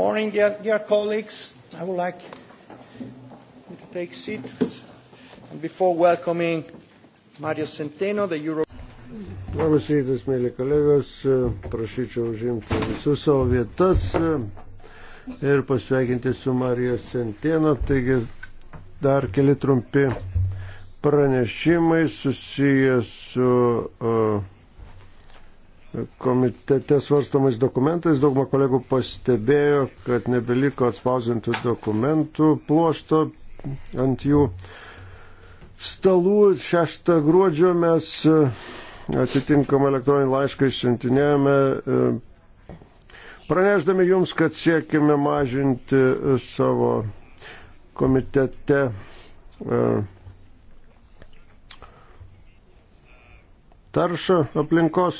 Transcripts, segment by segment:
morning, dear, dear colleagues. I would like you to take seats. And before welcoming Mario Centeno, the Euro... Labas rytas, mėly kolegos. Prašyčiau užimti visus savo vietas ir pasveikinti su Marijo Centeno. Taigi dar keli trumpi pranešimai susijęs su uh, komitete svarstamais dokumentais. Dauguma kolegų pastebėjo, kad nebeliko atspausintų dokumentų pluošto ant jų stalų. 6 gruodžio mes e, atitinkamą elektroninį laišką išsiuntinėjome e, pranešdami jums, kad siekime mažinti e, savo komitete taršą aplinkos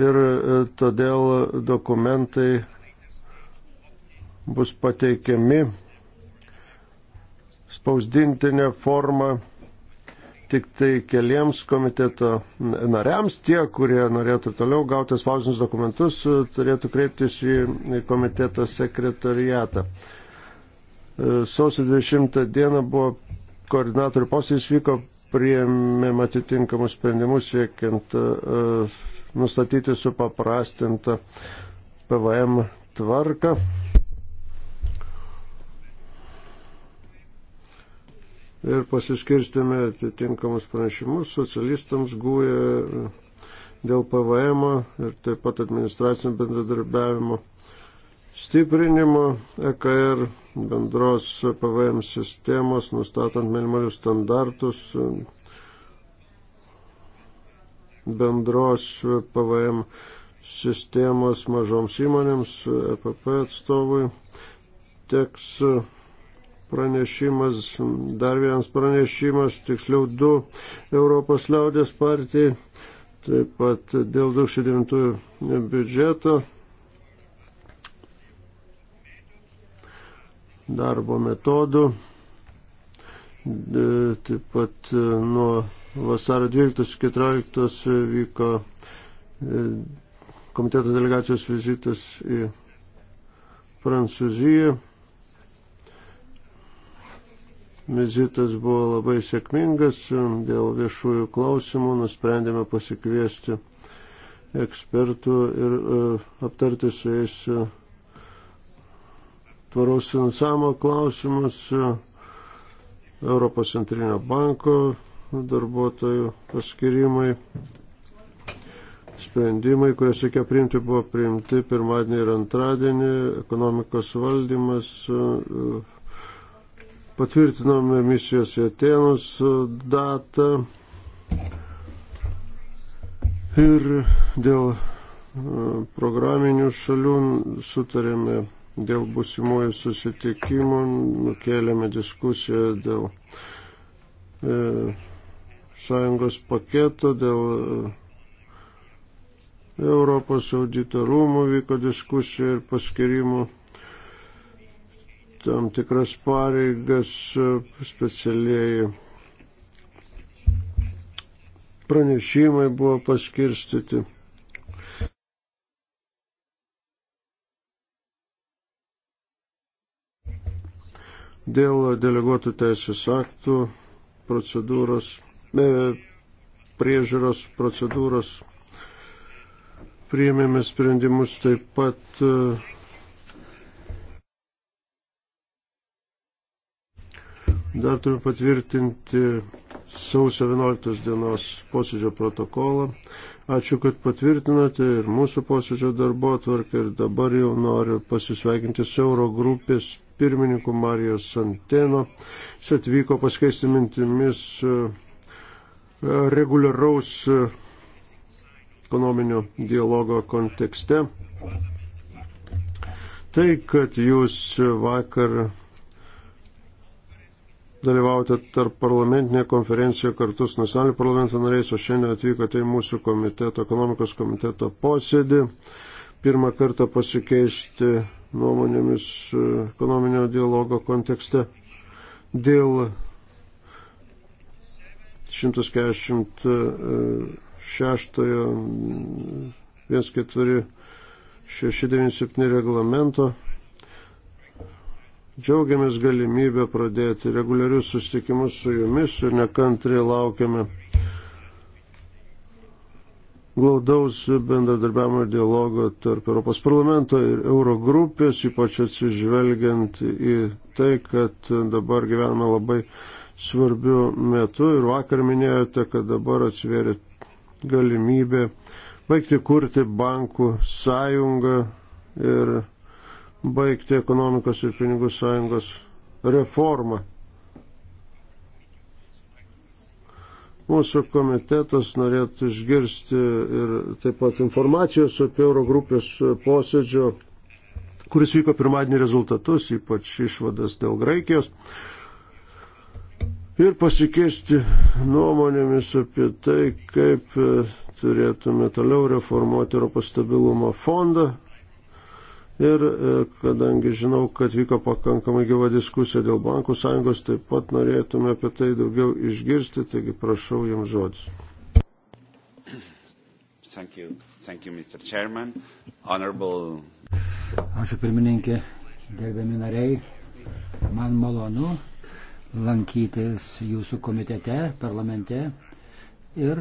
ir e, todėl dokumentai bus pateikiami spausdintinė forma tik tai keliems komiteto nariams. Tie, kurie norėtų toliau gauti spausdinius dokumentus, e, turėtų kreiptis į komiteto sekretariatą. E, sausio 20 dieną buvo koordinatorių posėdis vyko, prieimėm atitinkamus sprendimus siekiant uh, nustatyti supaprastintą PVM tvarką. Ir pasiskirstėme atitinkamus pranešimus socialistams gūję dėl PVM ir taip pat administracinio bendradarbiavimo stiprinimo EKR bendros PVM sistemos, nustatant minimalius standartus bendros PVM sistemos mažoms įmonėms, EPP atstovui teks pranešimas, dar vienas pranešimas, tiksliau du Europos liaudės partijai, taip pat dėl 2009 biudžeto darbo metodų, taip pat nuo Vasaro 12-14 vyko e, komiteto delegacijos vizitas į Prancūziją. Vizitas buvo labai sėkmingas dėl viešųjų klausimų, nusprendėme pasikviesti ekspertų ir uh, aptarti su jais uh, tvaraus finansavimo klausimus uh, Europos centrinio banko darbuotojų paskirimai, sprendimai, kuriuos reikia priimti, buvo priimti pirmadienį ir antradienį. Ekonomikos valdymas e, patvirtinome misijos į Atenus datą. Ir dėl e, programinių šalių sutarėme dėl busimųjų susitikimų, nukėlėme diskusiją dėl e, sąjungos paketo, dėl e, Europos audito rūmų vyko diskusija ir paskirimų tam tikras pareigas e, specialiai pranešimai buvo paskirstyti. Dėl deleguotų teisės aktų procedūros E, priežiūros procedūros priėmėme sprendimus taip pat e, dar turime patvirtinti sausio 11 dienos posėdžio protokolą. Ačiū, kad patvirtinote ir mūsų posėdžio darbo atvarkę ir dabar jau noriu pasisveikinti su Eurogrupės pirmininku Marijos Santeno. Jis atvyko paskeisti mintimis e, reguliaraus ekonominio dialogo kontekste. Tai, kad jūs vakar dalyvaujate tarp parlamentinėje konferencijoje kartu su nacionaliniu parlamento nariais, o šiandien atvykote į mūsų komiteto, ekonomikos komiteto posėdį. Pirmą kartą pasikeisti nuomonėmis e, ekonominio dialogo kontekste dėl 146, 1497 reglamento. Džiaugiamės galimybę pradėti reguliarius susitikimus su jumis ir nekantriai laukiame glaudaus bendradarbiavimo dialogo tarp Europos parlamento ir Eurogrupės, ypač atsižvelgiant į tai, kad dabar gyvename labai svarbiu metu ir vakar minėjote, kad dabar atsvėrė galimybė baigti kurti bankų sąjungą ir baigti ekonomikos ir pinigų sąjungos reformą. Mūsų komitetas norėtų išgirsti ir taip pat informacijos apie Eurogrupės posėdžio, kuris vyko pirmadienį rezultatus, ypač išvadas dėl Graikijos ir pasikeisti nuomonėmis apie tai, kaip e, turėtume toliau reformuoti Europos stabilumo fondą. Ir e, kadangi žinau, kad vyko pakankamai gyva diskusija dėl bankų sąjungos, taip pat norėtume apie tai daugiau išgirsti, taigi prašau jums žodis. Thank you. Thank you, Mr. Chairman. Honorable. Ačiū pirmininkė, gerbiami nariai. Man malonu lankytis jūsų komitete, parlamente ir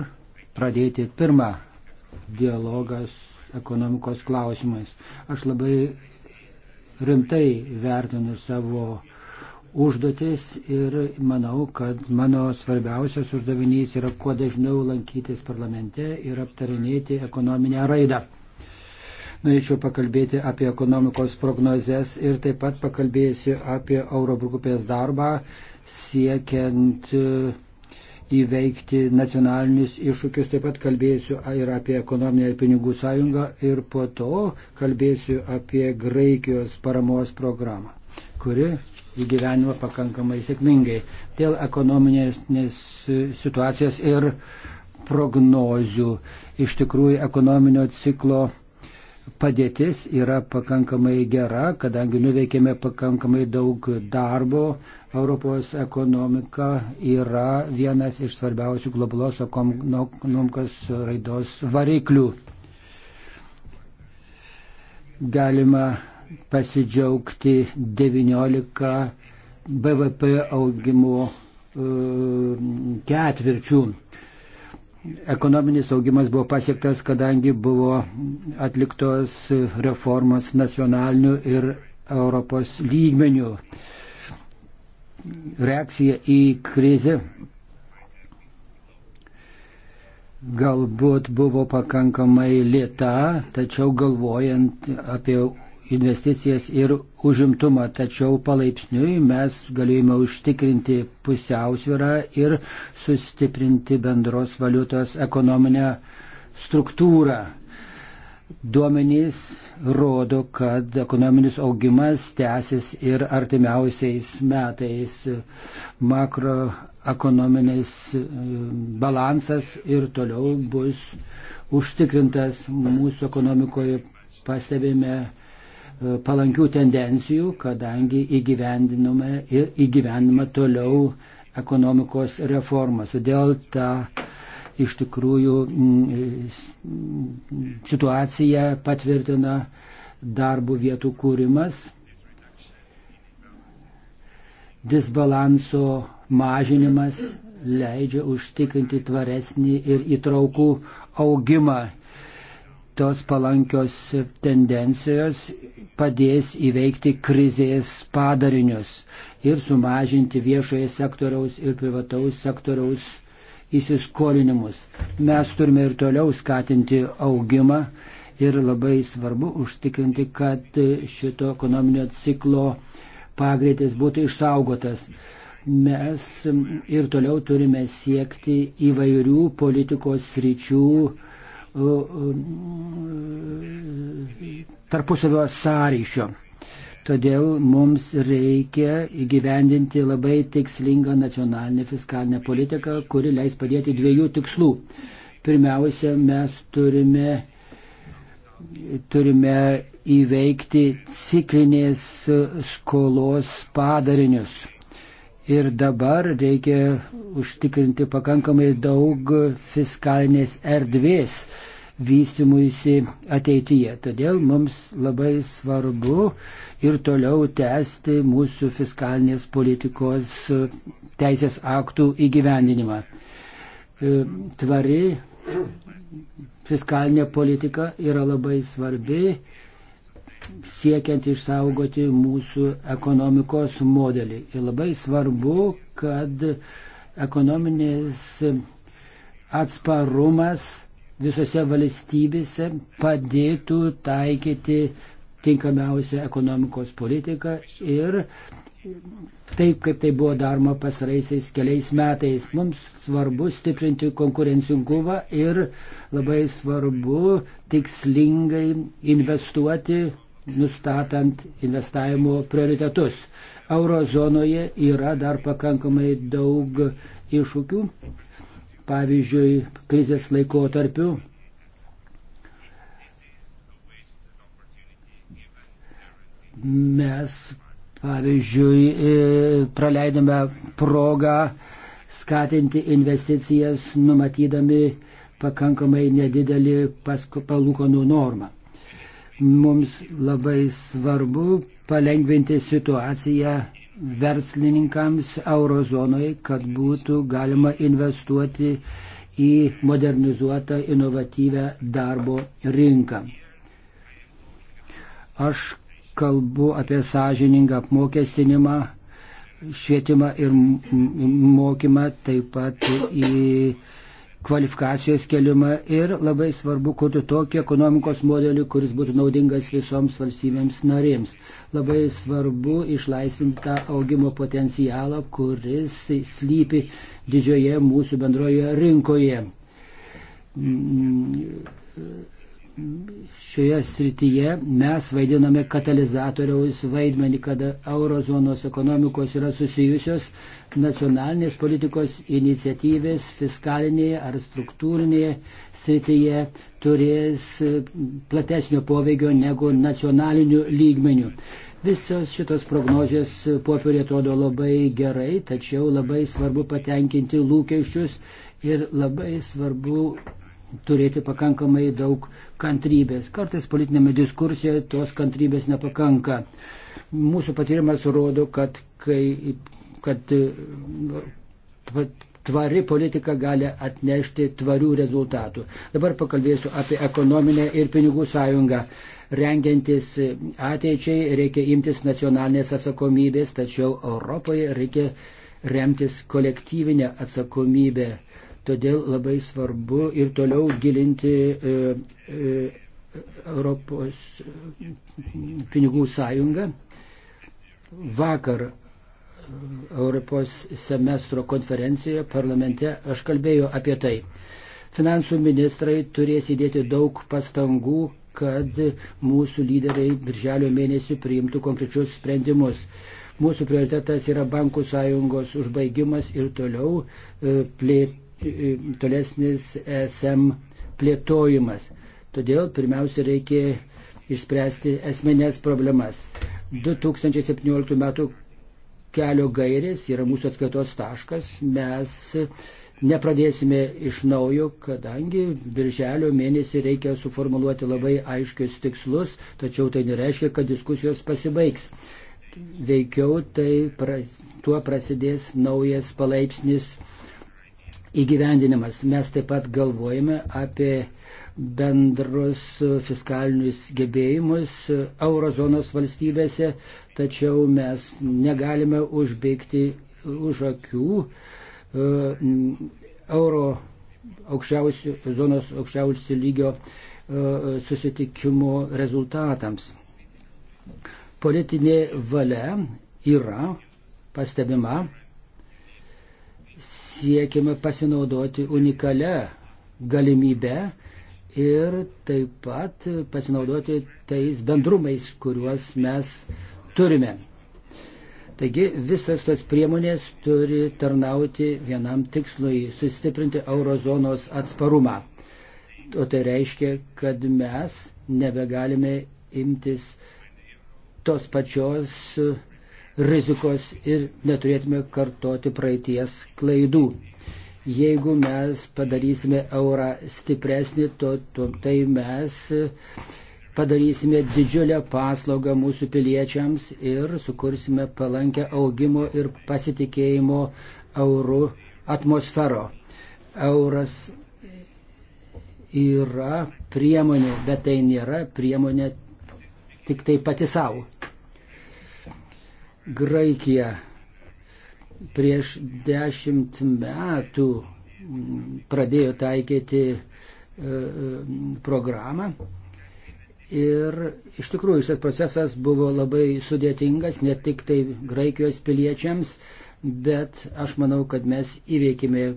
pradėti pirmą dialogas ekonomikos klausimais. Aš labai rimtai vertinu savo užduotis ir manau, kad mano svarbiausias uždavinys yra kuo dažniau lankytis parlamente ir aptarinėti ekonominę raidą. Norėčiau pakalbėti apie ekonomikos prognozes ir taip pat pakalbėsiu apie Eurogrupės darbą siekiant e, įveikti nacionalinius iššūkius, taip pat kalbėsiu ir apie ekonominę ir pinigų sąjungą ir po to kalbėsiu apie Graikijos paramos programą, kuri įgyvenimo pakankamai sėkmingai dėl ekonominės situacijos ir prognozių. Iš tikrųjų, ekonominio ciklo padėtis yra pakankamai gera, kadangi nuveikėme pakankamai daug darbo. Europos ekonomika yra vienas iš svarbiausių globalios ekonomikos raidos variklių. Galima pasidžiaugti 19 BVP augimo e, ketvirčių. Ekonominis augimas buvo pasiektas, kadangi buvo atliktos reformos nacionalinių ir Europos lygmenių. Reakcija į krizę galbūt buvo pakankamai lėta, tačiau galvojant apie investicijas ir užimtumą, tačiau palaipsniui mes galėjome užtikrinti pusiausvyrą ir sustiprinti bendros valiutos ekonominę struktūrą. Duomenys rodo, kad ekonominis augimas tęsis ir artimiausiais metais. Makroekonominis e, balansas ir toliau bus užtikrintas mūsų ekonomikoje pastebime palankių tendencijų, kadangi įgyvendinome ir įgyvendinama toliau ekonomikos reformas. Todėl ta iš tikrųjų mm, situacija patvirtina darbo vietų kūrimas, disbalanso mažinimas leidžia užtikrinti tvaresnį ir įtraukų augimą. Tos palankios tendencijos padės įveikti krizės padarinius ir sumažinti viešoje sektoriaus ir privataus sektoriaus įsiskolinimus. Mes turime ir toliau skatinti augimą ir labai svarbu užtikrinti, kad šito ekonominio ciklo pagreitis būtų išsaugotas. Mes ir toliau turime siekti įvairių politikos sričių tarpusavio sąryšio. Todėl mums reikia įgyvendinti labai tikslingą nacionalinę fiskalinę politiką, kuri leis padėti dviejų tikslų. Pirmiausia, mes turime, turime įveikti ciklinės skolos padarinius Ir dabar reikia užtikrinti pakankamai daug fiskalinės erdvės vystimuisi ateityje. Todėl mums labai svarbu ir toliau tęsti mūsų fiskalinės politikos e, teisės aktų įgyvendinimą. E, tvari fiskalinė politika yra labai svarbi siekiant išsaugoti mūsų ekonomikos modelį. Ir labai svarbu, kad ekonominis atsparumas visose valstybėse padėtų taikyti tinkamiausią ekonomikos politiką ir taip, kaip tai buvo daroma pasaraisiais keliais metais. Mums svarbu stiprinti konkurencingumą ir labai svarbu tikslingai investuoti nustatant investavimo prioritetus. Eurozonoje yra dar pakankamai daug iššūkių. Pavyzdžiui, krizės laikotarpiu mes, pavyzdžiui, e, praleidome progą skatinti investicijas, numatydami pakankamai nedidelį palūkanų normą. Mums labai svarbu palengventi situaciją verslininkams eurozonoje, kad būtų galima investuoti į modernizuotą, inovatyvę darbo rinką. Aš kalbu apie sąžiningą apmokestinimą, švietimą ir mokymą, taip pat į kvalifikacijos kelimą ir labai svarbu kurti tokį ekonomikos modelį, kuris būtų naudingas visoms valstybėms narėms. Labai svarbu išlaisvinti tą augimo potencialą, kuris slypi didžioje mūsų bendroje rinkoje. Mm, šioje srityje mes vaidiname katalizatoriaus vaidmenį, kada eurozonos ekonomikos yra susijusios nacionalinės politikos iniciatyvės fiskalinėje ar struktūrinėje srityje turės platesnio poveikio negu nacionaliniu lygmeniu. Visos šitos prognozijos popieriuje atrodo labai gerai, tačiau labai svarbu patenkinti lūkesčius ir labai svarbu turėti pakankamai daug kantrybės. Kartais politinėme diskursijoje tos kantrybės nepakanka. Mūsų patyrimas rodo, kad, kai, kad tvari politika gali atnešti tvarių rezultatų. Dabar pakalbėsiu apie ekonominę ir pinigų sąjungą. Rengiantis ateičiai reikia imtis nacionalinės atsakomybės, tačiau Europoje reikia remtis kolektyvinę atsakomybę Todėl labai svarbu ir toliau gilinti e, e, Europos pinigų sąjungą. Vakar e, Europos semestro konferencijoje parlamente aš kalbėjau apie tai. Finansų ministrai turės įdėti daug pastangų, kad mūsų lyderiai birželio mėnesį priimtų konkrečius sprendimus. Mūsų prioritetas yra bankų sąjungos užbaigimas ir toliau plėt, tolesnis e SM plėtojimas. Todėl pirmiausia reikia išspręsti esmenės problemas. 2017 m. kelio gairės yra mūsų atskaitos taškas. Mes nepradėsime iš naujo, kadangi birželio mėnesį reikia suformuluoti labai aiškius tikslus, tačiau tai nereiškia, kad diskusijos pasibaigs. Veikiau tai pra, tuo prasidės naujas palaipsnis įgyvendinimas. Mes taip pat galvojame apie bendrus fiskalinius gebėjimus eurozonos valstybėse, tačiau mes negalime užbėgti už akių e, euro aukščiausių, zonos aukščiausių lygio e, susitikimų rezultatams. Politinė valia yra pastebima siekiama pasinaudoti unikalią galimybę ir taip pat pasinaudoti tais bendrumais, kuriuos mes turime. Taigi visas tos priemonės turi tarnauti vienam tikslui - sustiprinti eurozonos atsparumą. O tai reiškia, kad mes nebegalime imtis tos pačios uh, rizikos ir neturėtume kartoti praeities klaidų. Jeigu mes padarysime eurą stipresnį, to, to, tai mes padarysime didžiulę paslaugą mūsų piliečiams ir sukursime palankę augimo ir pasitikėjimo eurų atmosfero. Euras yra priemonė, bet tai nėra priemonė tik tai pati savo. Graikija prieš dešimt metų mm, pradėjo taikyti e, e, programą. Ir iš tikrųjų šis procesas buvo labai sudėtingas ne tik tai Graikijos piliečiams, bet aš manau, kad mes įveikime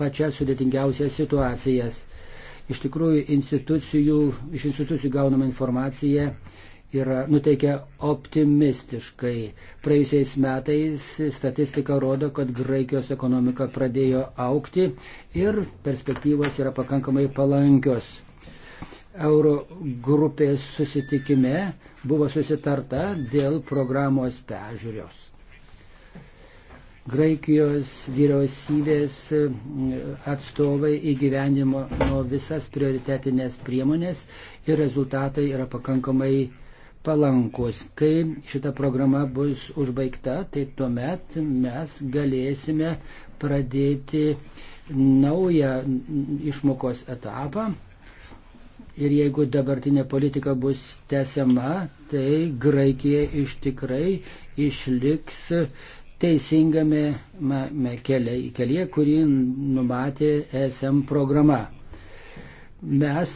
pačias sudėtingiausias situacijas. Iš tikrųjų, institucijų, iš institucijų gaunama informacija yra nuteikia optimistiškai. Praėjusiais metais statistika rodo, kad Graikijos ekonomika pradėjo aukti ir perspektyvos yra pakankamai palankios. Euro grupės susitikime buvo susitarta dėl programos pežiūrios. Graikijos vyriausybės mm, atstovai įgyvenimo nuo visas prioritetinės priemonės ir rezultatai yra pakankamai palankus. Kai šita programa bus užbaigta, tai tuomet mes galėsime pradėti naują išmokos etapą. Ir jeigu dabartinė politika bus tęsiama, tai Graikija iš tikrai išliks teisingame kelyje, kurį numatė e SM programa. Mes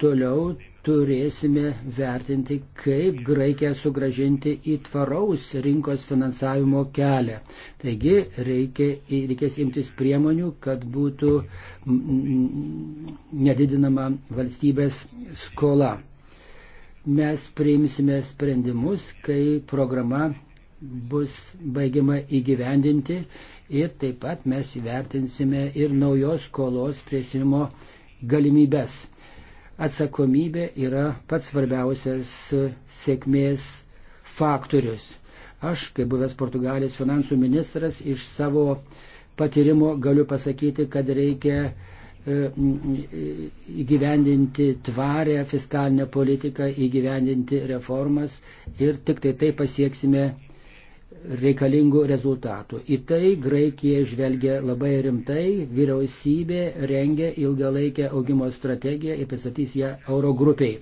toliau turėsime vertinti, kaip Graikiją sugražinti į tvaraus rinkos finansavimo kelią. Taigi reikia, reikės imtis priemonių, kad būtų nedidinama valstybės skola. Mes priimsime sprendimus, kai programa bus baigiama įgyvendinti ir taip pat mes įvertinsime ir naujos skolos priesimo galimybės atsakomybė yra pats svarbiausias sėkmės faktorius. Aš, kaip buvęs Portugalijos finansų ministras, iš savo patyrimo galiu pasakyti, kad reikia e, įgyvendinti tvarę fiskalinę politiką, įgyvendinti reformas ir tik tai tai pasieksime reikalingų rezultatų. Į tai Graikija žvelgia labai rimtai, vyriausybė rengia ilgalaikę augimo strategiją ir pristatys ją Eurogrupiai.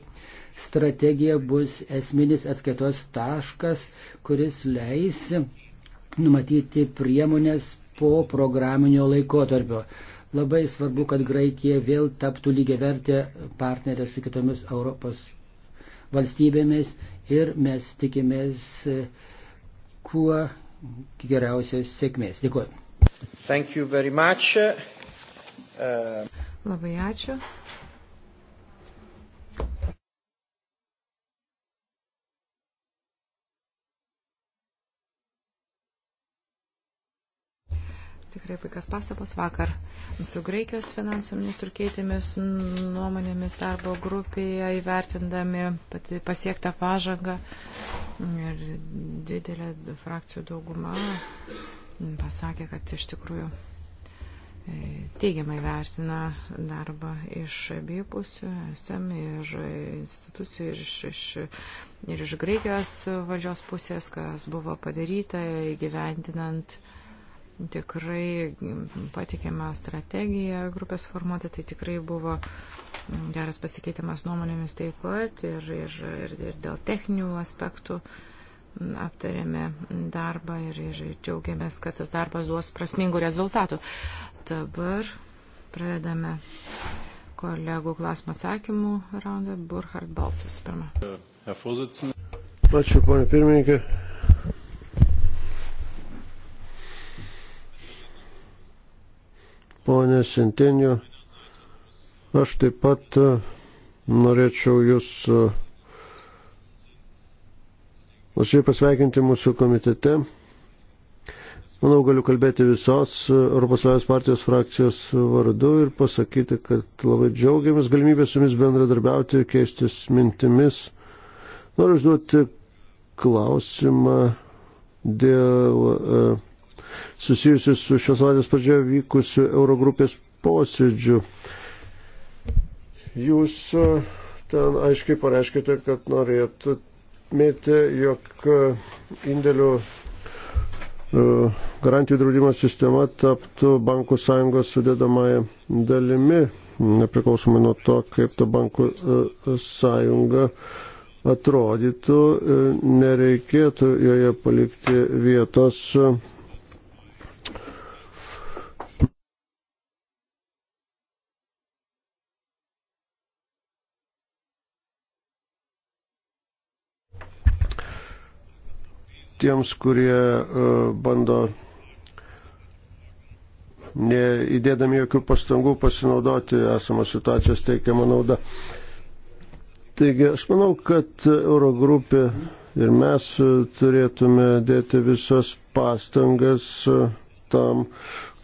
Strategija bus esminis atskaitos taškas, kuris leis numatyti priemonės po programinio laikotarpio. Labai svarbu, kad Graikija vėl taptų lygiavertė partnerė su kitomis Europos valstybėmis ir mes tikimės kuo geriausios sėkmės. Dėkuoju. Uh... Labai ačiū. Tikrai puikas pastabos vakar su Graikijos finansų ministru keitėmis nuomonėmis darbo grupėje įvertindami pasiektą pažangą ir didelė frakcijų dauguma pasakė, kad iš tikrųjų e, teigiamai vertina darbą iš abiejų pusių, SM ir institucijų, ir iš, iš, ir iš Graikijos valdžios pusės, kas buvo padaryta įgyvendinant uh, tikrai patikėme strategiją grupės formuoti, tai tikrai buvo geras pasikeitimas nuomonėmis taip pat ir, ir, ir, ir dėl techninių aspektų aptarėme darbą ir, ir, ir džiaugiamės, kad tas darbas duos prasmingų rezultatų. Dabar pradedame kolegų klausimų atsakymų raundą. Burhard Balsas pirmą. Ačiū, ponė pirmininkė. ponė Sintinio. Aš taip pat e, norėčiau Jūs e, nuoširdžiai pasveikinti mūsų komitete. Manau, galiu kalbėti visos e, Europos Liaudės partijos frakcijos vardu ir pasakyti, kad labai džiaugiamės galimybė su jumis bendradarbiauti, keistis mintimis. Noriu užduoti klausimą dėl. Uh, susijusius su šios savaitės pradžioje vykusiu Eurogrupės posėdžiu. Jūs e, ten aiškiai pareiškite, kad norėtumėte, jog e, indėlių e, garantijų draudimo sistema taptų bankų sąjungos sudėdamąją dalimi, nepriklausomai nuo to, kaip ta bankų sąjunga atrodytų, nereikėtų joje palikti vietos tiems, kurie e, bando neįdėdami jokių pastangų pasinaudoti esamos situacijos teikiamą naudą. Taigi aš manau, kad Eurogrupė ir mes turėtume dėti visas pastangas e, tam,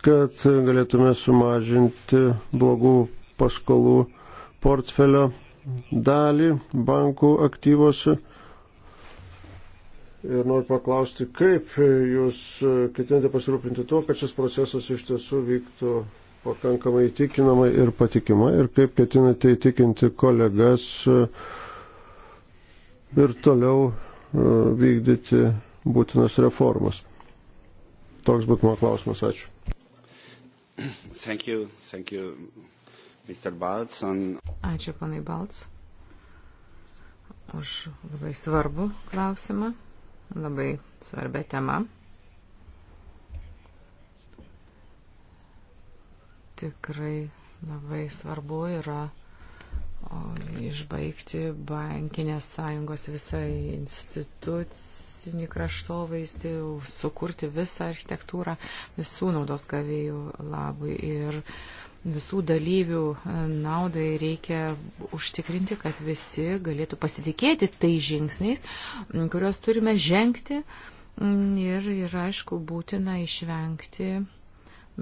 kad galėtume sumažinti blogų paskolų portfelio dalį bankų aktyvose Ir noriu paklausti, kaip jūs e, ketinate pasirūpinti tuo, kad šis procesas iš tiesų vyktų pakankamai įtikinamai ir patikimai ir kaip ketinate įtikinti kolegas e, ir toliau e, vykdyti būtinas reformas. Toks būtų mano klausimas. Ačiū. Thank you, thank you, Mr. Balts. On... Ačiū, panai Balts, už labai svarbų klausimą labai svarbia tema. Tikrai labai svarbu yra išbaigti bankinės sąjungos visą institucinį kraštovaizdį, sukurti visą architektūrą visų naudos gavėjų labui. Ir visų dalyvių e, naudai reikia užtikrinti, kad visi galėtų pasitikėti tai žingsniais, kuriuos turime žengti ir, ir aišku, būtina išvengti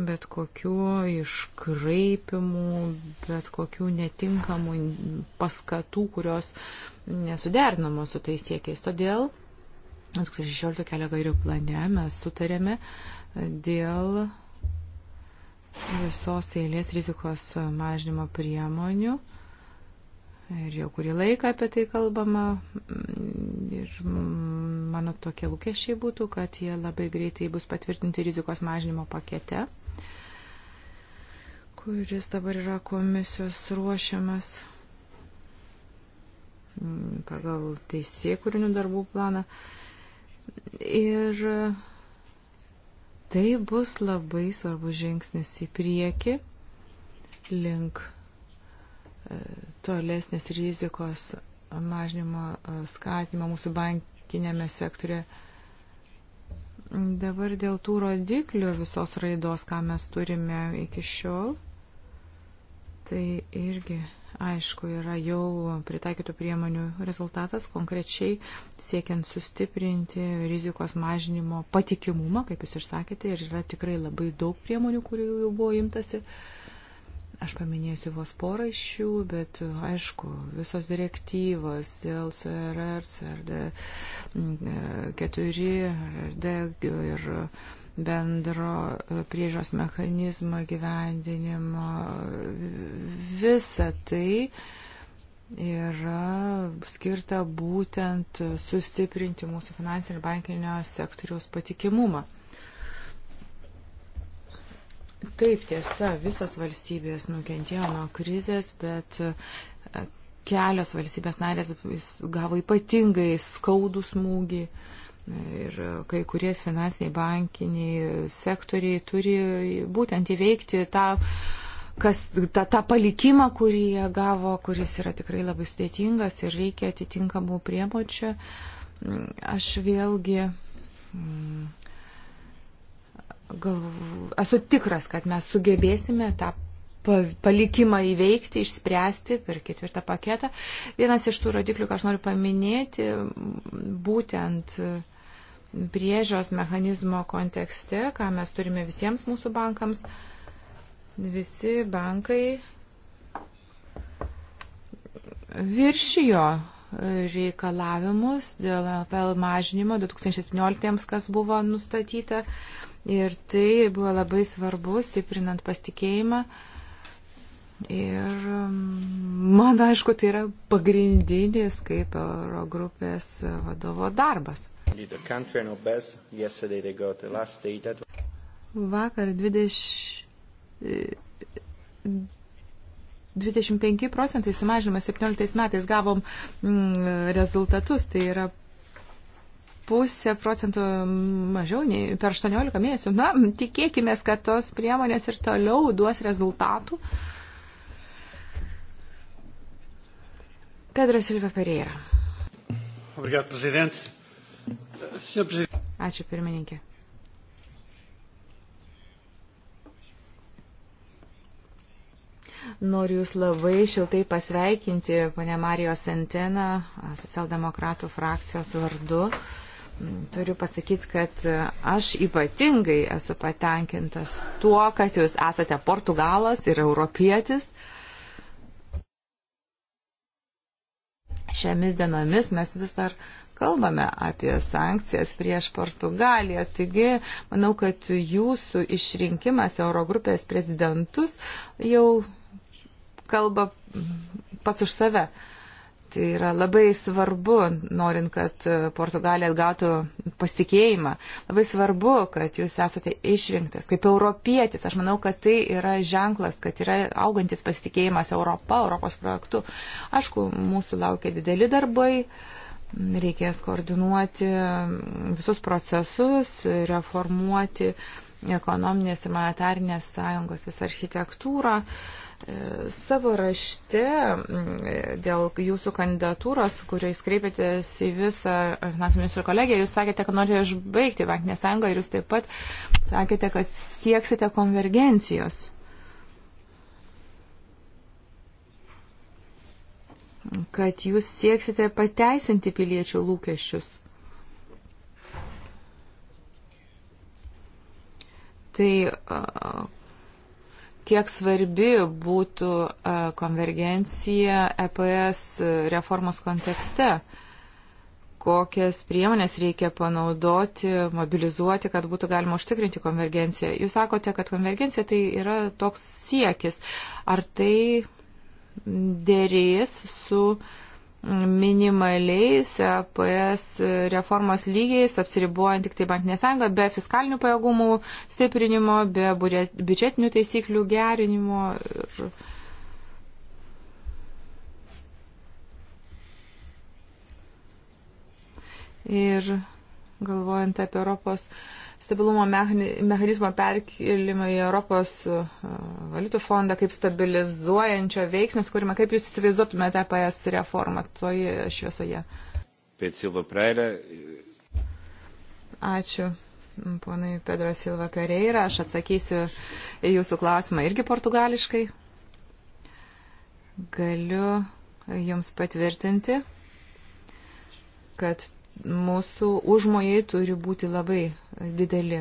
bet kokių iškraipimų, bet kokių netinkamų paskatų, kurios nesuderinamos su tais siekiais. Todėl 2016 kelio gairių plane mes sutarėme dėl visos eilės rizikos mažinimo priemonių. Ir jau kurį laiką apie tai kalbama. Ir mano tokie lūkesčiai būtų, kad jie labai greitai bus patvirtinti rizikos mažinimo pakete, kuris dabar yra komisijos ruošiamas pagal teisėkūrinių darbų planą. Ir Tai bus labai svarbus žingsnis į priekį link e, tolesnės rizikos mažinimo e, skatinimo mūsų bankinėme sektorė. Dabar dėl tų rodiklių visos raidos, ką mes turime iki šiol, tai irgi aišku, yra jau pritaikytų priemonių rezultatas, konkrečiai siekiant sustiprinti rizikos mažinimo patikimumą, kaip jūs ir sakėte, ir yra tikrai labai daug priemonių, kurių jau buvo imtasi. Aš paminėsiu vos porą iš jų, bet aišku, visos direktyvos dėl CRR, CRD 4, mm, e, RD ir bendro e, priežos mechanizmo gyvendinimo. Visa tai yra skirta būtent sustiprinti mūsų finansinio ir bankinio sektoriaus patikimumą. Taip tiesa, visos valstybės nukentėjo nuo krizės, bet e, kelios valstybės narės gavo ypatingai skaudų smūgį. Uh, Ir kai kurie finansiniai bankiniai sektoriai turi būtent įveikti tą, kas, tą, tą palikimą, kurį jie gavo, kuris yra tikrai labai sudėtingas ir reikia atitinkamų priemočių. Aš vėlgi. Mm, gal, esu tikras, kad mes sugebėsime tą palikimą įveikti, išspręsti per ketvirtą paketą. Vienas iš tų rodiklių, ką aš noriu paminėti, būtent uh, priežios mechanizmo kontekste, ką mes turime visiems mūsų bankams, visi bankai viršijo reikalavimus dėl LPL mažinimo 2017, kas buvo nustatyta. Ir tai buvo labai svarbu, stiprinant pasitikėjimą. Ir mm, man, aišku, tai yra pagrindinis kaip Euro grupės vadovo darbas. Vakar 20. 25 e, procentai sumažinimas 17 metais gavom mm, rezultatus, tai yra pusę procentų mažiau nei per 18 mėnesių. Na, tikėkime, kad tos priemonės ir toliau duos rezultatų. Pedro Silva Pereira. Obrigado, presidente. Ačiū pirmininkė. Noriu Jūs labai šiltai pasveikinti, ponė Marijos Antena, socialdemokratų frakcijos vardu. Turiu pasakyti, kad aš ypatingai esu patenkintas tuo, kad Jūs esate portugalas ir europietis. Šiomis dienomis mes vis dar. Ar kalbame apie sankcijas prieš Portugaliją. Taigi, manau, kad jūsų išrinkimas Eurogrupės prezidentus jau kalba pats už save. Tai yra labai svarbu, norint, kad Portugalija atgautų pasitikėjimą. Labai svarbu, kad jūs esate išrinktas kaip europietis. Aš manau, kad tai yra ženklas, kad yra augantis pasitikėjimas Europą, Europos projektu. Aišku, mūsų laukia dideli darbai. Uh, reikės koordinuoti visus procesus, reformuoti ekonominės ir monetarinės sąjungos visą architektūrą. E, savo rašte dėl jūsų kandidatūros, kuriais kreipėtės į visą finansų ministrų kolegiją, jūs sakėte, kad norite išbaigti bankinę sąjungą ir jūs taip pat sakėte, kad sieksite konvergencijos. kad jūs sieksite pateisinti piliečių lūkesčius. Tai kiek svarbi būtų konvergencija EPS reformos kontekste, kokias priemonės reikia panaudoti, mobilizuoti, kad būtų galima užtikrinti konvergenciją. Jūs sakote, kad konvergencija tai yra toks siekis. Ar tai dėrės su minimaliais EPS reformos lygiais, apsiribuojant tik tai bankinė sąjunga, be fiskalinių pajėgumų stiprinimo, be biudžetinių taisyklių gerinimo. Ir, ir galvojant apie Europos uh, stabilumo mechanizmo perkelimą į Europos e, valiutų fondą kaip stabilizuojančio veiksnio skūrimą. Kaip Jūs įsivaizduotumėte PS reformą toje šviesoje? Ačiū. Ponai Pedro Silva Pereira, aš atsakysiu į jūsų klausimą irgi portugališkai. Galiu jums patvirtinti, kad mūsų užmojai turi būti labai dideli.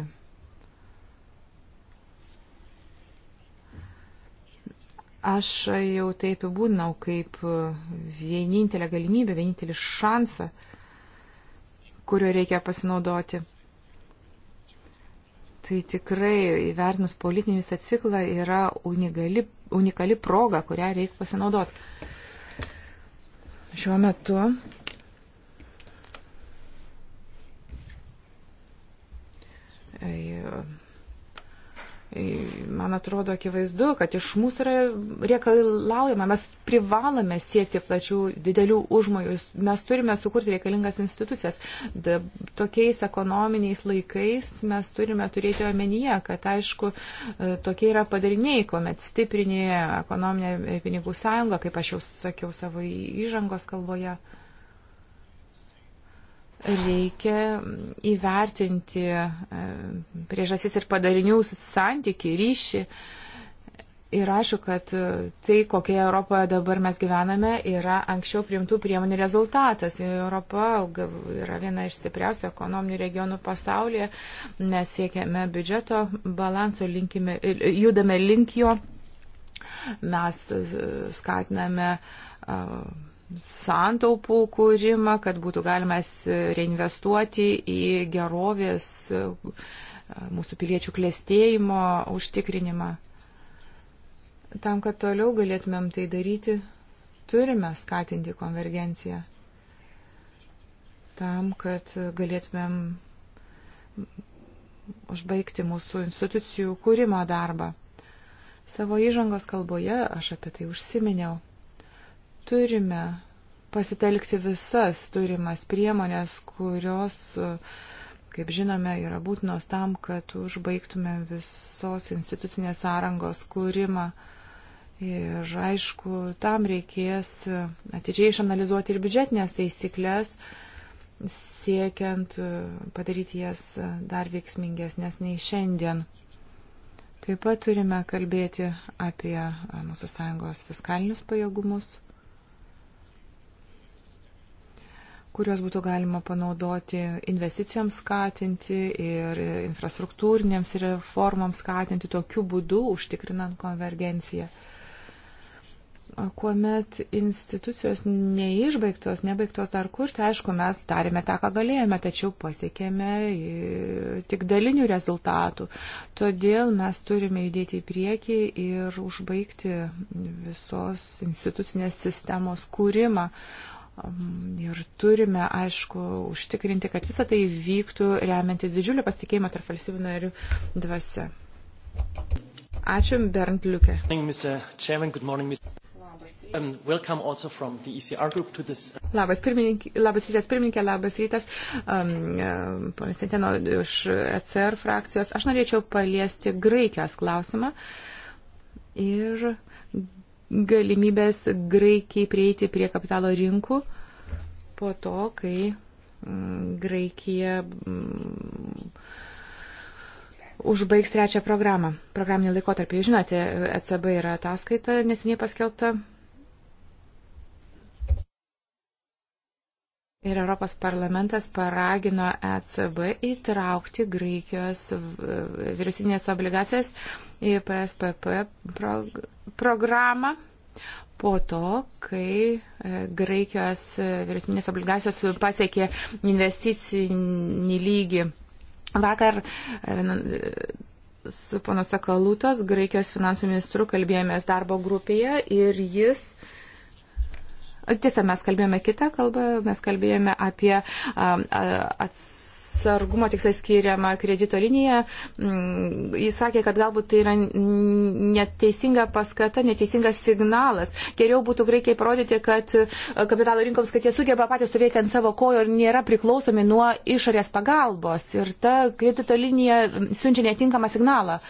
Aš jau tai apibūdinau kaip vienintelę galimybę, vienintelį šansą, kurio reikia pasinaudoti. Tai tikrai įvertinus politinį visą ciklą yra unikali, unikali proga, kurią reikia pasinaudoti. Šiuo metu Man atrodo akivaizdu, kad iš mūsų yra reikalaujama, mes privalome siekti plačių didelių užmojų, mes turime sukurti reikalingas institucijas. Da, tokiais ekonominiais laikais mes turime turėti omenyje, kad aišku, e, tokie yra padariniai, kuomet stiprinė ekonominė pinigų sąjunga, kaip aš jau sakiau savo įžangos kalboje. Mhm reikia įvertinti e, priežasis ir padarinių santyki, ryšį. Ir aišku, kad e, tai, kokioje Europoje dabar mes gyvename, yra anksčiau priimtų priemonių rezultatas. Europa yra viena iš stipriausių ekonominių regionų pasaulyje. Mes siekiame biudžeto balanso, linkime, e, judame link jo. Mes skatiname uh, santaupų kūrimą, kad būtų galima reinvestuoti į gerovės e, mūsų piliečių klėstėjimo užtikrinimą. Tam, kad toliau galėtumėm tai daryti, turime skatinti konvergenciją. Tam, kad galėtumėm užbaigti mūsų institucijų kūrimo darbą. Savo įžangos kalboje aš apie tai užsiminiau. Turime pasitelkti visas turimas priemonės, kurios, kaip žinome, yra būtinos tam, kad užbaigtume visos institucinės sąrangos kūrimą. Ir aišku, tam reikės atidžiai išanalizuoti ir biudžetinės taisyklės, siekiant padaryti jas dar veiksmingesnės nei šiandien. Taip pat turime kalbėti apie mūsų sąjungos fiskalinius pajėgumus. kuriuos būtų galima panaudoti investicijoms skatinti ir infrastruktūrinėms reformoms skatinti, tokiu būdu užtikrinant konvergenciją. Kuomet institucijos neišbaigtos, nebaigtos dar kur, tai aišku, mes darėme tą, ką galėjome, tačiau pasiekėme e, tik dalinių rezultatų. Todėl mes turime judėti į priekį ir užbaigti visos institucinės sistemos kūrimą Ir turime, aišku, užtikrinti, kad visa tai vyktų remiantis didžiulį pasitikėjimą tarp valstybių narių dvasia. Ačiū, Bernd Liukė. Um, e labas, pirmininkė, labas rytas, pirmininkė, labas rytas, um, um, ponas Senteno iš ECR frakcijos. Aš norėčiau paliesti Graikijos klausimą ir galimybės Graikiai prieiti prie kapitalo rinkų po to, kai mm, Graikija mm, užbaigs trečią programą, programinį laikotarpį. Jūs žinote, ECB yra ataskaita nesiniai paskelbta. Ir Europos parlamentas paragino ECB įtraukti Graikijos vyriausybinės obligacijas į PSPP programą programą po to, kai e, Graikijos e, vyriausybinės obligacijos pasiekė investicinį lygį. Vakar e, su panas Akalutos, Graikijos finansų ministru, kalbėjomės darbo grupėje ir jis Tiesa, mes kalbėjome kitą kalbą, mes kalbėjome apie ats, atsargumo tikslai skiriama kredito linija. Mm, jis sakė, kad galbūt tai yra neteisinga paskata, neteisingas signalas. Geriau būtų greikiai parodyti, kad e, kapitalo rinkoms, kad jie sugeba patys stovėti ant savo kojo ir nėra priklausomi nuo išorės pagalbos. Ir ta kredito linija siunčia netinkamą signalą.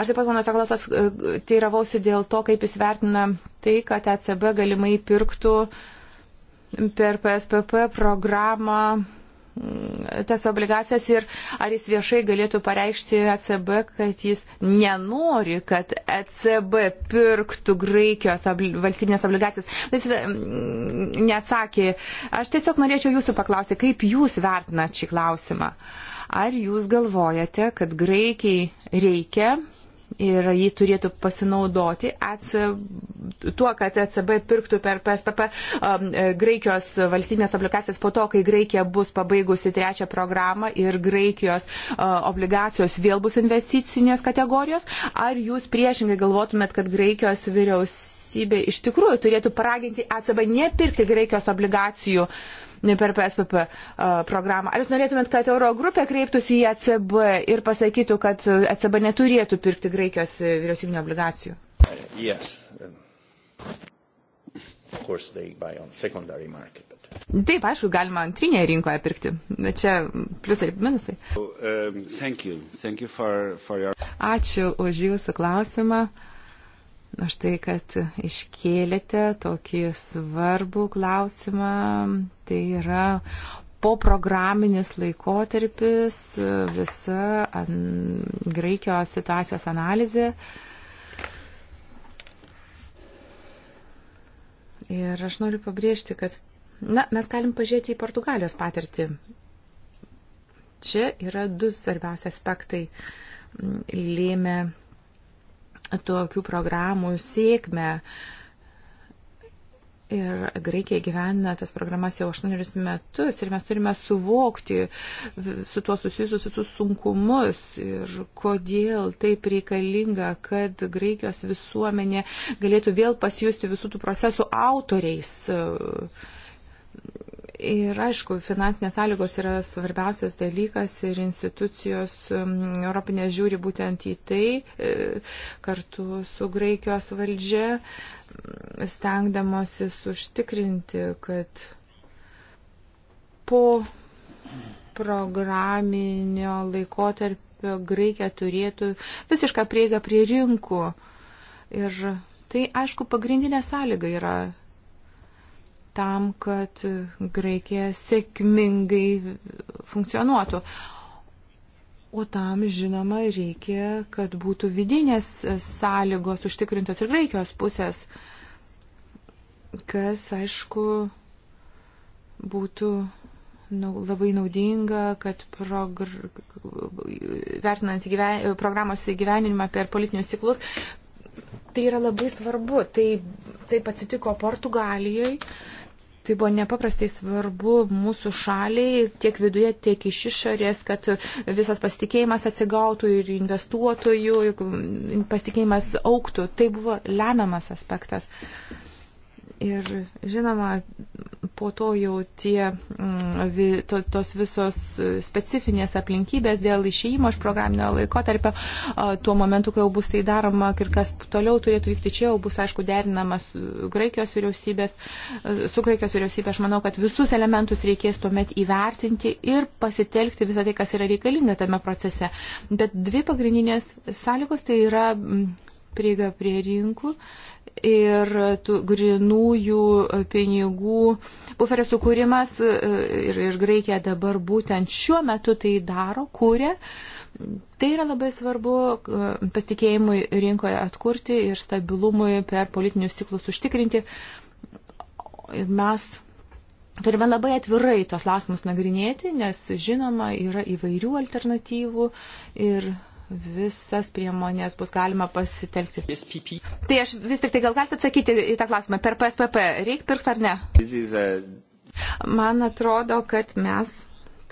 Aš taip pat, mano sakalatos, e, teiravausi dėl to, kaip jis vertina tai, kad ECB galimai pirktų per PSPP programą Mm, tas obligacijas ir ar jis viešai galėtų pareikšti ECB, kad jis nenori, kad ECB pirktų Graikijos valstybinės obligacijas. Jis mm, neatsakė. Aš tiesiog norėčiau jūsų paklausti, kaip jūs vertinat šį klausimą. Ar jūs galvojate, kad Graikijai reikia ir jį turėtų pasinaudoti ECB, tuo, kad ECB pirktų per PSPP um, e, Graikijos valstybės obligacijas po to, kai Graikija bus pabaigusi trečią programą ir Graikijos uh, obligacijos vėl bus investicinės kategorijos, ar jūs priešingai galvotumėt, kad Graikijos vyriausybė iš tikrųjų turėtų paraginti ECB nepirkti Graikijos obligacijų uh, per PSPP uh, programą. Ar jūs norėtumėt, kad Euro grupė kreiptųsi į ECB ir pasakytų, kad uh, ECB neturėtų pirkti Graikijos uh, vyriausybinio obligacijų? Yes. Um, market, but... Taip, aišku, galima antrinėje rinkoje pirkti, bet čia pliusai ir minusai. So, um, thank you. Thank you for, for your... Ačiū už Jūsų klausimą. Uh, už tai, kad iškėlėte tokį svarbų klausimą. Tai yra poprograminis laikotarpis, visa an, Graikijos situacijos analizė. Ir aš noriu pabrėžti, kad na, mes galim pažiūrėti į Portugalijos patirtį. Čia yra du svarbiausi aspektai lėmė tokių programų sėkmę. Ir Graikija gyvena tas programas jau 8 metus ir mes turime suvokti su tuo susijusius visus sunkumus ir kodėl taip reikalinga, kad Graikijos visuomenė galėtų vėl pasijusti visų tų procesų autoriais Ir aišku, finansinės sąlygos yra svarbiausias dalykas ir institucijos Europinės žiūri būtent į tai e, kartu su Graikijos valdžia, stengdamosis užtikrinti, kad po programinio laikotarpio Graikija turėtų visišką prieigą prie rinkų. Ir tai, aišku, pagrindinė sąlyga yra tam, kad Graikija sėkmingai funkcionuotų. O tam, žinoma, reikia, kad būtų vidinės sąlygos užtikrintos ir Graikijos pusės, kas, aišku, būtų nu, labai naudinga, kad progr... vertinant įgyven... programos įgyvenimą per politinius ciklus, tai yra labai svarbu. Tai taip atsitiko Portugalijoje Tai buvo nepaprastai svarbu mūsų šaliai tiek viduje, tiek iš išorės, kad visas pasitikėjimas atsigautų ir investuotojų, pasitikėjimas auktų. Tai buvo lemiamas aspektas. Uh, Ir žinoma, po to jau tie, mm, to, tos visos specifinės aplinkybės dėl išėjimo iš programinio laikotarpio, tuo momentu, kai jau bus tai daroma ir kas toliau turėtų vykti čia, jau bus, aišku, derinamas Graikijos vyriausybės, su Graikijos vyriausybė. Aš manau, kad visus elementus reikės tuomet įvertinti ir pasitelkti visą tai, kas yra reikalinga tame procese. Bet dvi pagrindinės sąlygos tai yra prieiga prie rinkų ir grinųjų pinigų buferio sukūrimas e, ir, ir Graikija dabar būtent šiuo metu tai daro, kūrė. Tai yra labai svarbu e, pasitikėjimui rinkoje atkurti ir stabilumui per politinius ciklus užtikrinti. Ir mes turime labai atvirai tos lasmus nagrinėti, nes žinoma yra įvairių alternatyvų ir visas priemonės bus galima pasitelkti. SPP. Tai aš vis tik tai gal galite atsakyti į tą klausimą, per PSPP reikia pirkti ar ne? A... Man atrodo, kad mes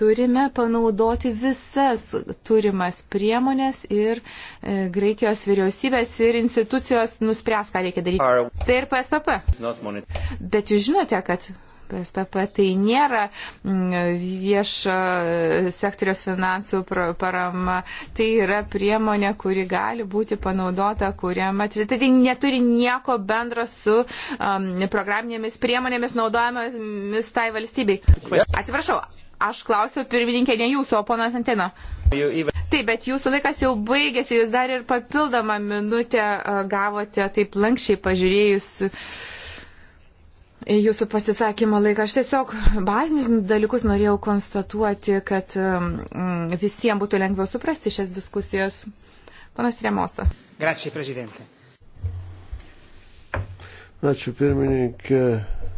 turime panaudoti visas turimas priemonės ir e, Graikijos vyriausybės ir institucijos nuspręs, ką reikia daryti. Tai ir PSPP. Bet jūs žinote, kad SPP tai nėra mm, viešo e, sektoriaus finansų parama, tai yra priemonė, kuri gali būti panaudota, kuriama. Tai, tai neturi nieko bendro su um, programinėmis priemonėmis naudojamomis tai valstybei. Atsiprašau, aš klausiu pirmininkė ne jūsų, o pono Santino. Taip, bet jūsų laikas jau baigėsi, jūs dar ir papildomą minutę e, gavote taip lankščiai pažiūrėjus jūsų pasisakymo laiką. Aš tiesiog bazinius dalykus norėjau konstatuoti, kad um, visiems būtų lengviau suprasti šias diskusijas. Panas Remosa. Grazie, prezidente. Ačiū pirmininkė.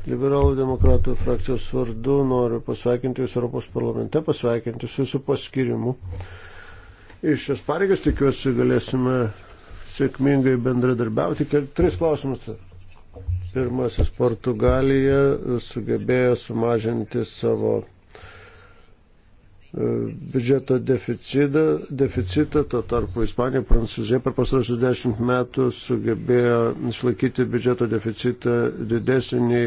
Liberalų demokratų frakcijos vardu noriu pasveikinti Jūs Europos parlamente, pasveikinti su Jūsų paskirimu. Iš šios pareigas tikiuosi galėsime sėkmingai bendradarbiauti. Tris klausimus. Turiu Pirmasis Portugalija sugebėjo sumažinti savo e, biudžeto deficitą, deficitą, to tarpu Ispanija, Prancūzija per pasarosius dešimt metų sugebėjo išlaikyti biudžeto deficitą didesnį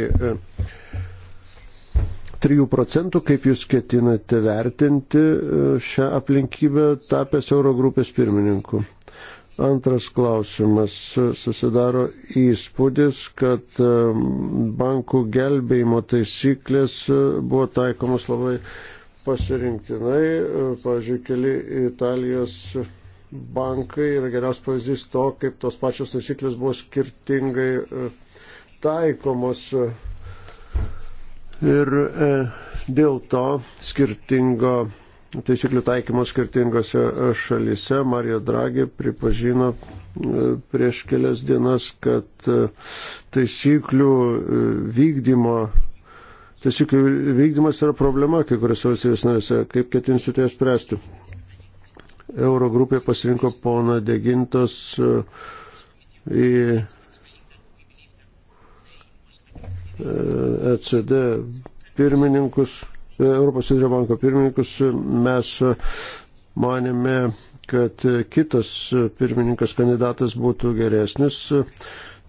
3 e, procentų, kaip jūs ketinate vertinti e, šią aplinkybę tapęs Eurogrupės pirmininku. Antras klausimas. Susidaro įspūdis, kad bankų gelbėjimo taisyklės e, buvo taikomas labai pasirinktinai. E, pavyzdžiui, keli Italijos bankai yra geriausias pavyzdys to, kaip tos pačios taisyklės buvo skirtingai e, taikomos. Ir dėl to skirtingo taisyklių taikymo skirtingose e, šalise. Mario Draghi pripažino e, prieš kelias dienas, kad e, taisyklių vykdymo. Taisyklių vykdymas yra problema kai kuriuose valstybės narėse. Kaip ketinsite jas spręsti? Eurogrupė pasirinko poną Degintos į ECD pirmininkus Europos Centrinio banko pirmininkus, mes manėme, kad kitas pirmininkas kandidatas būtų geresnis.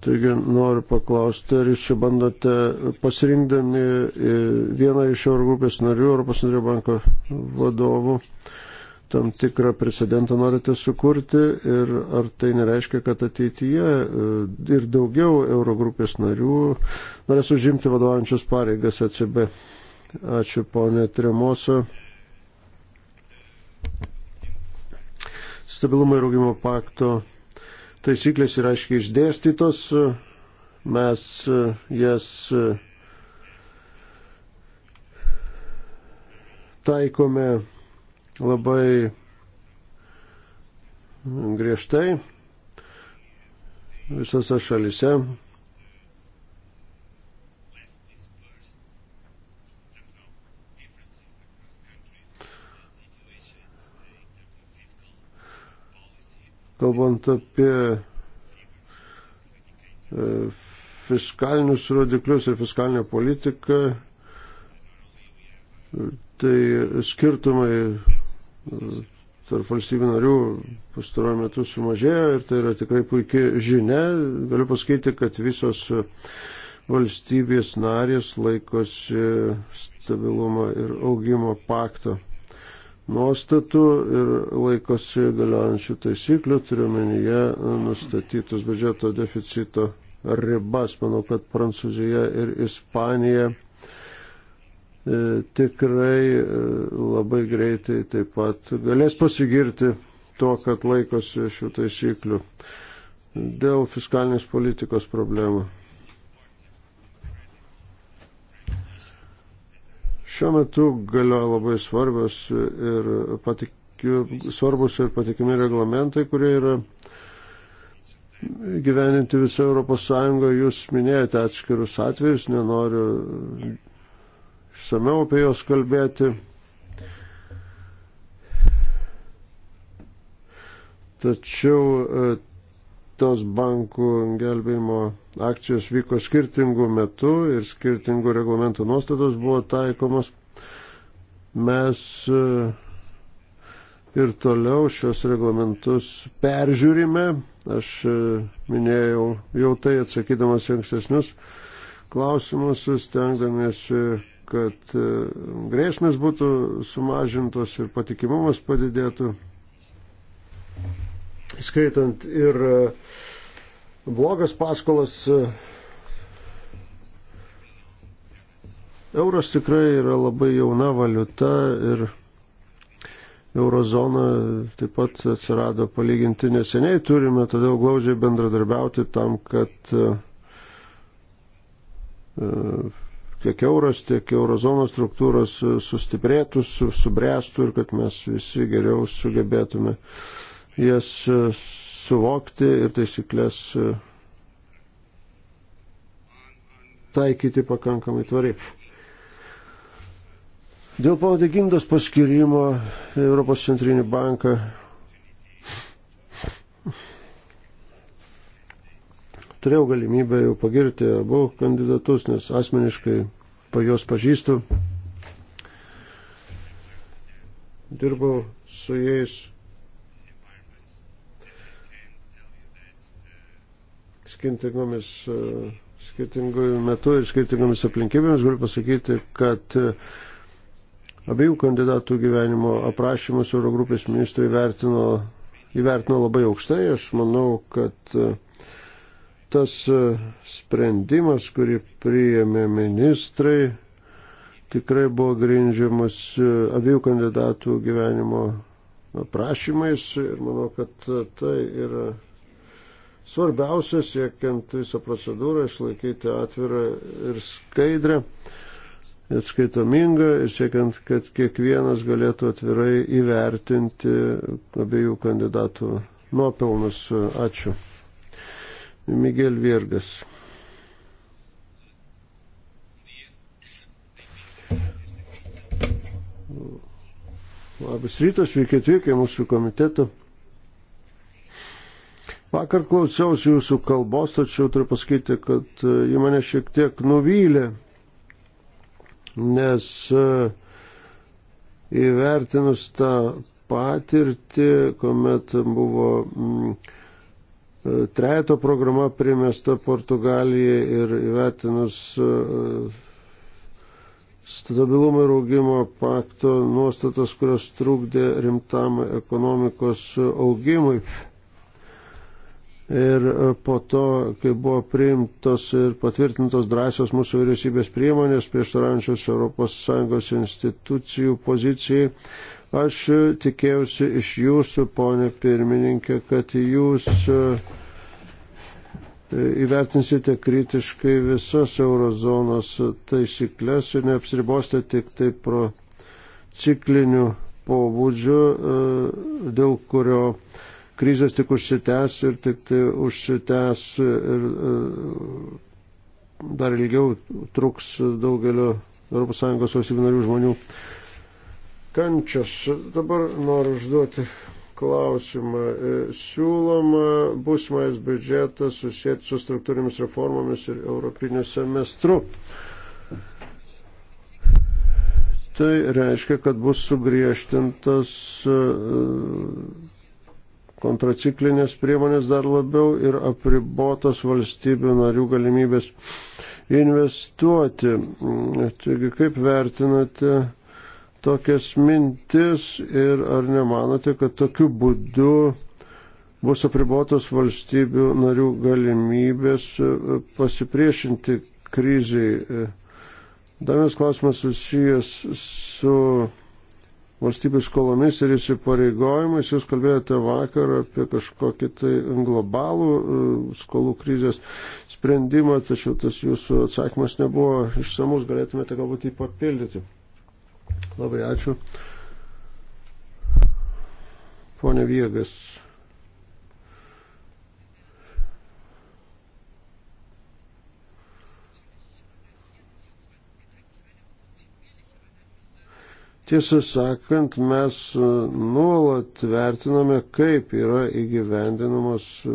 Taigi noriu paklausti, ar jūs čia bandote pasirinkdami vieną iš šio grupės narių, Europos Centrinio banko vadovų, tam tikrą precedentą norite sukurti ir ar tai nereiškia, kad ateityje e, ir daugiau Eurogrupės narių norės užimti vadovaujančius pareigas ECB? Ačiū ponė Tremoso. Stabilumo ir augimo pakto taisyklės yra aiškiai išdėstytos. Mes e, jas e, taikome labai griežtai visose šalise, kalbant apie e, fiskalinius rodiklius ir fiskalinę politiką, tai skirtumai e, tarp valstybių narių pastaruoju metu sumažėjo ir tai yra tikrai puikia žinia. Galiu pasakyti, kad visos valstybės narės laikosi stabilumo ir augimo pakto nuostatų ir laikosi galiojančių taisyklių, turiuomenyje e, nustatytus biudžeto deficito ribas. Manau, kad Prancūzija ir Ispanija e, tikrai e, labai greitai taip pat galės pasigirti to, kad laikosi šių taisyklių dėl fiskalinės politikos problemų. Šiuo metu galioja labai svarbios ir patik, svarbus ir patikimi reglamentai, kurie yra gyveninti visą Europos Sąjungą. Jūs minėjote atskirus atvejus, nenoriu išsameu apie juos kalbėti. Tačiau e, tos bankų gelbėjimo akcijos vyko skirtingų metų ir skirtingų reglamentų nuostatos buvo taikomos. Mes e, ir toliau šios reglamentus peržiūrime. Aš e, minėjau jau tai atsakydamas ankstesnius klausimus, stengdamiesi, kad e, grėsmės būtų sumažintos ir patikimumas padidėtų skaitant ir e, blogas paskolas. E, euras tikrai yra labai jauna valiuta ir eurozona taip pat atsirado palyginti neseniai, turime todėl glaudžiai bendradarbiauti tam, kad e, tiek euras, tiek eurozonos struktūros sustiprėtų, su, subręstų ir kad mes visi geriau sugebėtume uh, jas e, suvokti ir taisyklės e, taikyti pakankamai tvariai. Dėl pono Degindos paskirimo Europos centrinį banką turėjau galimybę jau pagirti abu kandidatus, nes asmeniškai pa juos pažįstu. Dirbau su jais skirtingomis, e, skirtingu metu ir skirtingomis aplinkybėmis. Galiu pasakyti, kad e, abiejų kandidatų gyvenimo aprašymus Eurogrupės ministrai vertino, įvertino labai aukštai. Aš manau, kad e, tas sprendimas, kurį priėmė ministrai, tikrai buvo grindžiamas abiejų kandidatų gyvenimo aprašymais ir manau, kad tai yra Svarbiausia, siekiant visą procedūrą, išlaikyti atvirą ir skaidrę, atskaitomingą ir siekiant, kad kiekvienas galėtų atvirai įvertinti abiejų kandidatų nuopelnus. Ačiū. Miguel Viergas. Labas rytas, sveiki atvykę mūsų komiteto. Vakar klausiausi jūsų kalbos, tačiau turiu pasakyti, kad e, ji mane šiek tiek nuvylė, nes e, įvertinus tą patirtį, kuomet buvo mm, e, trejato programa primesta Portugalijai ir įvertinus stabilumo ir augimo pakto nuostatas, kurios trukdė rimtam ekonomikos augimui. Ir e, po to, kai buvo priimtos ir patvirtintos drąsios mūsų vyriausybės priemonės prieštarančios ES institucijų pozicijai, aš tikėjausi iš jūsų, ponė pirmininkė, kad jūs e, e, įvertinsite kritiškai visas eurozonos taisyklės ir neapsiribosite tik tai pro ciklinių pobūdžių, dėl kurio krizės tik užsitęs ir tik tai užsitęs ir e, dar ilgiau truks daugelio ES valstybių narių žmonių kančios. Dabar noriu užduoti klausimą. E, siūloma būsimas biudžetas susijęti su struktūrimis reformomis ir europiniu semestru. Tai reiškia, kad bus sugriežtintas uh, kontraciklinės priemonės dar labiau ir apribotos valstybių narių galimybės investuoti. Taigi, kaip vertinate tokias mintis ir ar nemanote, kad tokiu būdu bus apribotos valstybių narių galimybės e, pasipriešinti kriziai? E, dar vienas klausimas susijęs su valstybės skolomis ir įsipareigojimais. Jūs kalbėjote vakar apie kažkokį tai globalų e, skolų krizės sprendimą, tačiau tas jūsų atsakymas nebuvo išsamus, galėtumėte galbūt jį papildyti. Labai ačiū. Pone Viegas. Tiesą sakant, mes e, nuolat vertiname, kaip yra įgyvendinamos e,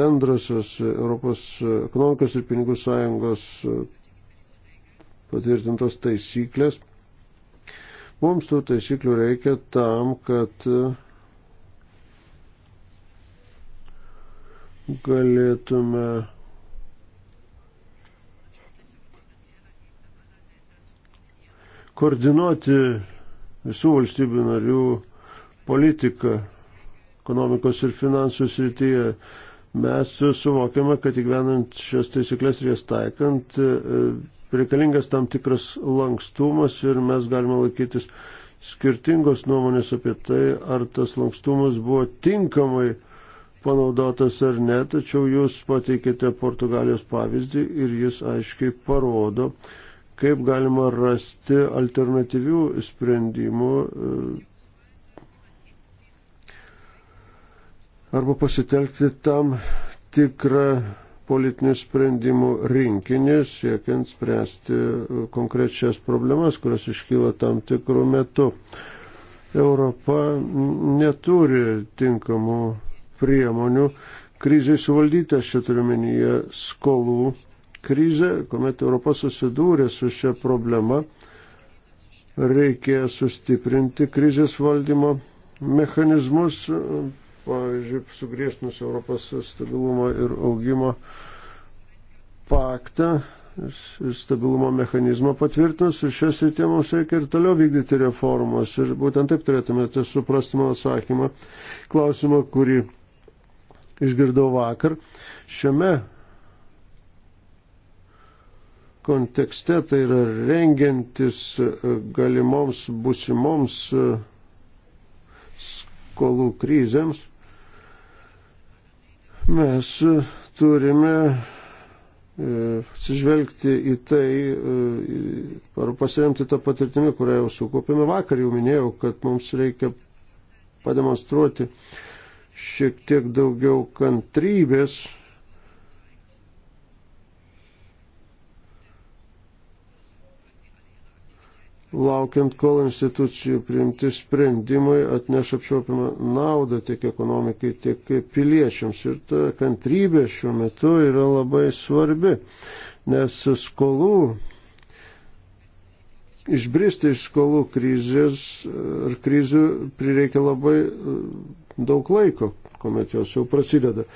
bendrasios Europos ekonomikos ir pinigų sąjungos e, patvirtintos taisyklės. Mums tų taisyklių reikia tam, kad galėtume koordinuoti visų valstybių narių politiką ekonomikos ir finansų srityje. Mes suvokiame, kad įgyvenant šias taisyklės ir jas taikant, e, reikalingas tam tikras lankstumas ir mes galime laikytis skirtingos nuomonės apie tai, ar tas lankstumas buvo tinkamai panaudotas ar ne, tačiau jūs pateikėte Portugalijos pavyzdį ir jis aiškiai parodo, kaip galima rasti alternatyvių sprendimų e, arba pasitelkti tam tikrą politinių sprendimų rinkinį, siekiant spręsti e, konkrečias problemas, kurios iškyla tam tikrų metų. Europa neturi tinkamų priemonių krizai suvaldyti, aš čia turiu menyje skolų krizę, kuomet Europa susidūrė su šia problema, reikėjo sustiprinti krizės valdymo mechanizmus, pavyzdžiui, sugriežtinus Europos stabilumo ir augimo paktą ir stabilumo mechanizmą patvirtinus ir šios rytė mums reikia ir toliau vykdyti reformas. Ir būtent taip turėtumėte suprasti mano atsakymą, klausimą, kurį išgirdau vakar. Šiame kontekste, tai yra rengiantis e, galimoms busimoms e, skolų krizėms, mes e, turime atsižvelgti į tai, ar pasiremti tą patirtimį, kurią jau sukaupėme vakar, jau minėjau, kad mums reikia pademonstruoti šiek tiek daugiau kantrybės laukiant, kol institucijų priimti sprendimai atneš apčiopimą naudą tiek ekonomikai, tiek piliečiams. Ir ta kantrybė šiuo metu yra labai svarbi, nes skolų, išbristi iš skolų krizės ar krizių prireikia labai e, daug laiko, kuomet jos jau prasideda.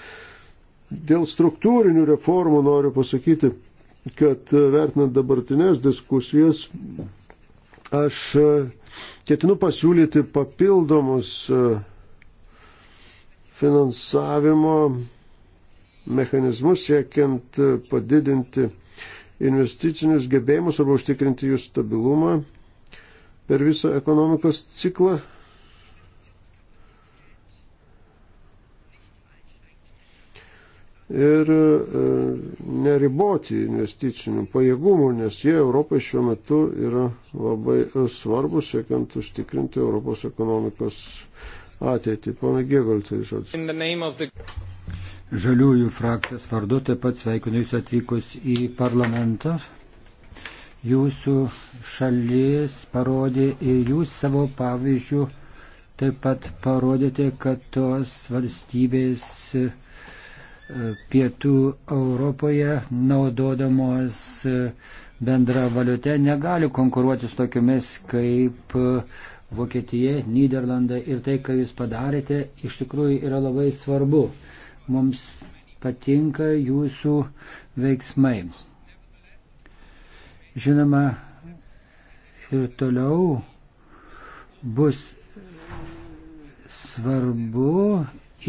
Dėl struktūrinių reformų noriu pasakyti, kad e, vertinant dabartinės diskusijas, Aš e, ketinu pasiūlyti papildomus e, finansavimo mechanizmus siekiant e, padidinti investicinius gebėjimus arba užtikrinti jų stabilumą per visą ekonomikos ciklą ir e, neriboti investicinių pajėgumų, nes jie Europai šiuo metu yra labai svarbus, siekiant užtikrinti Europos ekonomikos ateitį. Pana Gėgaltai, žodžiu. Žaliųjų frakcijos vardu taip pat sveikinu Jūs atvykus į parlamentą. Jūsų šalis parodė ir Jūs savo pavyzdžių taip pat parodėte, kad tos valstybės pietų Europoje naudodamos e, bendrą valiutę negali konkuruoti su tokiamis kaip e, Vokietija, Niderlandai ir tai, ką jūs padarėte, iš tikrųjų yra labai svarbu. Mums patinka jūsų veiksmai. Žinoma, ir toliau bus svarbu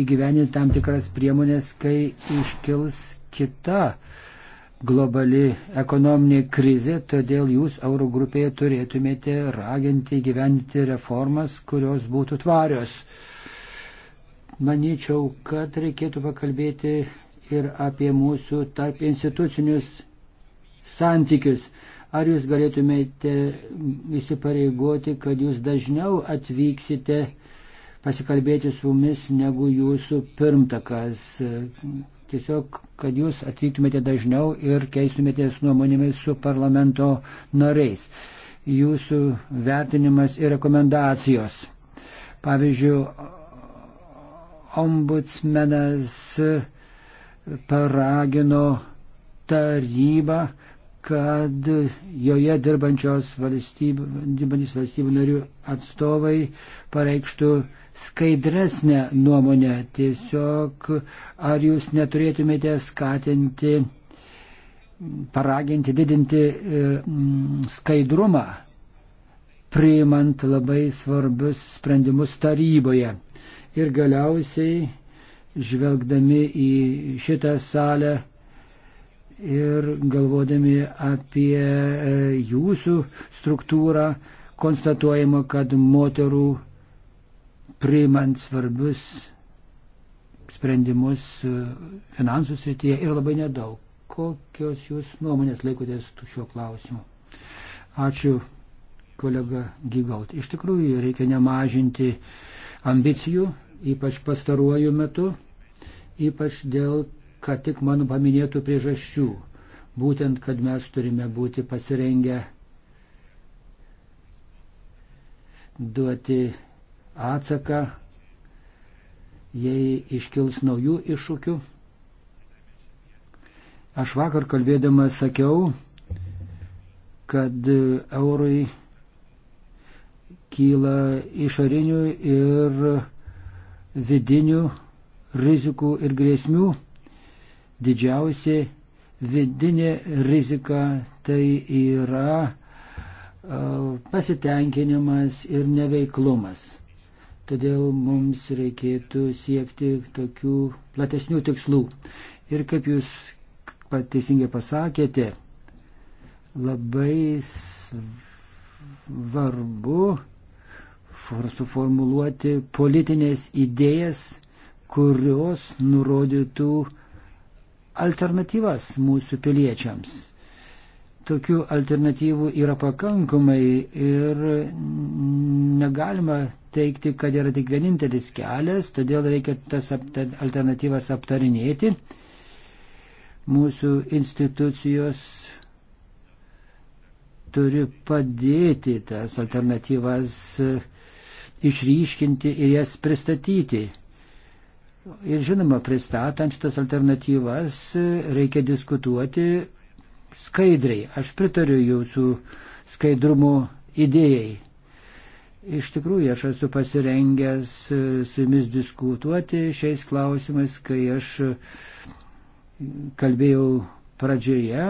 įgyveninti tam tikras priemonės, kai iškils kita globali ekonominė krizė, todėl jūs Eurogrupėje turėtumėte raginti gyventi reformas, kurios būtų tvarios. Manyčiau, kad reikėtų pakalbėti ir apie mūsų tarp institucinius santykius. Ar jūs galėtumėte įsipareigoti, kad jūs dažniau atvyksite pasikalbėti su mumis negu jūsų pirmtakas. Tiesiog, kad jūs atvyktumėte dažniau ir keistumėtės nuomonėmis su parlamento nariais. Jūsų vertinimas ir rekomendacijos. Pavyzdžiui, ombudsmenas paragino tarybą, kad joje dirbančios valstybių, dirbantis valstybių narių atstovai pareikštų skaidresnę nuomonę. Tiesiog ar jūs neturėtumėte skatinti, paraginti, didinti e, mm, skaidrumą, priimant labai svarbius sprendimus taryboje. Ir galiausiai, žvelgdami į šitą salę, ir galvodami apie e, jūsų struktūrą konstatuojama, kad moterų priimant svarbius sprendimus e, finansų srityje ir labai nedaug. Kokios jūs nuomonės laikotės šiuo klausimu? Ačiū, kolega Gigalt. Iš tikrųjų, reikia nemažinti ambicijų, ypač pastaruoju metu, ypač dėl, ką tik mano paminėtų priežasčių. Būtent, kad mes turime būti pasirengę duoti atsaką, jei iškils naujų iššūkių. Aš vakar kalbėdamas sakiau, kad eurui kyla išorinių ir vidinių rizikų ir grėsmių. Didžiausia vidinė rizika tai yra pasitenkinimas ir neveiklumas. Todėl mums reikėtų siekti tokių platesnių tikslų. Ir kaip jūs teisingai pasakėte, labai svarbu suformuluoti politinės idėjas, kurios nurodytų alternatyvas mūsų piliečiams. Tokių alternatyvų yra pakankamai ir negalima teikti, kad yra tik vienintelis kelias, todėl reikia tas alternatyvas aptarinėti. Mūsų institucijos turi padėti tas alternatyvas e, išryškinti ir jas pristatyti. Ir žinoma, pristatant šitas alternatyvas e, reikia diskutuoti skaidriai. Aš pritariu jūsų skaidrumo idėjai. Iš tikrųjų, aš esu pasirengęs e, su jumis diskutuoti šiais klausimais, kai aš e, kalbėjau pradžioje,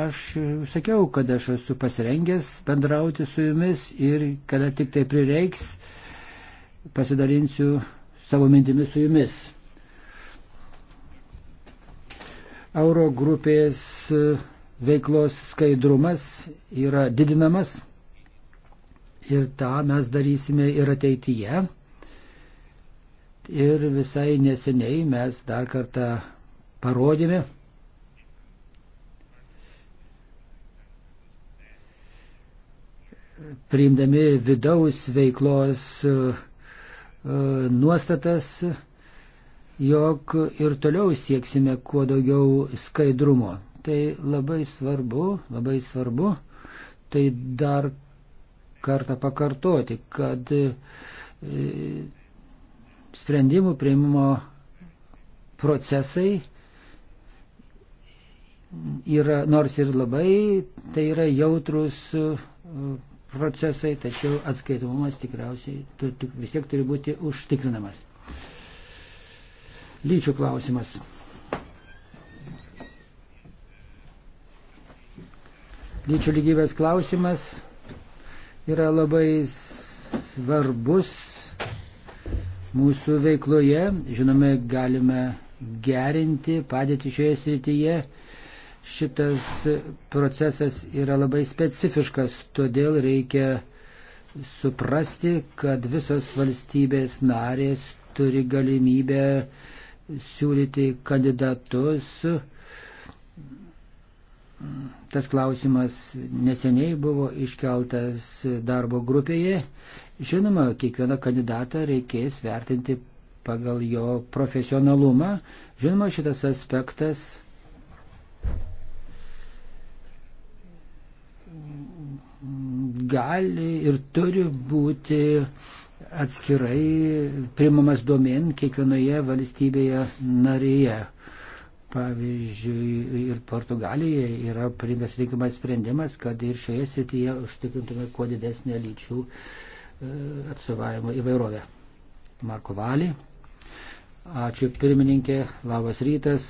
aš e, sakiau, kad aš esu pasirengęs bendrauti su jumis ir kada tik tai prireiks, pasidalinsiu savo mintimis su jumis. Euro grupės veiklos skaidrumas yra didinamas ir tą mes darysime ir ateityje. Ir visai neseniai mes dar kartą parodėme, priimdami vidaus veiklos e, e, nuostatas, jog ir toliau sieksime kuo daugiau skaidrumo. Tai labai svarbu, labai svarbu. Tai dar kartą pakartoti, kad e, sprendimų prieimimo procesai yra, nors ir labai, tai yra jautrus e, procesai, tačiau atskaitomumas tikriausiai tu, tu, vis tiek turi būti užtikrinamas. Lyčių klausimas. Lyčių lygybės klausimas yra labai svarbus mūsų veikloje. Žinome, galime gerinti padėtį šioje srityje. Šitas procesas yra labai specifiškas, todėl reikia suprasti, kad visos valstybės narės turi galimybę siūlyti kandidatus Tas klausimas neseniai buvo iškeltas darbo grupėje. Žinoma, kiekvieną kandidatą reikės vertinti pagal jo profesionalumą. Žinoma, šitas aspektas gali ir turi būti atskirai primamas domen kiekvienoje valstybėje narėje. Pavyzdžiui, ir Portugalijoje yra priimtas reikiamas sprendimas, kad ir šioje srityje užtikrintume kuo didesnę lyčių e, atstovavimo įvairovę. Marko Valį. Ačiū pirmininkė, labas rytas.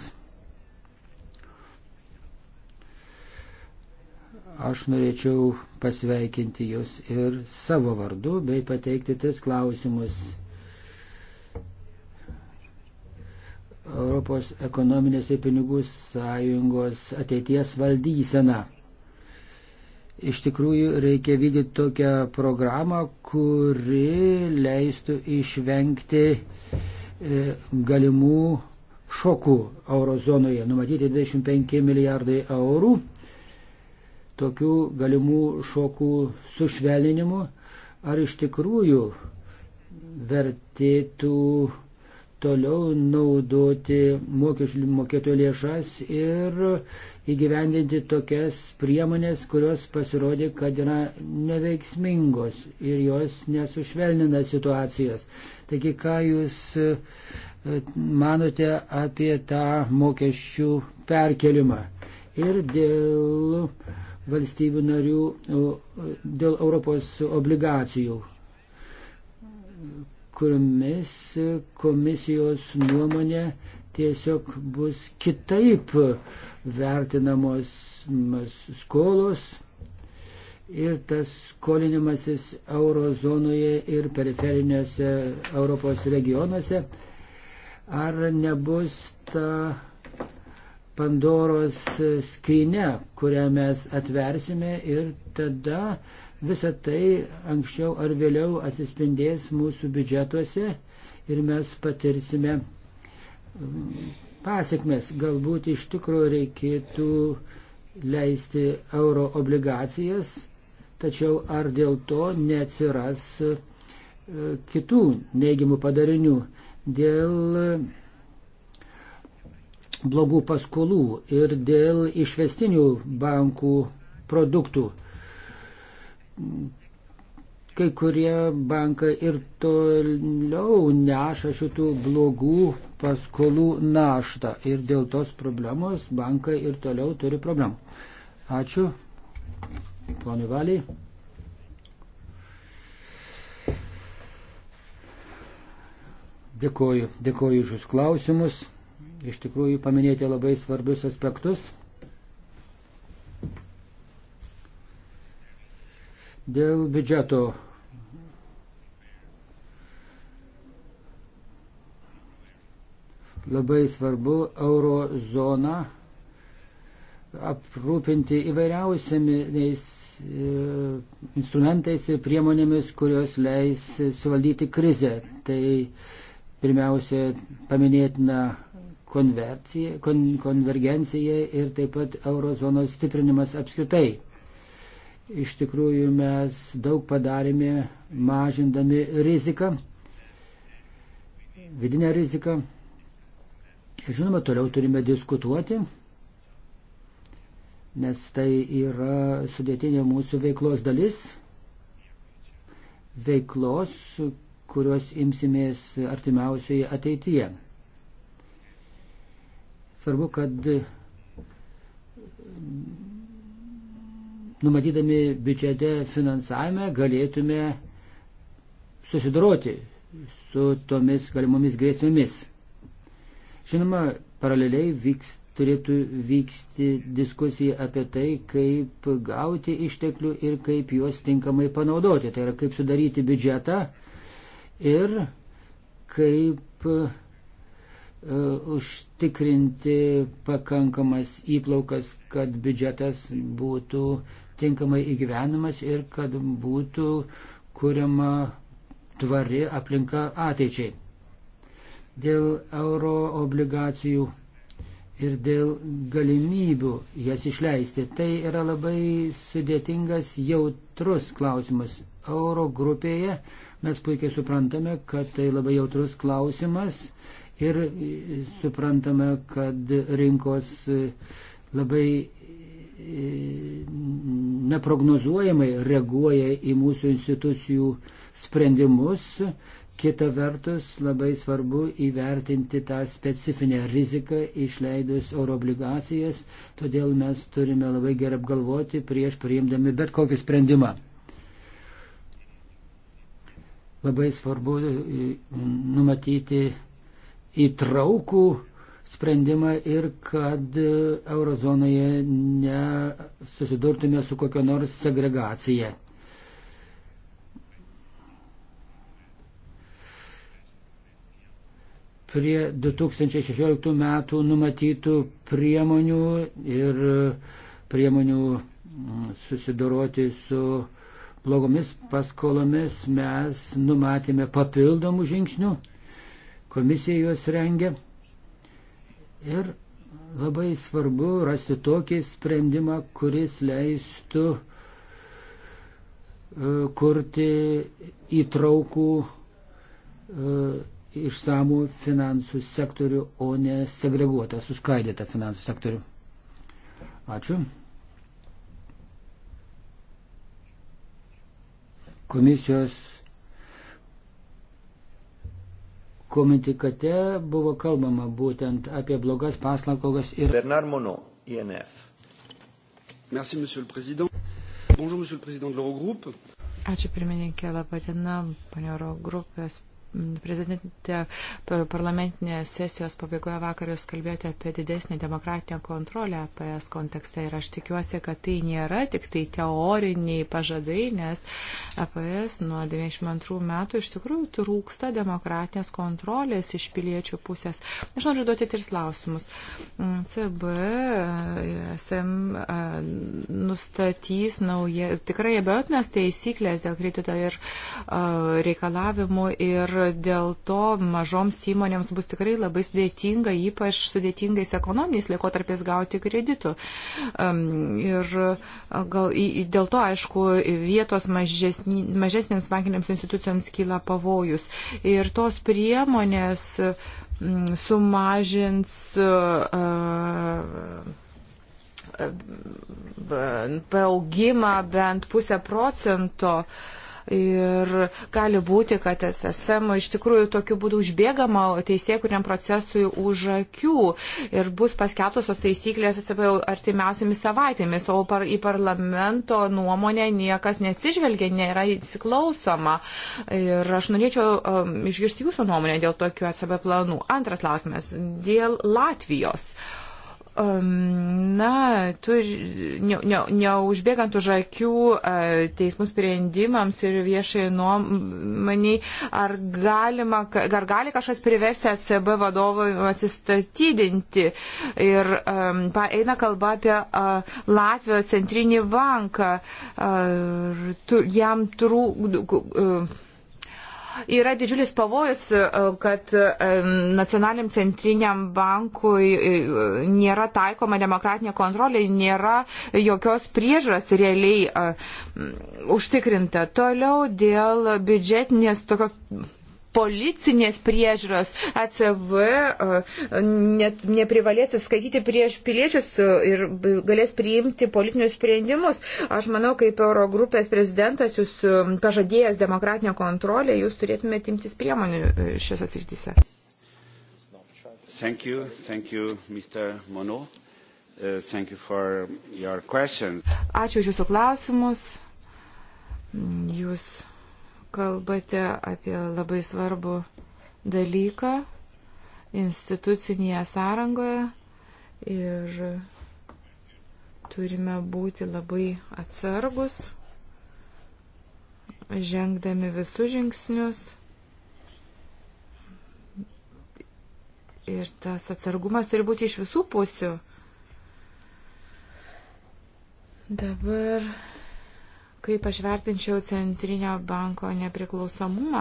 Aš norėčiau pasveikinti Jūs ir savo vardu bei pateikti tris klausimus Europos ekonominės ir pinigų sąjungos ateities valdyseną. Iš tikrųjų reikia vykdyti tokią programą, kuri leistų išvengti e, galimų šokų eurozonoje. Numatyti 25 milijardai eurų tokių galimų šokų sušvelninimu. Ar iš tikrųjų vertėtų toliau naudoti mokesčių mokėtojų lėšas ir įgyvendinti tokias priemonės, kurios pasirodė, kad yra neveiksmingos ir jos nesušvelnina situacijos. Taigi, ką Jūs e, manote apie tą mokesčių perkelimą? Ir dėl valstybių narių, dėl Europos obligacijų kuriomis komisijos nuomonė tiesiog bus kitaip vertinamos skolos ir tas skolinimasis eurozonoje ir periferiniuose Europos regionuose, ar nebus ta Pandoros skrinė, kurią mes atversime ir tada Visą tai anksčiau ar vėliau atsispindės mūsų biudžetuose ir mes patirsime um, pasiekmes. Galbūt iš tikrųjų reikėtų leisti euro obligacijas, tačiau ar dėl to neatsiras uh, kitų neigiamų padarinių dėl uh, blogų paskolų ir dėl išvestinių bankų produktų kai kurie bankai ir toliau neša šitų blogų paskolų naštą ir dėl tos problemos bankai ir toliau turi problemų. Ačiū, poniu Valiai. Dėkoju, dėkoju už Jūsų klausimus. Iš tikrųjų paminėti labai svarbius aspektus. Dėl biudžeto. Labai svarbu eurozoną aprūpinti įvairiausiamis e, instrumentais ir priemonėmis, kurios leis suvaldyti krizę. Tai pirmiausia paminėtina konvergencija ir taip pat eurozonos stiprinimas apskritai. Iš tikrųjų mes daug padarėme mažindami riziką, vidinę riziką. Ir žinoma, toliau turime diskutuoti, nes tai yra sudėtinė mūsų veiklos dalis, veiklos, kurios imsimės artimiausioje ateityje. Svarbu, kad numatydami biudžete finansavimą, galėtume susidoroti su tomis galimomis grėsmėmis. Žinoma, paraleliai vyks, turėtų vykti diskusija apie tai, kaip gauti išteklių ir kaip juos tinkamai panaudoti. Tai yra, kaip sudaryti biudžetą ir kaip uh, užtikrinti pakankamas įplaukas, kad biudžetas būtų uh, tinkamai įgyvenimas ir kad būtų kuriama tvari aplinka ateičiai. Dėl euro obligacijų ir dėl galimybių jas išleisti. Tai yra labai sudėtingas, jautrus klausimas. Euro grupėje mes puikiai suprantame, kad tai labai jautrus klausimas ir suprantame, kad rinkos labai neprognozuojamai reaguoja į mūsų institucijų sprendimus. Kita vertus, labai svarbu įvertinti tą specifinę riziką išleidus euroobligacijas, todėl mes turime labai gerai apgalvoti prieš priimdami bet kokį sprendimą. Labai svarbu e, numatyti įtraukų sprendimą ir kad eurozonoje nesusidurtume su kokio nors segregacija. Prie 2016 metų numatytų priemonių ir priemonių mm, susidoroti su blogomis paskolomis mes numatėme papildomų žingsnių, komisija juos rengia. Ir labai svarbu rasti tokį sprendimą, kuris leistų e, kurti įtraukų e, išsamų finansų sektorių, o ne segreguotą, suskaidytą finansų sektorių. Ačiū. Komisijos komitikate buvo kalbama būtent apie blogas paslaugas ir. Bernard Mono, INF. Merci, monsieur le président. Bonjour, monsieur le président de l'Eurogroupe. Ačiū pirmininkė, laba diena, panio Eurogrupės Prezidentė parlamentinės sesijos pabaigoje vakar jūs kalbėjote apie didesnį demokratinę kontrolę APS kontekste ir aš tikiuosi, kad tai nėra tik tai teoriniai pažadai, nes APS nuo 92 metų iš tikrųjų trūksta demokratinės kontrolės iš piliečių pusės. Aš noriu duoti tris klausimus. Mm, CB SM nustatys nauja, tikrai abejotinas taisyklės dėl kredito ir reikalavimų ir dėl to mažoms įmonėms bus tikrai labai sudėtinga, ypač sudėtingais ekonominiais laikotarpiais gauti kreditų. Ir gal, dėl to, aišku, vietos mažesni, mažesnėms bankinėms institucijoms kyla pavojus. Ir tos priemonės sumažins. Uh, paaugimą bent pusę procento uh, ir gali būti, kad SSM iš tikrųjų tokiu būdu užbėgama teisėkuriam procesui už akių ir bus paskeltusios taisyklės atsipėjau artimiausiamis savaitėmis, o par, į parlamento nuomonę niekas nesižvelgia, nėra įsiklausoma. Ir aš norėčiau um, išgirsti jūsų nuomonę dėl tokių ECB planų. Antras klausimas - dėl Latvijos. Uh, na, tu, ne, ne, neužbėgant už akių e, teismų sprendimams ir viešai nuomoniai, ar, galima, ar gali kažkas priversti ACB vadovui atsistatydinti. Ir um, eina kalba apie uh, Latvijos centrinį banką. Uh, tu, jam trūk. Uh, e, yra didžiulis pavojus, e, kad e, nacionaliniam centriniam bankui e, nėra taikoma demokratinė kontrolė, nėra jokios priežas realiai užtikrinta. Toliau dėl biudžetinės tokios policinės priežiūros ACV e, neprivalės atskaityti prieš piliečius ir galės priimti politinius sprendimus. Aš manau, kaip Eurogrupės prezidentas, jūs e, pažadėjęs demokratinę kontrolę, jūs turėtumėte imtis priemonių e, šiose srityse. Thank you, thank you, Mr. Monod. Uh, thank you for your questions. Ačiū už Jūsų klausimus. Jūs kalbate apie labai svarbų dalyką institucinėje sąrangoje ir turime būti labai atsargus, žengdami visus žingsnius. Ir tas atsargumas turi būti iš visų pusių. Dabar Kaip aš vertinčiau centrinio banko nepriklausomumą?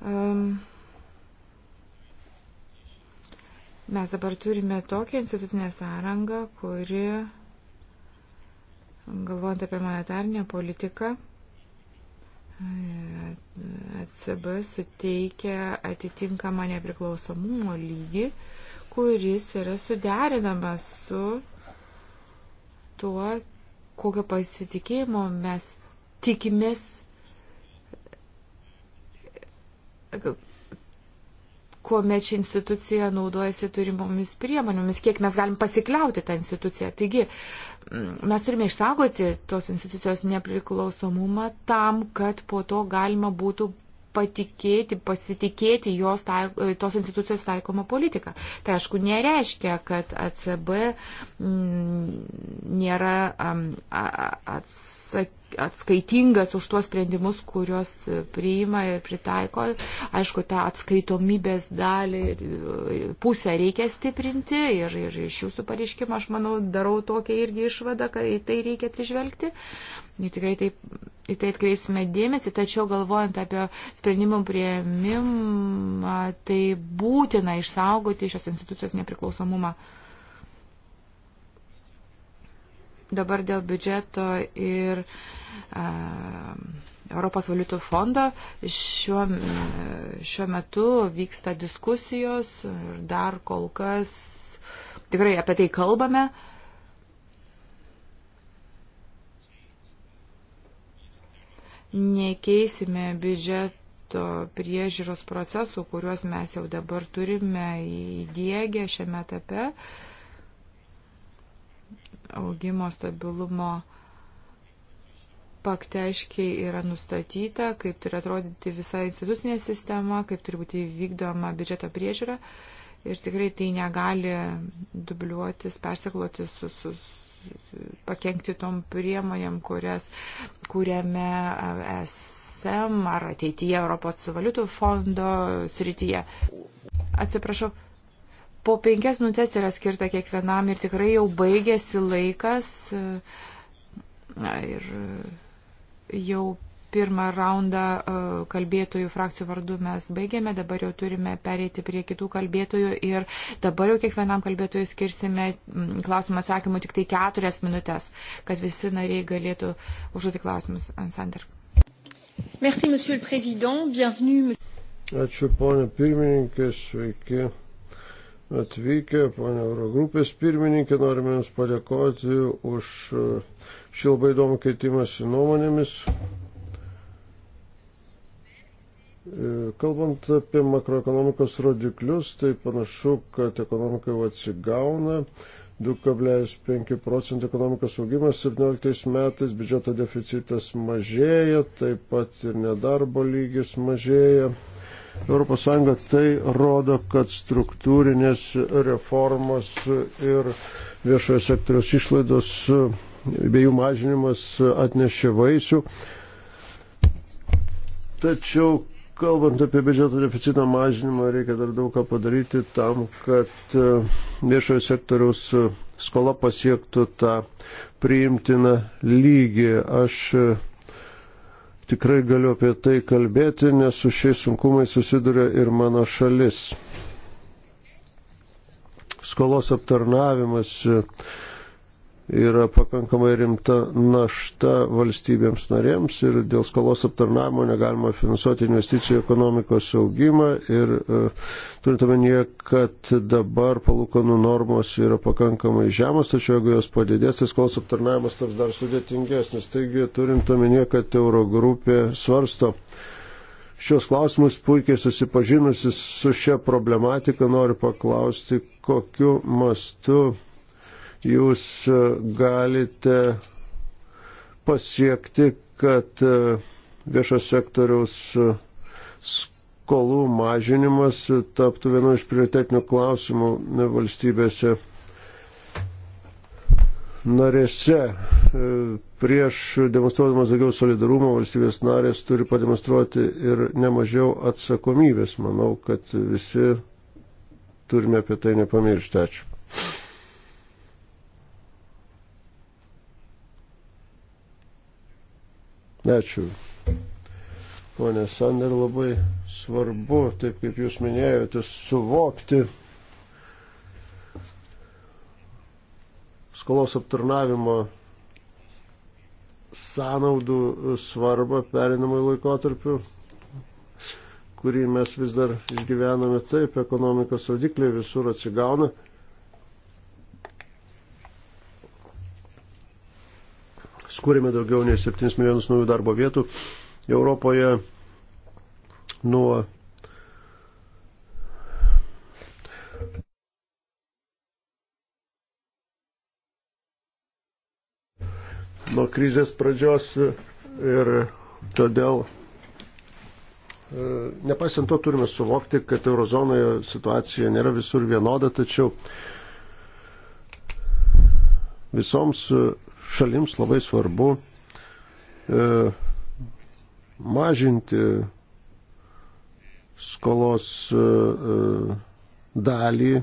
Um, mes dabar turime tokią institucinę sąrangą, kuri, galvojant apie monetarnę politiką, ECB suteikia atitinkamą nepriklausomumo lygį, kuris yra suderinamas su tuo, kokio pasitikėjimo mes tikimės, kuomet ši institucija naudojasi turimomis priemonėmis, kiek mes galim pasikliauti tą instituciją. Taigi mm, mes turime išsaugoti tos institucijos nepriklausomumą tam, kad po to galima būtų patikėti, pasitikėti jos, taik, e, tos institucijos taikomą politiką. Tai aišku, nereiškia, kad ACB mm, nėra atsakymas atskaitingas už tuos sprendimus, kuriuos priima ir pritaiko. Aišku, tą atskaitomybės dalį pusę reikia stiprinti ir, ir iš jūsų pareiškimo aš manau darau tokią irgi išvadą, kad į tai reikia atsižvelgti tikrai taip, į tai atkreipsime dėmesį, tačiau galvojant apie sprendimų prieimimą, tai būtina išsaugoti šios institucijos nepriklausomumą. Dabar dėl biudžeto ir a, Europos valiutų fondo šiuo, šiuo metu vyksta diskusijos ir dar kol kas tikrai apie tai kalbame. A, nekeisime biudžeto priežiūros procesų, kuriuos mes jau dabar turime įdėgę šiame etape augimo stabilumo pakte aiškiai yra nustatyta, kaip turi atrodyti visa institucinė sistema, kaip turi būti vykdoma biudžeto priežiūra. Ir tikrai tai negali dubliuotis, persikloti su, su, pakengti tom priemonėm, kurias kūrėme SM ar ateityje Europos valiutų fondo srityje. Atsiprašau po penkias minutės yra skirta kiekvienam ir tikrai jau baigėsi laikas. Na, ir jau pirmą raundą e, kalbėtojų frakcijų vardu mes baigėme, dabar jau turime pereiti prie kitų kalbėtojų ir dabar jau kiekvienam kalbėtojui skirsime klausimą atsakymų tik tai keturias minutės, kad visi nariai galėtų užduoti klausimus. Ansander. Merci, monsieur le président. Bienvenue. Ačiū, ponė pirmininkė, sveiki atvykę, ponė Eurogrupės pirmininkė, norime Jums padėkoti už šį labai įdomų keitimąsi nuomonėmis. Kalbant apie makroekonomikos rodiklius, tai panašu, kad ekonomika jau atsigauna. 2,5 procentų ekonomikos augimas 17 metais, biudžeto deficitas mažėja, taip pat ir nedarbo lygis mažėja. ES tai rodo, kad struktūrinės reformos ir viešojo sektoriaus išlaidos bei jų mažinimas atnešė vaisių. Tačiau Kalbant apie biudžeto deficito mažinimą, reikia dar daug ką padaryti tam, kad e, viešojo sektoriaus e, skola pasiektų tą priimtiną lygį. Aš e, tikrai galiu apie tai kalbėti, nes su šiais sunkumais susiduria ir mano šalis. Skolos aptarnavimas yra pakankamai rimta našta valstybėms narėms ir dėl skolos aptarnavimo negalima finansuoti investicijų ekonomikos augimą ir e, turint omenyje, kad dabar palūkanų normos yra pakankamai žemos, tačiau jeigu jos padidės, tai skolos aptarnavimas taps dar sudėtingesnis. Taigi turint omenyje, kad Eurogrupė svarsto šios klausimus puikiai susipažinusi su šia problematika, noriu paklausti, kokiu mastu jūs e, galite pasiekti, kad e, viešo sektoriaus e, skolų mažinimas taptų vienu iš prioritetinių klausimų valstybėse narėse. Prieš demonstruodamas daugiau solidarumo valstybės narės turi pademonstruoti ir nemažiau atsakomybės. Manau, kad visi turime apie tai nepamiršti. Ačiū. Ačiū. Pone Sander, labai svarbu, taip kaip jūs minėjote, suvokti skolos aptarnavimo sąnaudų svarbą perinamai laikotarpiu, kurį mes vis dar išgyvename taip, ekonomikos rodikliai visur atsigauna. skūrėme daugiau nei 7 milijonus naujų darbo vietų Europoje nuo nuo krizės pradžios ir todėl e, nepaisant to turime suvokti, kad eurozonoje situacija nėra visur vienoda, tačiau visoms šalims labai svarbu e, mažinti skolos e, e dalį e,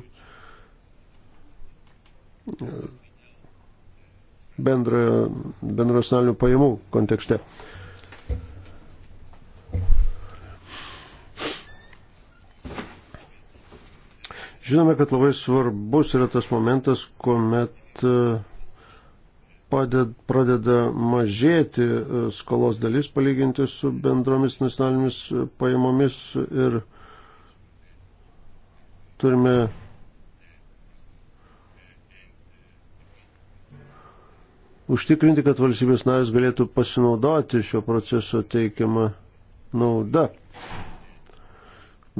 bendrojo, bendrojo nacionalinių pajamų kontekste. Žinome, kad labai svarbus yra tas momentas, kuomet e, pradeda mažėti e, skolos dalis palyginti su bendromis nacionalinėmis e, pajamomis ir turime užtikrinti, kad valstybės narės galėtų pasinaudoti šio proceso teikiamą naudą.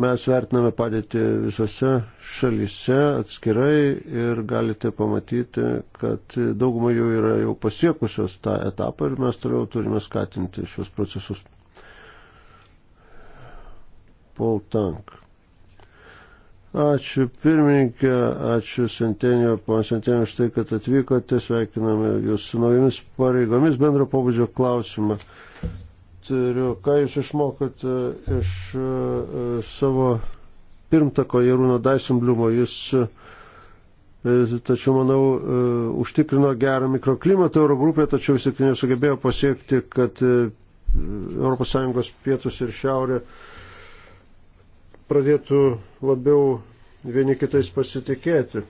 Mes vertiname padėti visose šalyse atskirai ir galite pamatyti, kad dauguma jų yra jau pasiekusios tą etapą ir mes toliau turime skatinti šios procesus. Paul Tank. Ačiū pirmininkė, ačiū Sentenio, pan Sentenio, už tai, kad atvykote, sveikiname jūs su naujomis pareigomis bendro pobūdžio klausimą turiu. Ką jūs išmokot e, iš e, e, savo pirmtako Jarūno Daisimbliumo? Jis, tačiau manau, užtikrino gerą mikroklimatą Eurogrupėje, tačiau vis tik tai nesugebėjo pasiekti, kad ES pietus ir šiaurė pradėtų labiau vieni kitais pasitikėti.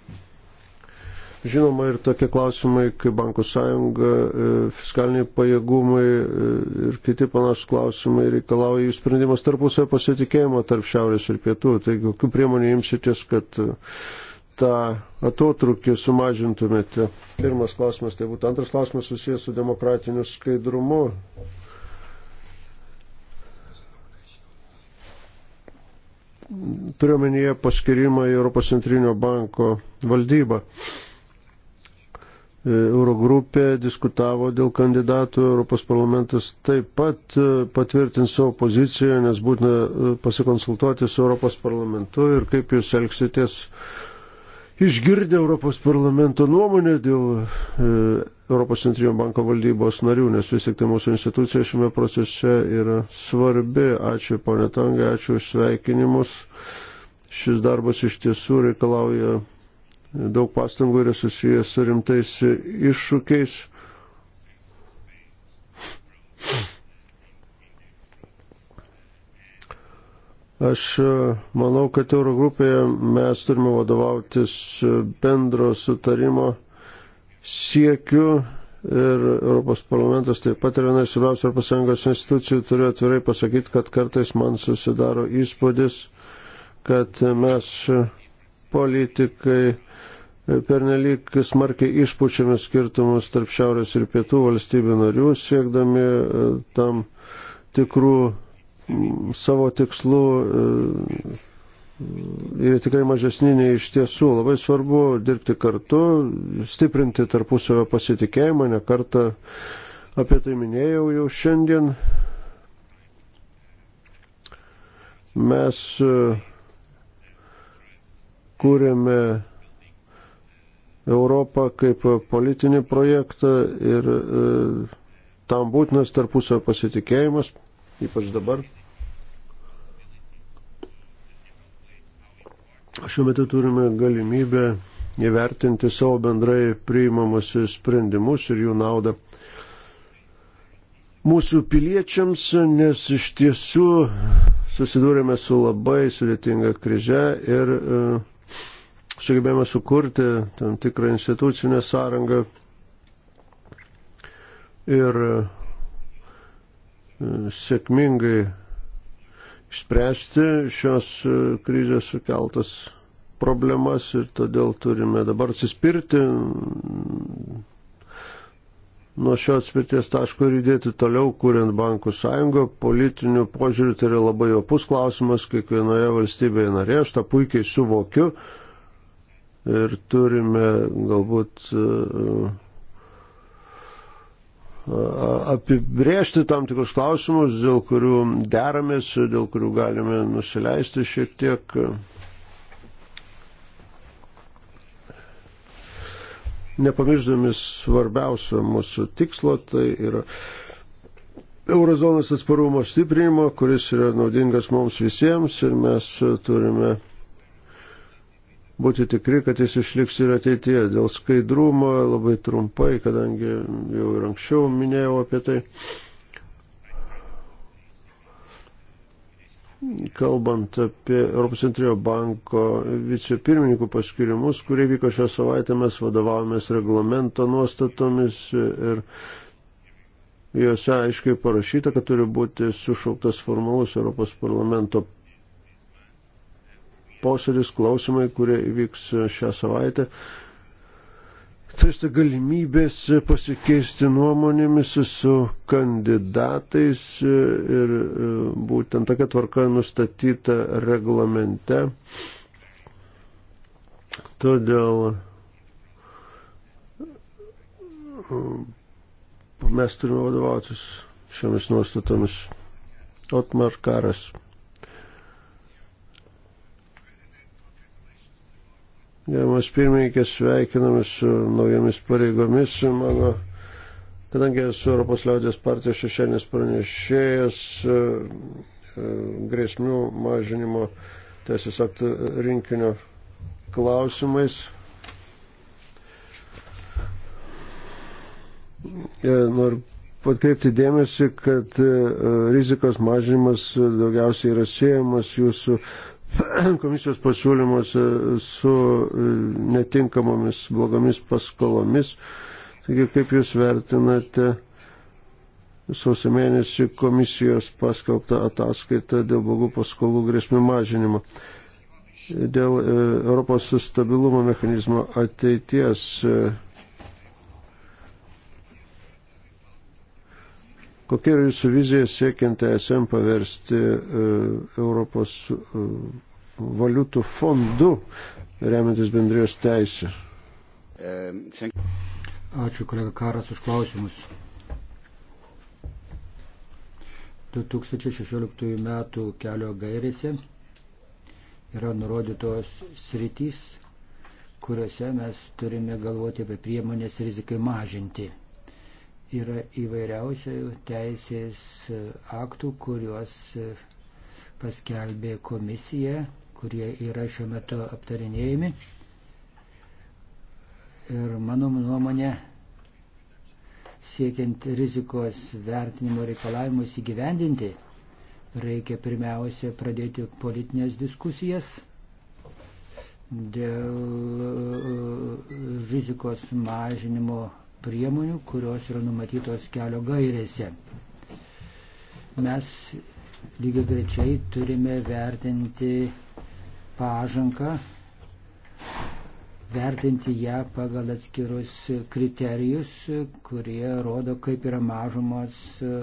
Žinoma, ir tokie klausimai kaip bankų sąjunga, e, fiskaliniai pajėgumai e, ir kiti panašus klausimai reikalauja jų sprendimas tarpusavio pasitikėjimo tarp šiaurės ir pietų. Tai kokiu priemonių imsitės, kad e, tą atotrukį sumažintumėte? Pirmas klausimas tai būtų. Antras klausimas susijęs su demokratiniu skaidrumu. Turiuomenyje paskirimą į Europos centrinio banko valdybą. E, Eurogrupė diskutavo dėl kandidatų, Europos parlamentas taip pat e, patvirtins savo poziciją, nes būtina e, pasikonsultuoti su Europos parlamentu ir kaip jūs elgsitės išgirdę Europos parlamento nuomonę dėl Europos centrinio banko valdybos narių, nes vis tik tai mūsų institucija šiame procese yra svarbi. Ačiū, ponė Tangai, ačiū už sveikinimus. Šis darbas iš tiesų reikalauja daug pastangų yra susijęs su rimtais iššūkiais. Aš e, manau, kad Eurogrupėje mes turime vadovautis e, bendro sutarimo siekiu ir Europos parlamentas taip pat yra viena iš svarbiausių Europos Sąjungos institucijų. Turiu atvirai pasakyti, kad kartais man susidaro įspūdis, kad mes e, politikai pernelyg smarkiai išpučiame skirtumus tarp šiaurės ir pietų valstybių narių, siekdami e, tam tikrų savo tikslų e, ir tikrai mažesni nei iš tiesų. Labai svarbu dirbti kartu, stiprinti tarpusavio pasitikėjimą, nekartą apie tai minėjau jau šiandien. Mes e, kūrėme Europą kaip politinį projektą ir e, tam būtinas tarpusio pasitikėjimas, ypač dabar. Šiuo metu turime galimybę įvertinti savo bendrai priimamus sprendimus ir jų naudą mūsų piliečiams, nes iš tiesų susidūrėme su labai sudėtinga krize ir uh, sugebėjome sukurti tam tikrą institucinę sąrangą ir e, sėkmingai išspręsti šios e, krizės sukeltas problemas ir todėl turime dabar atsispirti mm, nuo šio atspirties taško ir judėti toliau, kuriant bankų sąjungą. Politinių požiūrių tai yra labai opus klausimas kiekvienoje valstybėje narėje, aš tą puikiai suvokiu ir turime galbūt e, apibriežti tam tikrus klausimus, dėl kurių deramės, dėl kurių galime nusileisti šiek tiek. Nepamirždami svarbiausio mūsų tikslo, tai yra eurozonos atsparumo stiprinimo, kuris yra naudingas mums visiems ir mes turime būti tikri, kad jis išliks ir ateityje. Dėl skaidrumo labai trumpai, kadangi jau ir anksčiau minėjau apie tai. Kalbant apie Europos centrinio banko vicepirmininkų paskirimus, kurie vyko šią savaitę, mes vadovavomės reglamento nuostatomis ir juose aiškiai parašyta, kad turi būti sušauktas formalus Europos parlamento posėdis, klausimai, kurie įvyks šią savaitę. Turėsite galimybės pasikeisti nuomonėmis su kandidatais ir e, būtent tokia tvarka nustatyta reglamente. Todėl e, mes turime vadovautis šiomis nuostatomis. Otmar Karas. Gerimas pirmininkė, sveikiname su naujomis pareigomis. Mano, kadangi esu Europos liaudės partijos šešėnės pranešėjas, e, e, grėsmių mažinimo teisės aktų rinkinio klausimais. E, noriu patkreipti dėmesį, kad rizikos mažinimas daugiausiai yra siejamas jūsų komisijos pasiūlymuose su e, netinkamomis blogomis paskolomis. Taigi, kaip Jūs vertinate sausio mėnesį komisijos paskelbtą ataskaitą dėl blogų paskolų grėsmių mažinimo? Dėl e, Europos stabilumo mechanizmo ateities e, Kokia yra jūsų vizija siekiant ESM paversti e, Europos e, valiutų fondu, remiantis bendrijos teisė? Ačiū, kolega Karas, už klausimus. 2016 m. kelio gairėse yra nurodytos sritys, kuriuose mes turime galvoti apie priemonės rizikai mažinti yra įvairiausių teisės aktų, kuriuos paskelbė komisija, kurie yra šiuo metu aptarinėjami. Ir mano nuomonė, siekiant rizikos vertinimo reikalavimus įgyvendinti, reikia pirmiausia pradėti politinės diskusijas dėl e, rizikos mažinimo priemonių, kurios yra numatytos kelio gairėse. Mes lygiai grečiai turime vertinti pažanką, vertinti ją pagal atskirus kriterijus, kurie rodo, kaip yra mažumos e,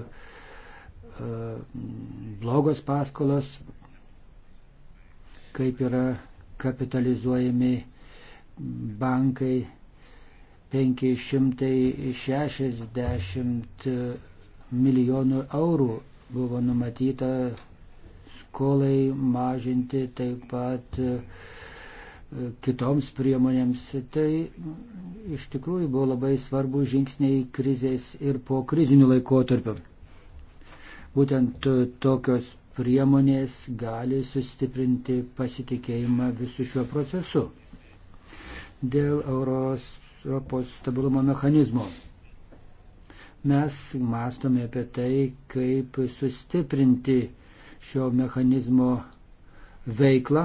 blogos paskolos, kaip yra kapitalizuojami bankai 560 milijonų eurų buvo numatyta skolai mažinti, taip pat e, kitoms priemonėms. Tai iš tikrųjų buvo labai svarbu žingsniai krizės ir po krizinių laikotarpių. Būtent e, tokios priemonės gali sustiprinti pasitikėjimą visų šiuo procesu. Dėl euros Europos stabilumo mechanizmo. Mes mastome apie tai, kaip sustiprinti šio mechanizmo veiklą,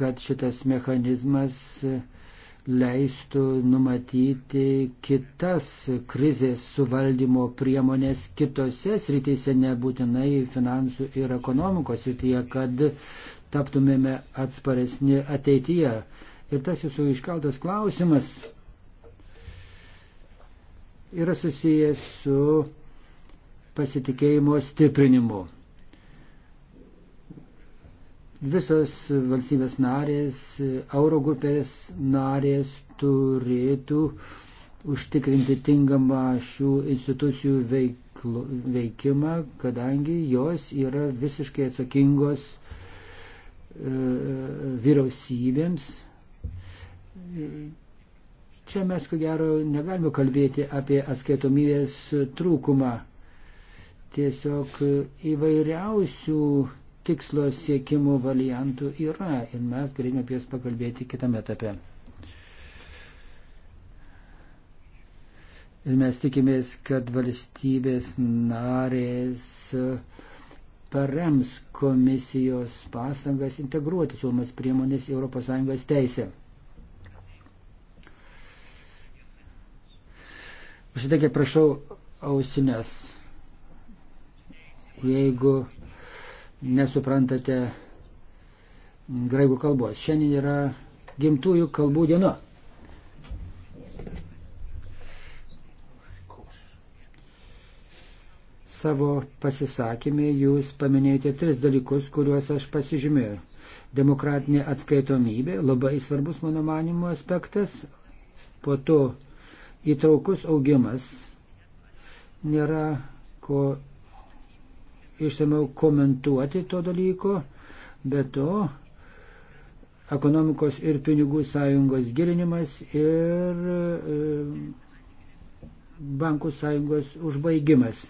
kad šitas mechanizmas leistų numatyti kitas krizės suvaldymo priemonės kitose srityse, nebūtinai finansų ir ekonomikos srityje, kad taptumėme atsparesni ateityje. Ir tas jūsų iškeltas klausimas yra susijęs su pasitikėjimo stiprinimu. Visos valstybės narės, Eurogrupės narės turėtų užtikrinti tinkamą šių institucijų veiklo, veikimą, kadangi jos yra visiškai atsakingos e, vyriausybėms Čia mes, ko gero, negalime kalbėti apie atskaitomybės trūkumą. Tiesiog įvairiausių tikslo siekimo variantų yra ir mes galime apie jas pakalbėti kitame etape. Ir mes tikimės, kad valstybės narės parems komisijos pastangas integruoti siūlomas priemonės į ES teisę. Užsidėkė, prašau, ausinės. Jeigu nesuprantate graikų kalbos, šiandien yra gimtųjų kalbų diena. Savo pasisakymė jūs paminėjote tris dalykus, kuriuos aš pasižymėjau. Demokratinė atskaitomybė, labai svarbus mano manimo aspektas, po to Įtraukus augimas nėra ko išsameu komentuoti to dalyko, bet to ekonomikos ir pinigų sąjungos gilinimas ir e, bankų sąjungos užbaigimas.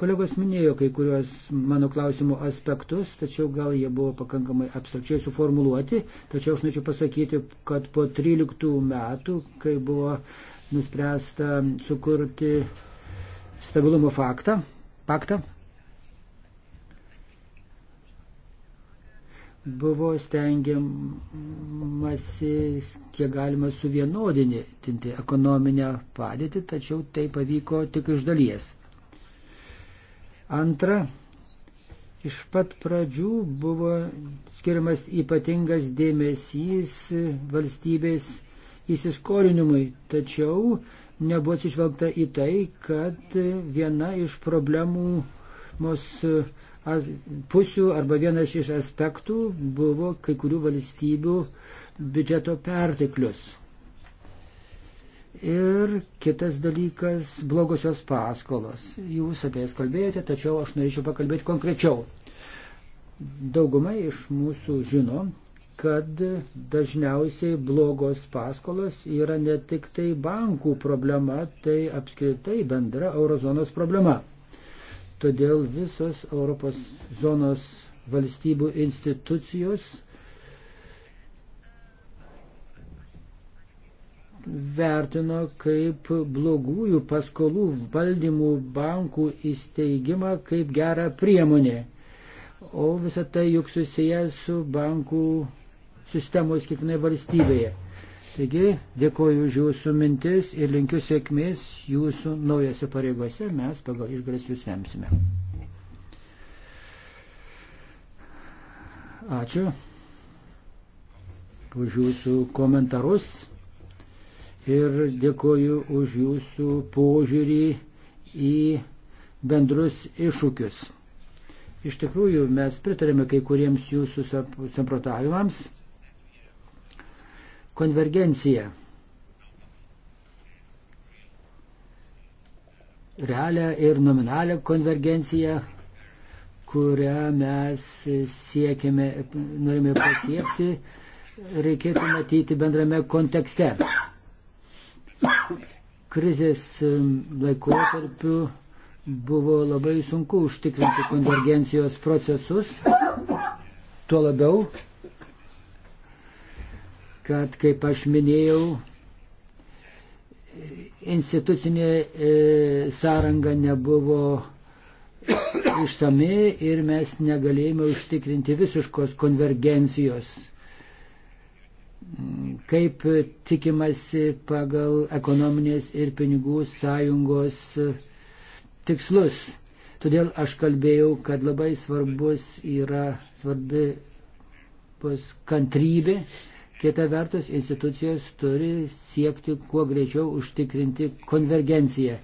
Kolegos minėjo kai kuriuos mano klausimų aspektus, tačiau gal jie buvo pakankamai abstrakčiai suformuluoti, tačiau aš norėčiau pasakyti, kad po 13 metų, kai buvo nuspręsta sukurti stabilumo faktą, paktą, buvo stengiamasi, kiek galima suvienodinti ekonominę padėtį, tačiau tai pavyko tik iš dalies. Antra, iš pat pradžių buvo skiriamas ypatingas dėmesys valstybės įsiskolinimui, tačiau nebuvo atsižvelgta į tai, kad viena iš problemų mūsų pusių arba vienas iš aspektų buvo kai kurių valstybių biudžeto perteklius. Ir kitas dalykas - blogosios paskolos. Jūs apie jas kalbėjote, tačiau aš norėčiau pakalbėti konkrečiau. Dauguma iš mūsų žino, kad dažniausiai blogos paskolos yra ne tik tai bankų problema, tai apskritai bendra eurozonos problema. Todėl visos Europos zonos valstybių institucijos vertino kaip blogųjų paskolų valdymų bankų įsteigimą kaip gerą priemonę. O visa tai juk susijęs su bankų sistemos kiekvienoje valstybėje. Taigi dėkoju už jūsų mintis ir linkiu sėkmės jūsų naujose pareigose. Mes pagal išgalės jūs remsime. Ačiū už jūsų komentarus ir dėkoju už jūsų požiūrį į bendrus iššūkius. Iš tikrųjų, mes pritarėme kai kuriems jūsų samprotavimams. Konvergencija. Realią ir nominalią konvergenciją, kurią mes siekime, norime pasiekti, reikėtų matyti bendrame kontekste. Krizės laikotarpiu buvo labai sunku užtikrinti konvergencijos procesus, tuo labiau, kad, kaip aš minėjau, institucinė e, sąranga nebuvo išsami ir mes negalėjome užtikrinti visiškos konvergencijos kaip tikimasi pagal ekonominės ir pinigų sąjungos tikslus. Todėl aš kalbėjau, kad labai svarbus yra svarbi bus kantrybė. Kita vertus, institucijos turi siekti kuo greičiau užtikrinti konvergenciją.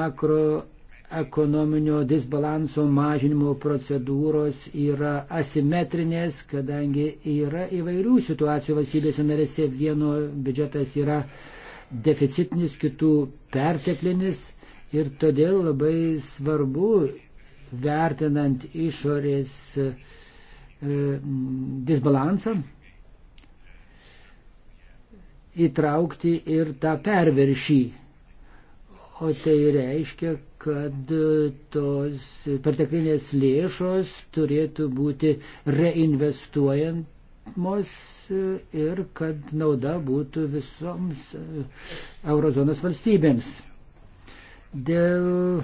Makro ekonominio disbalanso mažinimo procedūros yra asimetrinės, kadangi yra įvairių situacijų valstybėse narėse. Vieno biudžetas yra deficitinis, kitų perteklinis ir todėl labai svarbu vertinant išorės e, disbalansą įtraukti ir tą perviršį. O tai reiškia, kad e, tos perteklinės lėšos turėtų būti reinvestuojamos e, ir kad nauda būtų visoms e, eurozonos valstybėms. Dėl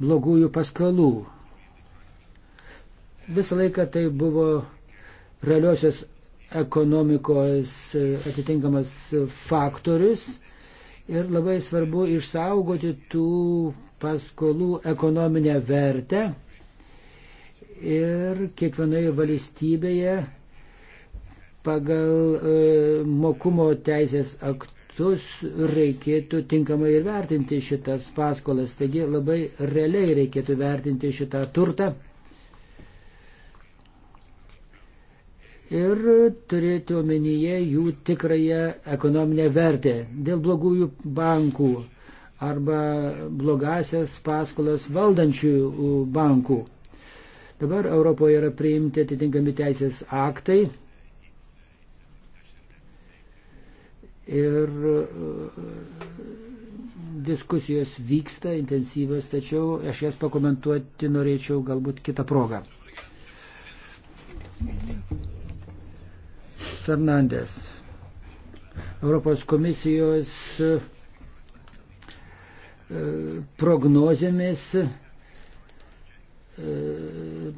blogųjų paskalų. Visą laiką tai buvo realiosios ekonomikos atitinkamas faktorius ir labai svarbu išsaugoti tų paskolų ekonominę vertę ir kiekvienoje valstybėje pagal e, mokumo teisės aktus reikėtų tinkamai ir vertinti šitas paskolas. Taigi labai realiai reikėtų vertinti šitą turtą. ir turėti omenyje jų tikrąją ekonominę vertę dėl blogųjų bankų arba blogasias paskolas valdančių bankų. Dabar Europoje yra priimti atitinkami teisės aktai ir e, diskusijos vyksta intensyvios, tačiau aš jas pakomentuoti norėčiau galbūt kitą progą. Thank you. Fernandės. Europos komisijos e, e, prognozėmis, e,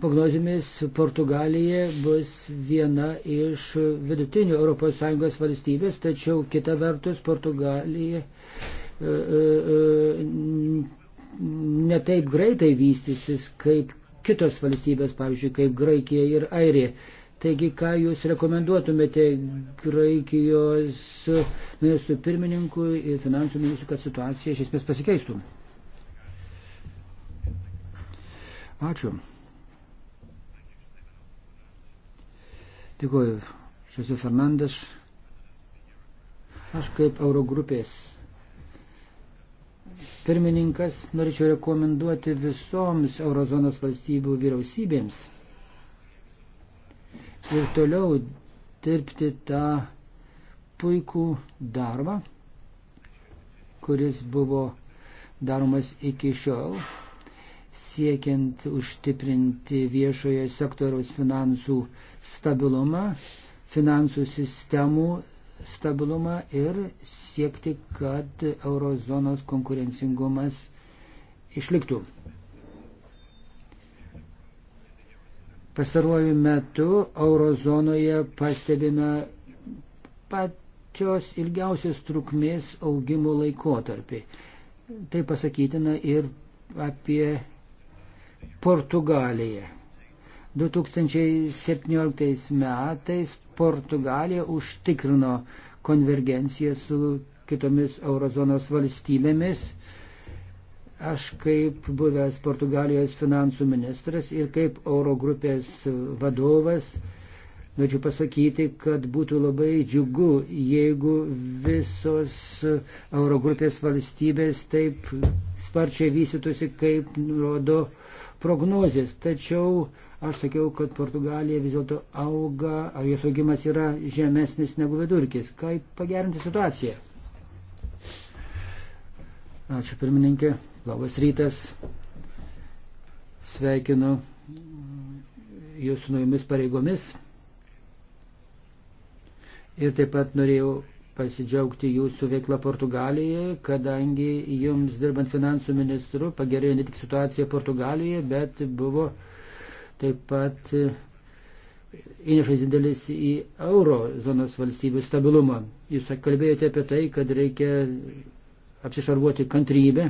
prognozėmis Portugalija bus viena iš vidutinių ES valstybės, tačiau kita vertus Portugalija netaip greitai vystysis kaip kitos valstybės, pavyzdžiui, kaip Graikija ir Airija. Taigi, ką jūs rekomenduotumėte Graikijos ministrų pirmininkui ir finansų ministrui, kad situacija iš esmės pasikeistų? Ačiū. Dėkuoju, Šesu Fernandes. Aš kaip Eurogrupės pirmininkas norėčiau rekomenduoti visoms Eurozonos valstybių vyriausybėms ir toliau dirbti tą puikų darbą, kuris buvo daromas iki šiol, siekiant užtiprinti viešojo sektoriaus finansų stabilumą, finansų sistemų stabilumą ir siekti, kad eurozonos konkurencingumas išliktų. Pastaruoju metu eurozonoje pastebime pačios ilgiausios trukmės augimo laikotarpį. Tai pasakytina ir apie Portugaliją. 2017 metais Portugalija užtikrino konvergenciją su kitomis eurozonos valstybėmis Aš kaip buvęs Portugalijos finansų ministras ir kaip Eurogrupės vadovas norėčiau pasakyti, kad būtų labai džiugu, jeigu visos Eurogrupės valstybės taip sparčiai vystytųsi, kaip rodo prognozijas. Tačiau aš sakiau, kad Portugalija vis dėlto auga, ar jos augimas yra žemesnis negu vidurkis. Kaip pagerinti situaciją? Ačiū pirmininkė. Labas rytas. Sveikinu jūsų naujomis pareigomis. Ir taip pat norėjau pasidžiaugti jūsų veiklą Portugalijoje, kadangi jums dirbant finansų ministru pagerėjo ne tik situacija Portugalijoje, bet buvo taip pat įnešas didelis į euro zonos valstybių stabilumą. Jūs kalbėjote apie tai, kad reikia apsišarvuoti kantrybę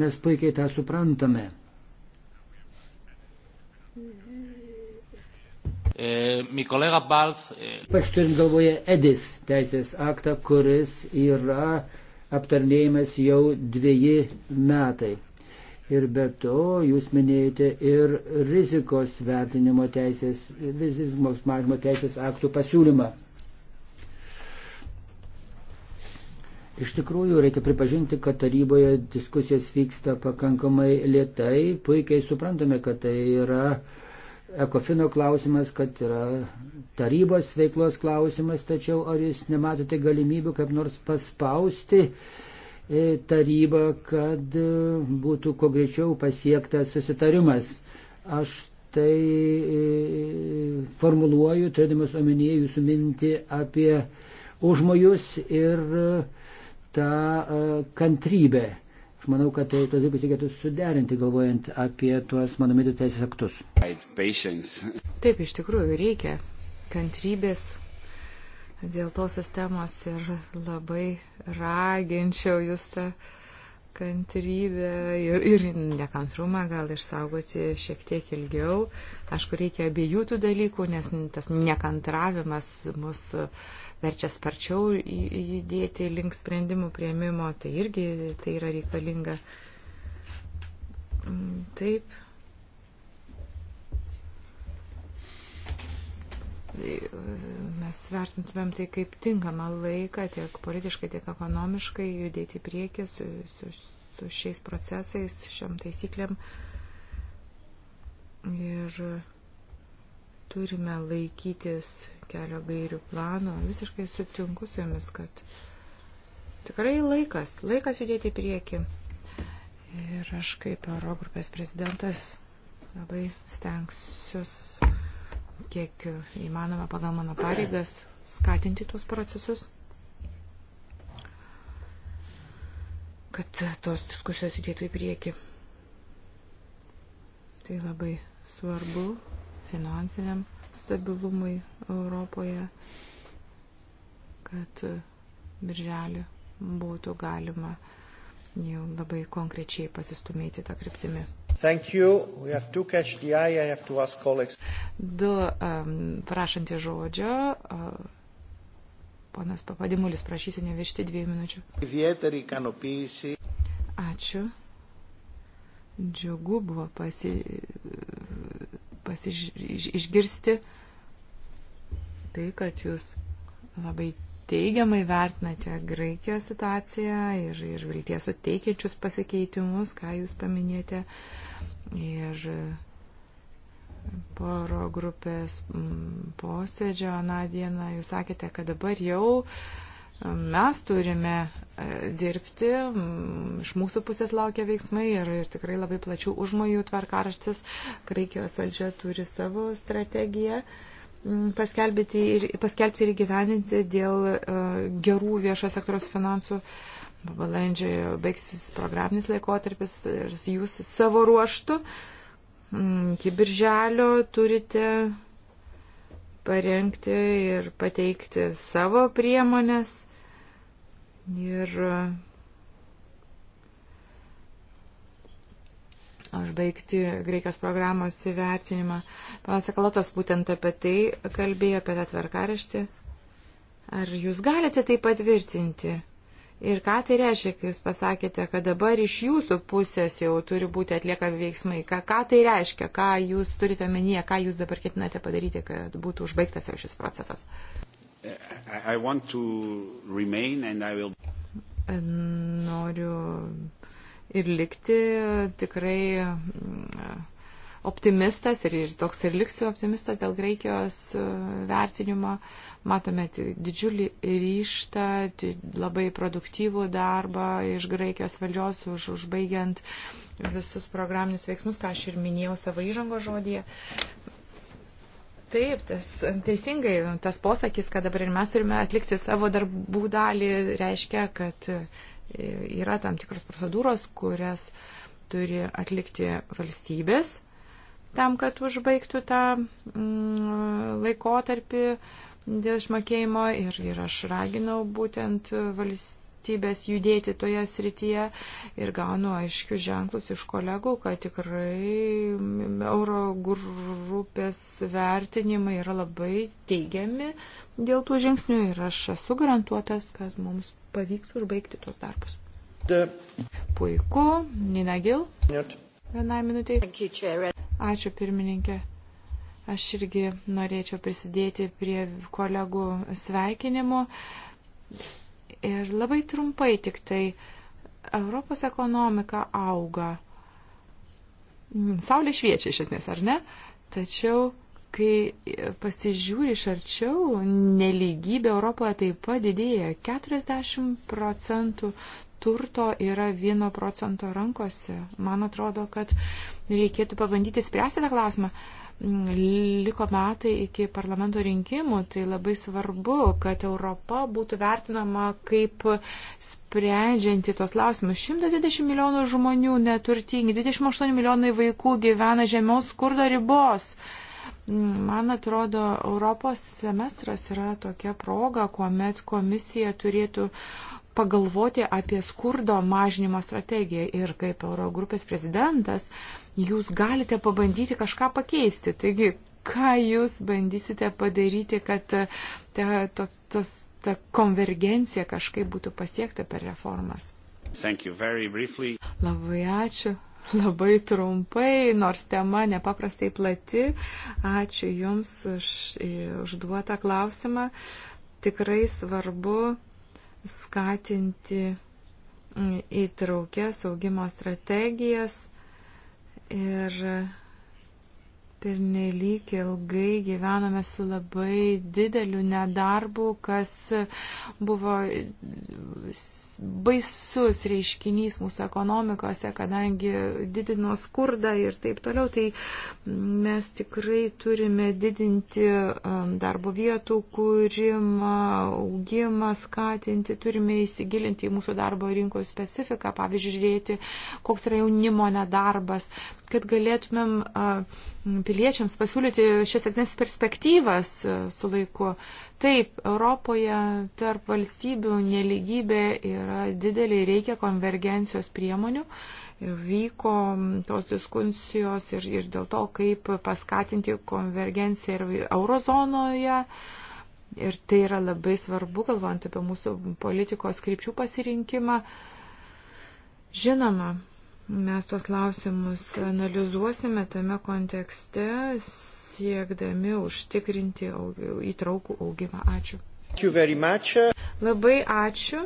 Mes puikiai tą suprantame. E, e, Aš turim galvoje Edis teisės aktą, kuris yra aptarnėjimas jau dviejį metai. Ir be to jūs minėjote ir rizikos vertinimo teisės, rizikos mažmo teisės aktų pasiūlymą. Iš tikrųjų, reikia pripažinti, kad taryboje diskusijos vyksta pakankamai lietai. Puikiai suprantame, kad tai yra ekofino klausimas, kad yra tarybos veiklos klausimas, tačiau ar jūs nematote galimybių kaip nors paspausti e, tarybą, kad e, būtų kuo greičiau pasiektas susitarimas? Aš tai e, formuluoju, turėdamas omenyje jūsų mintį apie užmojus ir uh, ta e, kantrybė. Aš manau, kad tai tos dalykus reikėtų suderinti, galvojant apie tuos mano minėtus teisės aktus. Taip, iš tikrųjų, reikia kantrybės dėl tos sistemos ir labai raginčiau jūs tą kantrybę ir, ir nekantrumą gal išsaugoti šiek tiek ilgiau. Aišku, reikia abiejų tų dalykų, nes tas nekantravimas mus verčia sparčiau judėti link sprendimų prieimimo, tai irgi tai yra reikalinga. Mm, taip. Mes vertintumėm tai kaip tinkamą laiką tiek politiškai, tiek ekonomiškai judėti į priekį su, su, su šiais procesais, šiam taisyklėm. Ir turime laikytis kelio gairių plano. Visiškai sutinku su jumis, kad tikrai laikas, laikas judėti į priekį. Ir aš kaip Euro grupės prezidentas labai stengsiuos, kiek įmanoma pagal mano pareigas, skatinti tuos procesus. kad tos diskusijos judėtų į priekį. Tai labai svarbu finansiniam stabilumui Europoje, kad e, birželį būtų galima jau labai konkrečiai pasistumėti tą kryptimį. Du um, prašantys žodžio. Uh, Ponas Papadimulis, prašysiu neviršti dviejų minučių. Ačiū. Džiugu buvo pasi pasiž... išgirsti tai, kad jūs labai teigiamai vertinate Graikijos situaciją ir, ir vilties suteikiančius pasikeitimus, ką jūs paminėjote. Ir poro grupės posėdžio aną dieną jūs sakėte, kad dabar jau uh, mes turime e, dirbti, iš mūsų pusės laukia veiksmai ir, ir tikrai labai plačių užmojų tvarkaraštis. Graikijos valdžia turi savo strategiją paskelbti ir, paskelbti ir gyveninti dėl uh, gerų viešo sektoriaus finansų. Balandžio baigsis programinis laikotarpis ir jūs savo ruoštų mm, iki birželio turite parengti ir pateikti savo priemonės Ir užbaigti e, Greikijos programos įvertinimą. Panas Ekalotas būtent apie tai kalbėjo, apie tą tvarkaraštį. Ar jūs galite tai patvirtinti? Ir ką tai reiškia, kai jūs pasakėte, kad dabar iš jūsų pusės jau turi būti atliekami veiksmai? Ką, ką tai reiškia? Ką jūs turite menyje? Ką jūs dabar ketinate padaryti, kad būtų užbaigtas jau šis procesas? Uh, I, I want to remain and I will. Noriu ir likti tikrai mm, optimistas ir, ir toks ir liksiu optimistas dėl Graikijos mm, vertinimo. Matome didžiulį ryštą, labai produktyvų darbą iš Graikijos valdžios už, užbaigiant visus programinius veiksmus, ką aš ir minėjau savo įžango žodėje. Taip, tas, teisingai, tas posakis, kad dabar ir mes turime atlikti savo darbų dalį, reiškia, kad e, yra tam tikros procedūros, kurias turi atlikti valstybės tam, kad užbaigtų tą mm, laikotarpį dėl išmokėjimo ir, ir aš raginau būtent valstybės valstybės judėti toje srityje ir gaunu aiškius ženklus iš kolegų, kad tikrai euro grupės vertinimai yra labai teigiami dėl tų žingsnių ir aš esu garantuotas, kad mums pavyks užbaigti tuos darbus. De. Puiku, Nina Gil. Net. Vienai minutė. Ačiū pirmininkė. Aš irgi norėčiau prisidėti prie kolegų sveikinimo. Ir labai trumpai tik tai Europos ekonomika auga. Mm, saulė šviečia iš esmės, ar ne? Tačiau, kai pasižiūri iš arčiau, neligybė Europoje taip pat didėja. 40 procentų turto yra 1 procento rankose. Man atrodo, kad reikėtų pabandyti spręsti tą klausimą. Uh, liko metai iki parlamento rinkimų, tai labai svarbu, kad Europa būtų vertinama kaip sprendžianti tuos klausimus. 120 milijonų žmonių neturtingi, 28 milijonai vaikų gyvena žemiaus skurdo ribos. Man atrodo, Europos semestras yra tokia proga, kuomet komisija turėtų pagalvoti apie skurdo mažinimo strategiją ir kaip Eurogrupės prezidentas. Uh, jūs galite pabandyti kažką pakeisti. Taigi, ką jūs bandysite padaryti, kad ta, ta, ta, ta konvergencija kažkaip būtų pasiekta per reformas? Labai ačiū. Labai trumpai, nors tema nepaprastai plati. Ačiū Jums už e, užduotą klausimą. Tikrai svarbu skatinti įtraukę saugimo strategijas ir pernelyg ilgai gyvename su labai dideliu nedarbu, kas buvo baisus reiškinys mūsų ekonomikose, kadangi didino skurdą ir taip toliau, tai mes tikrai turime didinti um, darbo vietų kūrimą, augimą, skatinti, turime įsigilinti į mūsų darbo rinkos specifiką, pavyzdžiui, žiūrėti, koks yra jaunimo nedarbas, kad galėtumėm uh, piliečiams pasiūlyti šias atnes perspektyvas uh, su laiku. Taip, Europoje tarp valstybių neligybė yra didelė ir reikia konvergencijos priemonių. Vyko tos diskusijos ir, ir dėl to, kaip paskatinti konvergenciją ir eurozonoje. Ir tai yra labai svarbu, galvojant apie mūsų politikos krypčių pasirinkimą. Žinoma, mes tuos klausimus analizuosime tame kontekste, siekdami užtikrinti įtraukų augimą. Ačiū. Labai ačiū.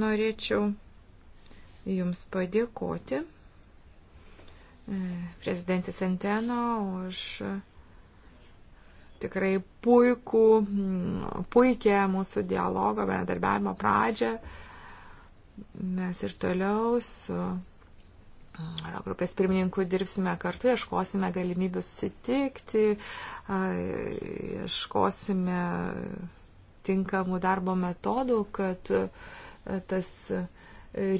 Norėčiau Jums padėkoti, e, prezidentis Anteno, už tikrai puikų, puikia mūsų dialogo, bendarbiavimo pradžią. Mes ir toliau su grupės pirmininku dirbsime kartu, ieškosime galimybių susitikti, ieškosime tinkamų darbo metodų, kad tas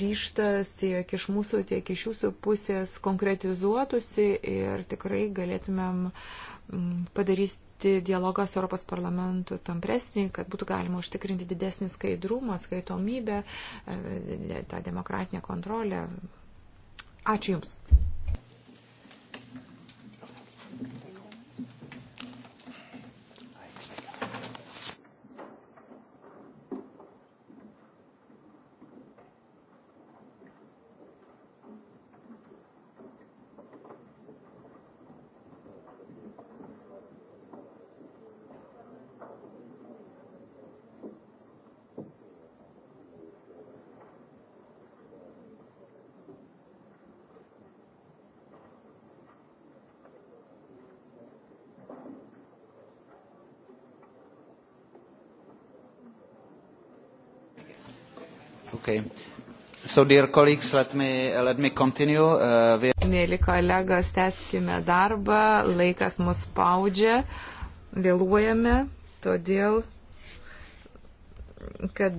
ryštas tiek iš mūsų, tiek iš jūsų pusės konkretizuotųsi ir tikrai galėtumėm padaryti dialogą su Europos parlamentu tampresnį, kad būtų galima užtikrinti didesnį skaidrumą, atskaitomybę, tą demokratinę kontrolę Ačiū Jums. Okay. So, dear colleagues, let me, let me continue. Uh, we... Mėly kolegos, teskime darbą, laikas mus spaudžia, vėluojame, todėl kad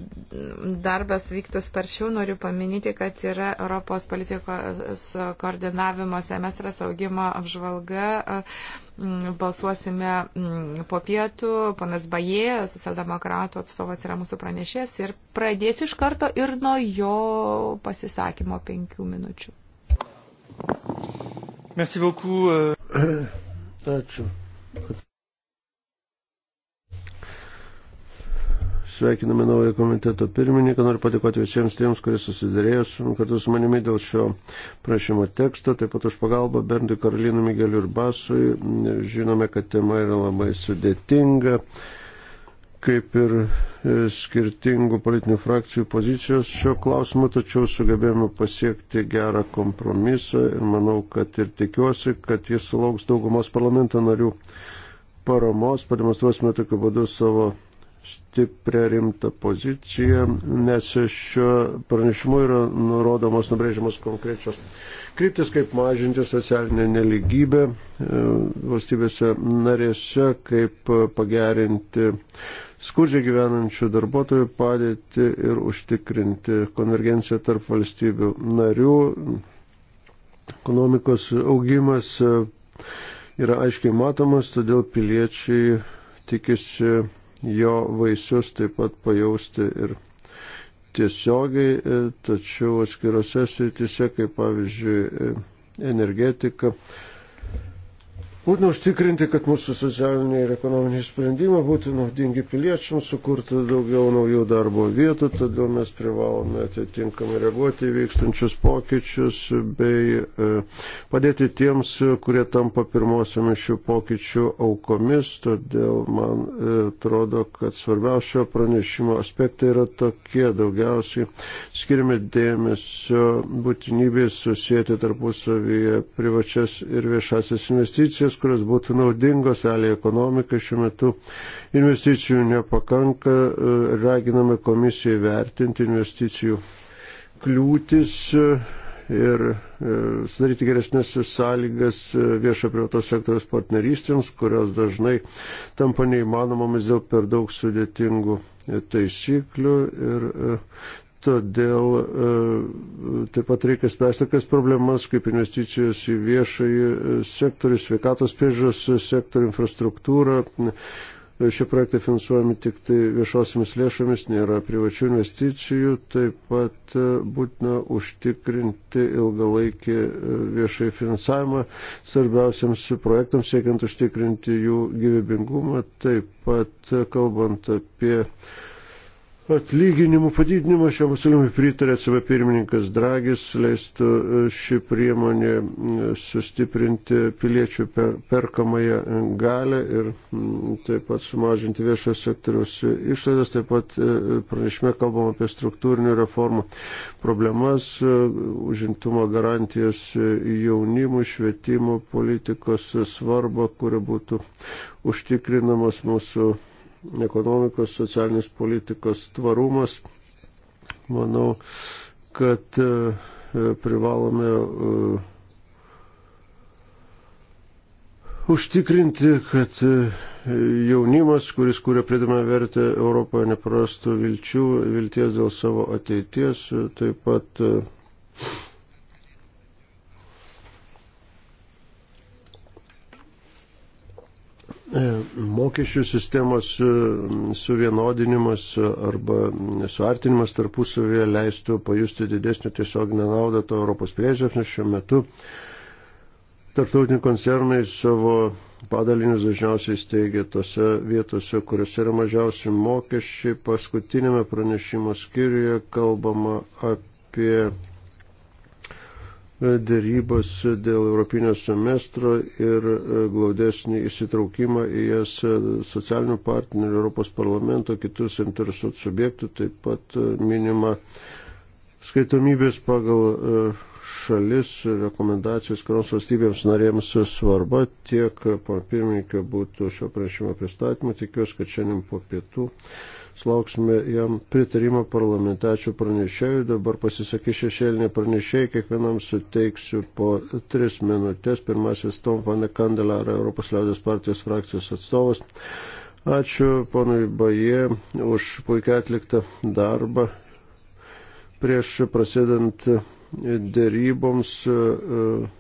darbas vyktų sparčiau, noriu paminyti, kad yra Europos politikos koordinavimo semestras augimo apžvalga. Balsuosime mm, po pietų. Panas Baje, socialdemokratų atstovas yra mūsų pranešės ir pradėsiu iš karto ir nuo jo pasisakymo penkių minučių. Merci beaucoup. Euh. Ačiū. Sveikiname naują komiteto pirmininką. Noriu patikoti visiems tiems, kurie susidėrėjo su kartu su manimi dėl šio prašymo teksto. Taip pat už pagalbą Berndui Karolinui Migeliu ir Basui. Žinome, kad tema yra labai sudėtinga, kaip ir e, skirtingų politinių frakcijų pozicijos šio klausimu, tačiau sugebėjome pasiekti gerą kompromisą ir manau, kad ir tikiuosi, kad jis sulauks daugumos parlamento narių paramos, pademonstruosime tokiu būdu savo stiprią rimtą poziciją, nes šiuo pranešimu yra nurodomos, nubrėžiamos konkrečios kryptis, kaip mažinti socialinę neligybę e, valstybėse narėse, kaip pagerinti skurdžiai gyvenančių darbuotojų padėti ir užtikrinti konvergenciją tarp valstybių narių. Ekonomikos augimas e, yra aiškiai matomas, todėl piliečiai tikisi jo vaisius taip pat pajausti ir tiesiogiai, e, tačiau atskirose sritise, kaip pavyzdžiui e, energetika, Būtina užtikrinti, kad mūsų socialiniai ir ekonominiai sprendimai būtų naudingi piliečiams, sukurtų daugiau naujų darbo vietų, todėl mes privalome atitinkamai reaguoti į vykstančius pokyčius bei e, padėti tiems, kurie tampa pirmosiomis šių pokyčių aukomis. Todėl man e, atrodo, kad svarbiausio pranešimo aspektai yra tokie. Daugiausiai skirime dėmesio būtinybės susijęti tarpusavyje privačias ir viešasias investicijas sritis, kurios būtų naudingos realiai ekonomikai. Šiuo metu investicijų nepakanka, e, raginame komisiją vertinti investicijų kliūtis e, ir e, sudaryti geresnės sąlygas viešo privataus sektoriaus partnerystėms, kurios dažnai tampa neįmanomomis dėl per daug sudėtingų taisyklių ir Todėl e, taip pat reikia spręsti tokias problemas kaip investicijos į viešąjį e, sektorių, sveikatos priežos sektorių, infrastruktūrą. E, šie projektai finansuojami tik tai viešosiamis lėšomis, nėra privačių investicijų, taip pat būtina užtikrinti ilgalaikį viešai finansavimą svarbiausiams projektams, siekiant užtikrinti jų gyvybingumą, taip pat kalbant apie uh, Atlyginimų padidinimas šiam pasiūlymui pritarė CV pirmininkas Dragis, leistų e, šį priemonę e, sustiprinti piliečių per, perkamąją galę ir taip pat sumažinti viešojo sektoriaus išlaidas. Taip pat e, pranešime kalbam apie struktūrinių reformų problemas, užimtumo garantijas jaunimų, švietimo politikos svarbą, kuri būtų užtikrinamos mūsų ekonomikos, socialinės politikos tvarumas. Manau, kad e, privalome e, užtikrinti, kad e, jaunimas, kuris kūrė pridamą vertę Europoje, neprarastų vilčių, vilties dėl savo ateities, taip pat E, mokesčių sistemos e, suvienodinimas e, arba suartinimas tarpusavėje leistų pajusti didesnį tiesioginę naudą to Europos priežiūros, nes šiuo metu tarptautiniai koncernai savo padalinius dažniausiai steigia tose vietose, kuriuose yra mažiausi mokesčiai. Paskutinėme pranešimo skyriuje kalbama apie dėrybas dėl Europinio semestro ir e, glaudesnį įsitraukimą į jas e, socialinių partnerių, Europos parlamento, kitus interesuotų subjektų, taip pat e, minima skaitomybės pagal šalis rekomendacijos, kurioms valstybėms narėms svarba, tiek pirmininkė būtų šio pranešimo pristatymo, tikiuosi, kad šiandien po pietų sulauksime jam pritarimo parlamentačių pranešėjų. Dabar pasisakys šešėlinė pranešėjai, kiekvienam suteiksiu po tris minutės. Pirmasis Tom van de Kandelara, Europos liaudės partijos frakcijos atstovas. Ačiū ponui Baje už puikiai atliktą darbą. Prieš prasidant dėryboms. Uh,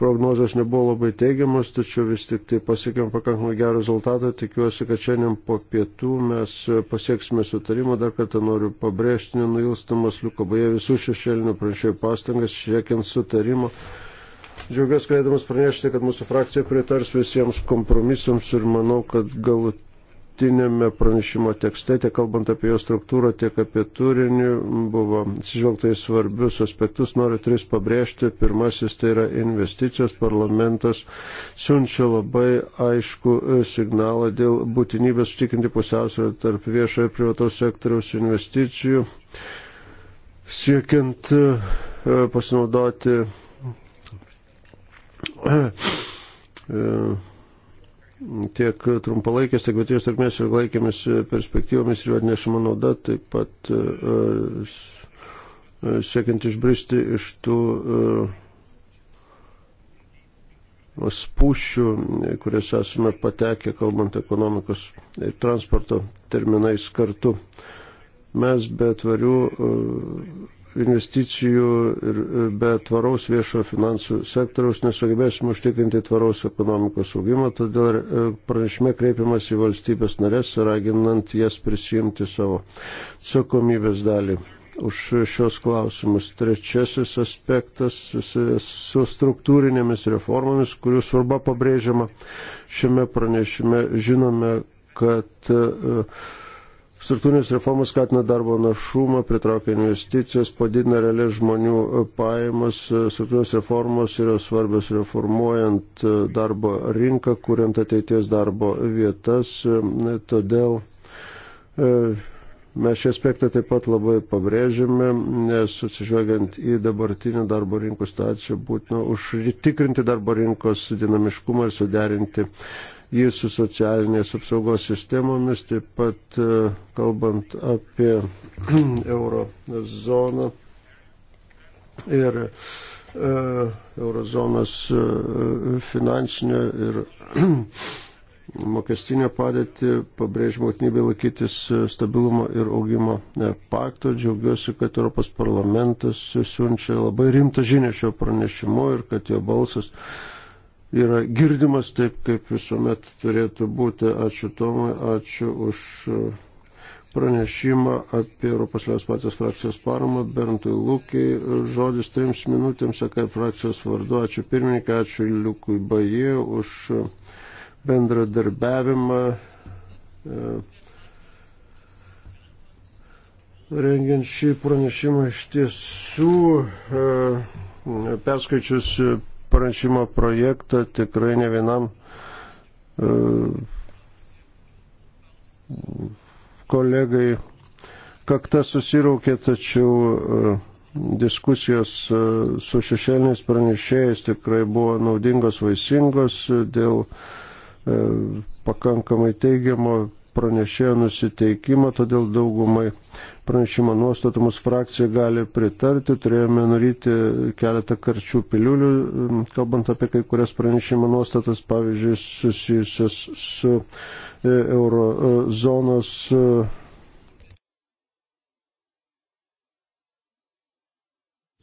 prognozijos nebuvo labai teigiamas, tačiau vis tik tai pasiekėm pakankamai gerą rezultatą. Tikiuosi, kad šiandien po pietų mes pasieksime sutarimą. Dar kartą noriu pabrėžti nenuilstamas Liukoboje visų šešėlinių pranešėjų pastangas siekiant sutarimo. Džiaugiuosi galėdamas pranešti, kad mūsų frakcija pritars visiems kompromisams ir manau, kad galutinai galutinėme pranešimo tekste, tiek kalbant apie jo struktūrą, tiek apie turinį, buvo atsižvelgta į svarbius aspektus. Noriu tris pabrėžti. Pirmasis tai yra investicijos. Parlamentas siunčia labai aišku e, signalą dėl būtinybės sutikinti pusiausvyrą tarp viešojo ir privataus sektoriaus investicijų, siekiant e, pasinaudoti e, tiek trumpalaikės, tiek vietijos tarmės ir laikėmis perspektyvomis ir jų atnešama nauda, taip pat e, e, siekiant išbristi iš tų e, spūščių, kurias esame patekę, kalbant ekonomikos ir transporto terminais kartu. Mes be tvarių investicijų ir e, be tvaraus viešo finansų sektoriaus nesugebėsime užtikrinti tvaraus ekonomikos augimo, todėl e, pranešime kreipiamas į valstybės narės, raginant jas prisijimti savo atsakomybės dalį už šios klausimus. Trečiasis aspektas su struktūrinėmis reformomis, kurių svarba pabrėžiama šiame pranešime. Žinome, kad uh, Struktūrinės reformos skatina darbo našumą, pritraukia investicijas, padidina realias žmonių e, pajamas. E, struktūrinės reformos yra svarbios reformuojant e, darbo rinką, kuriant ateities darbo vietas. Todėl Mes šį aspektą taip pat labai pabrėžiame, nes atsižvelgiant į dabartinę darbo rinkos situaciją būtina užtikrinti darbo rinkos dinamiškumą ir suderinti jį su socialinės apsaugos sistemomis, taip pat e, kalbant apie euro zoną ir e, eurozonos e, finansinę ir mokestinę padėtį, pabrėžimo būtinybė laikytis stabilumo ir augimo pakto. Džiaugiuosi, kad Europos parlamentas siunčia labai rimtą žinią šio pranešimu ir kad jo balsas uh, yra girdimas taip, kaip visuomet turėtų būti. Ačiū Tomui, ačiū už e, pranešimą apie Europos Liaudės partijos frakcijos paramą. Berntui Lūkiai, e, žodis trims minutėms, sakai frakcijos vardu. Ačiū pirmininkai, ačiū Liukui Baje už e, bendradarbiavimą. Rengiant šį pranešimą iš tiesų, perskaičius pranešimo projektą tikrai ne vienam e, kolegai kakta susiraukė, tačiau e, diskusijos e, su šešėliniais pranešėjais tikrai buvo naudingos, vaisingos dėl pakankamai teigiamo pranešėjo nusiteikimo, todėl daugumai pranešimo nuostatų mūsų frakcija gali pritarti. Turėjome nuryti keletą karčių piliulių, kalbant apie kai kurias pranešimo nuostatas, pavyzdžiui, susijusias su e, eurozonos. E,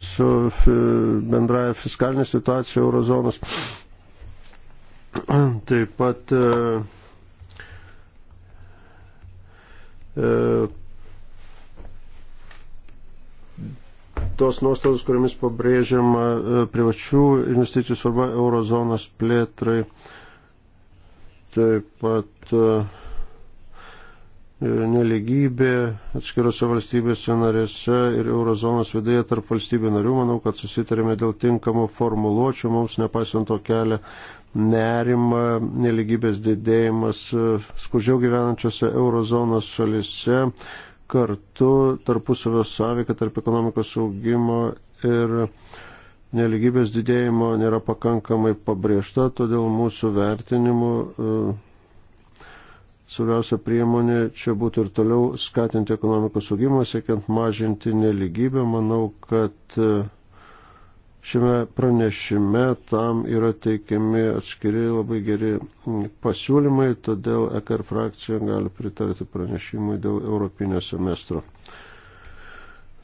su bendraja fiskalinė situacija eurozonos. Taip pat e, tos nuostatos, kuriamis pabrėžiama e, privačių investicijų svarba eurozonos plėtrai. Taip pat e, neligybė atskirose valstybėse narėse ir eurozonos viduje tarp valstybių narių. Manau, kad susitarėme dėl tinkamų formuluočių, mums nepaisant to kelia nerima, neligybės didėjimas e, skurdžiau gyvenančiose eurozonos šalise kartu tarpusavio sąveiką tarp ekonomikos augimo ir neligybės didėjimo nėra pakankamai pabrėžta, todėl mūsų vertinimu e, Svarbiausia priemonė čia būtų ir toliau skatinti ekonomikos augimą, siekiant mažinti neligybę. Manau, kad e, Šiame pranešime tam yra teikiami atskiri labai geri pasiūlymai, todėl EKR frakcija gali pritarti pranešimui dėl Europinio semestro.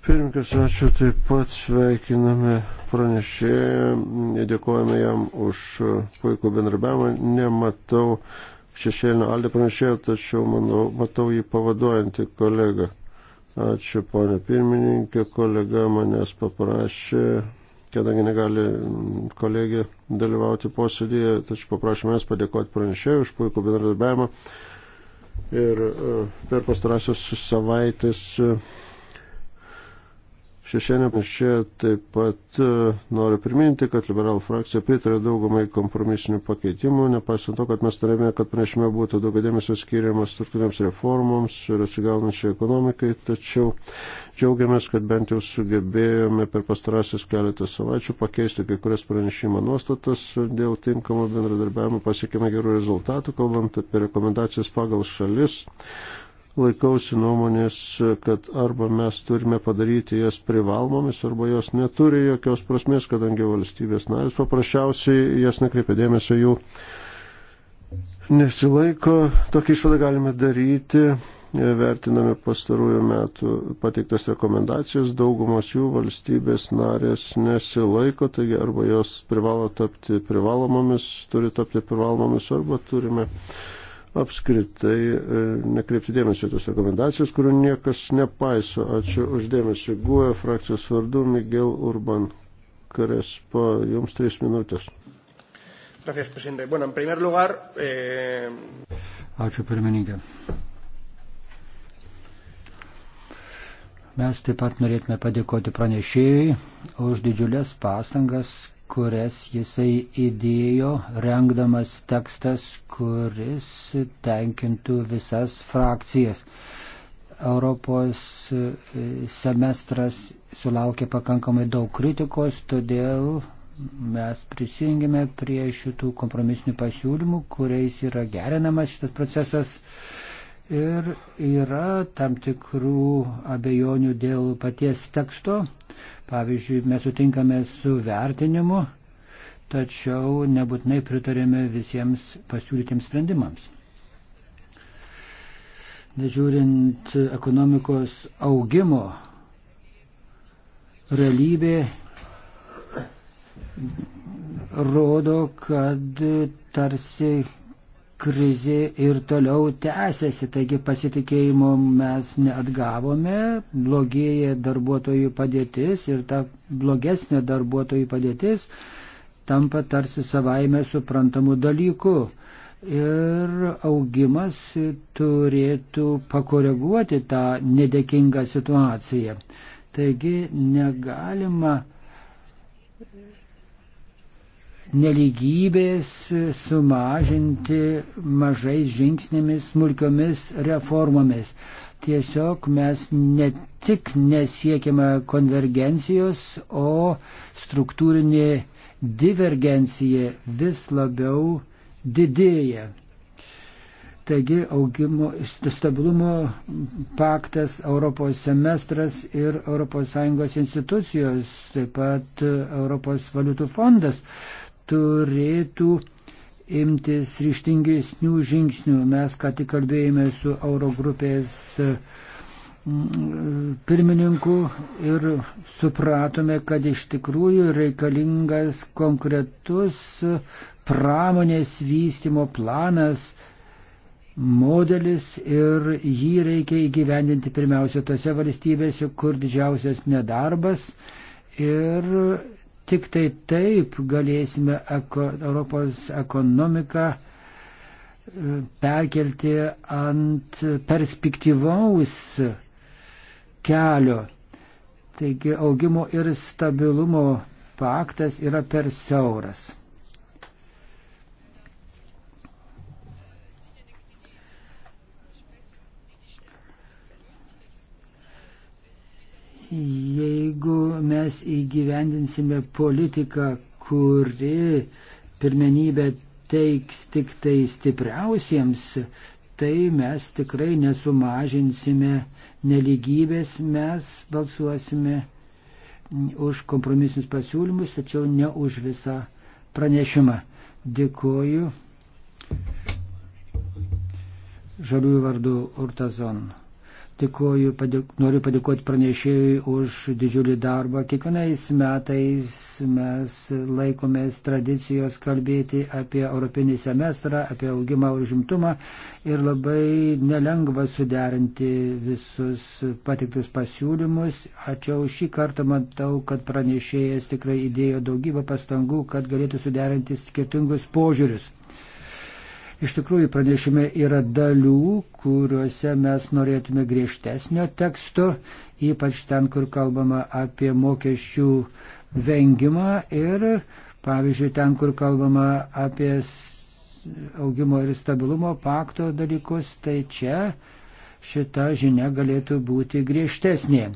Pirmininkas, ačiū taip pat, sveikiname pranešėją, dėkojame jam už puikų bendrabiavimą. Nematau šešėlinio aldė pranešėjo, tačiau manau, matau jį pavaduojantį kolegą. Ačiū, ponė pirmininkė, kolega manęs paprašė kadangi negali mm, kolegė dalyvauti posėdėje, tačiau paprašome jas padėkoti pranešėjui už puikų bendradarbiavimą. Ir e, per pastarąsias savaitės e, Šešienė panašė taip pat e, noriu priminti, kad liberalų frakcija pritarė daugumai kompromisinių pakeitimų, nepaisant to, kad mes norėjome, kad pranešime būtų daug dėmesio skiriamas struktūriniams reformoms ir atsigaunančiai ekonomikai, tačiau džiaugiamės, kad bent jau sugebėjome per pastarasis keletą savaičių pakeisti kai kurias pranešimo nuostatas dėl tinkamo bendradarbiavimo, pasiekėme gerų rezultatų, kalbant apie rekomendacijas pagal šalis laikausi nuomonės, kad arba mes turime padaryti jas privalomomis, arba jos neturi jokios prasmės, kadangi valstybės narės paprasčiausiai jas nekreipia dėmesio jų nesilaiko. Tokį išvadą galime daryti, vertinami pastarųjų metų pateiktas rekomendacijas, daugumos jų valstybės narės nesilaiko, taigi arba jos privalo tapti privalomomis, turi tapti privalomomis, arba turime apskritai e, nekreipti dėmesio tos rekomendacijos, kurių niekas nepaiso. Ačiū uždėmesį. Guoja frakcijos vardu Miguel Urban Karespa. Jums trys minutės. Gracias, presidente. Bueno, en primer lugar. Eh... Ačiū pirmininkė. Mes taip pat norėtume padėkoti pranešėjai už didžiulės pastangas, kurias jisai įdėjo, rengdamas tekstas, kuris tenkintų visas frakcijas. Europos e, semestras sulaukė pakankamai daug kritikos, todėl mes prisijungėme prie šitų kompromisinių pasiūlymų, kuriais yra gerinamas šitas procesas ir yra tam tikrų abejonių dėl paties teksto. Pavyzdžiui, mes sutinkame su vertinimu, tačiau nebūtinai pritarėme visiems pasiūlytiems sprendimams. Nežiūrint ekonomikos augimo, realybė rodo, kad tarsi krizė ir toliau tęsiasi, taigi pasitikėjimo mes neatgavome, blogėja darbuotojų padėtis ir ta blogesnė darbuotojų padėtis tampa tarsi savaime suprantamu dalyku. Ir augimas turėtų pakoreguoti tą nedėkingą situaciją. Taigi negalima neligybės sumažinti mažais žingsnėmis, smulkiomis reformomis. Tiesiog mes ne tik nesiekime konvergencijos, o struktūrinė divergencija vis labiau didėja. Taigi augimo, stabilumo paktas, Europos semestras ir ES institucijos, taip pat Europos valiutų fondas turėtų imtis ryštingesnių žingsnių. Mes ką tik kalbėjome su Eurogrupės mm, pirmininku ir supratome, kad iš tikrųjų reikalingas konkretus pramonės vystimo planas, modelis ir jį reikia įgyvendinti pirmiausia tose valstybėse, kur didžiausias nedarbas ir Tik tai taip galėsime eko, Europos ekonomiką e, perkelti ant perspektyvaus kelio. Taigi augimo ir stabilumo paktas yra per siauras. Jeigu mes įgyvendinsime politiką, kuri pirmenybę teiks tik tai stipriausiems, tai mes tikrai nesumažinsime neligybės, mes balsuosime už kompromisinius pasiūlymus, tačiau ne už visą pranešimą. Dėkuoju. Žaliųjų vardu Urtazon. Dėkuoju, padėk, noriu padėkoti pranešėjui už didžiulį darbą. Kiekvienais metais mes laikomės tradicijos kalbėti apie europinį semestrą, apie augimą ir žimtumą ir labai nelengva suderinti visus patiktus pasiūlymus. Ačiū šį kartą matau, kad pranešėjas tikrai įdėjo daugybę pastangų, kad galėtų suderinti skirtingus požiūrius. Iš tikrųjų, pranešime yra dalių, kuriuose mes norėtume griežtesnio teksto, ypač ten, kur kalbama apie mokesčių vengimą ir, pavyzdžiui, ten, kur kalbama apie augimo ir stabilumo pakto dalykus, tai čia šita žinia galėtų būti griežtesnė.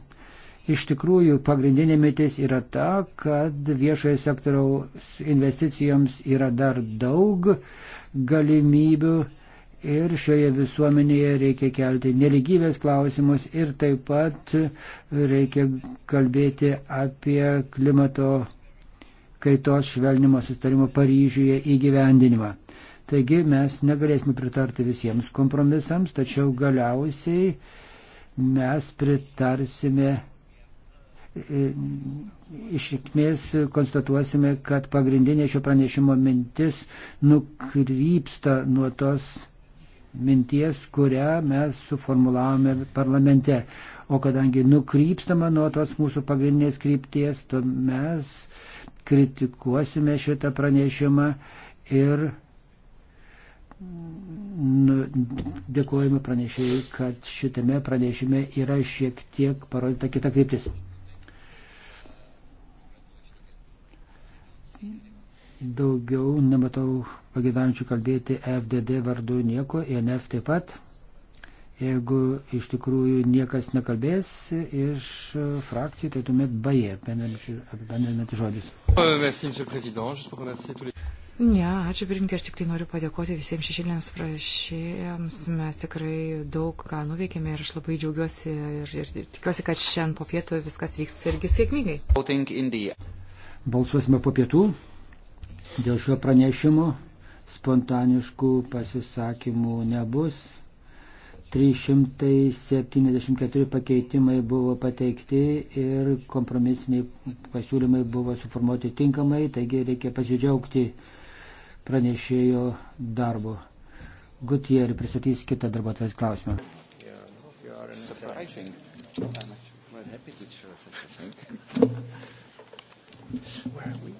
Iš tikrųjų, pagrindinė mintis yra ta, kad viešojo sektoriaus investicijoms yra dar daug galimybių ir šioje visuomenėje reikia kelti neligybės klausimus ir taip pat reikia kalbėti apie klimato kaitos švelnimo sustarimo Paryžiuje įgyvendinimą. Taigi mes negalėsime pritarti visiems kompromisams, tačiau galiausiai mes pritarsime išrikmės konstatuosime, kad pagrindinė šio pranešimo mintis nukrypsta nuo tos minties, kurią mes suformulavome parlamente. O kadangi nukrypstama nuo tos mūsų pagrindinės krypties, to mes kritikuosime šitą pranešimą ir nu, dėkojame pranešėjai, kad šitame pranešime yra šiek tiek parodyta kita kryptis. Daugiau nematau pagėdančių kalbėti FDD vardu nieko, INF e taip pat. Jeigu iš tikrųjų niekas nekalbės iš frakcijų, tai tuomet baigė, apibendrinant žodžius. Ne, ačiū pirinkė, aš tik tai noriu padėkoti visiems šešėlėms prašėjams. Mes tikrai daug ką nuveikėme ir aš labai džiaugiuosi ir, ir, ir tikiuosi, kad šiandien po pietų viskas vyks irgi sėkmingai. Balsuosime po pietų. Dėl šio pranešimo spontaniškų pasisakymų nebus. 374 pakeitimai buvo pateikti ir kompromisiniai pasiūlymai buvo suformuoti tinkamai, taigi reikia pasidžiaugti pranešėjo darbu. Gutieri pristatys kitą darbo atveju klausimą. Where are we?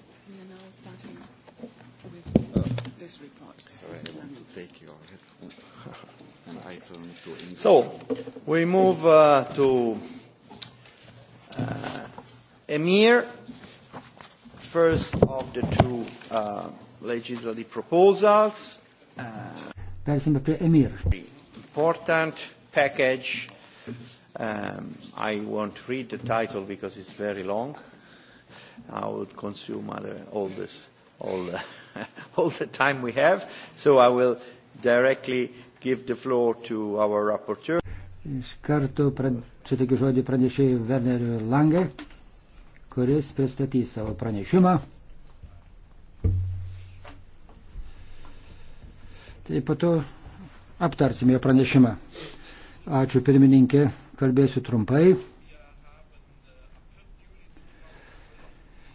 So, we move uh, to uh, EMIR, first of the two uh, legislative proposals. Uh, Persime prie EMIR. Important package. Um, I won't read the title because it's very long. I would consume other, all this, all, uh, all the time we have. So I will directly give the floor to our rapporteur. Iš karto suteikiu žodį pranešėjui Werneriui Langai, kuris pristatys savo pranešimą. Tai po to aptarsime jo pranešimą. Ačiū pirmininkė, kalbėsiu trumpai.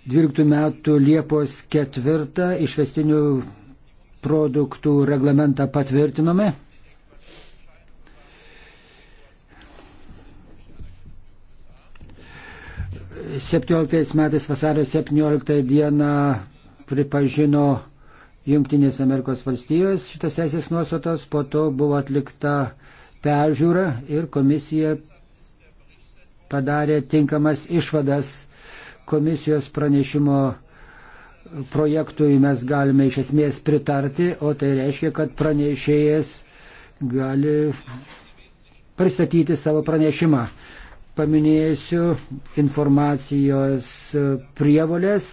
12 metų Liepos 4 išvestinių produktų reglamentą patvirtinome. 17 metais vasario 17 dieną pripažino Junktinės Amerikos valstijos šitas teisės nuostatos, po to buvo atlikta peržiūra ir komisija padarė tinkamas išvadas komisijos pranešimo projektui mes galime iš esmės pritarti, o tai reiškia, kad pranešėjas gali pristatyti savo pranešimą paminėsiu informacijos prievolės.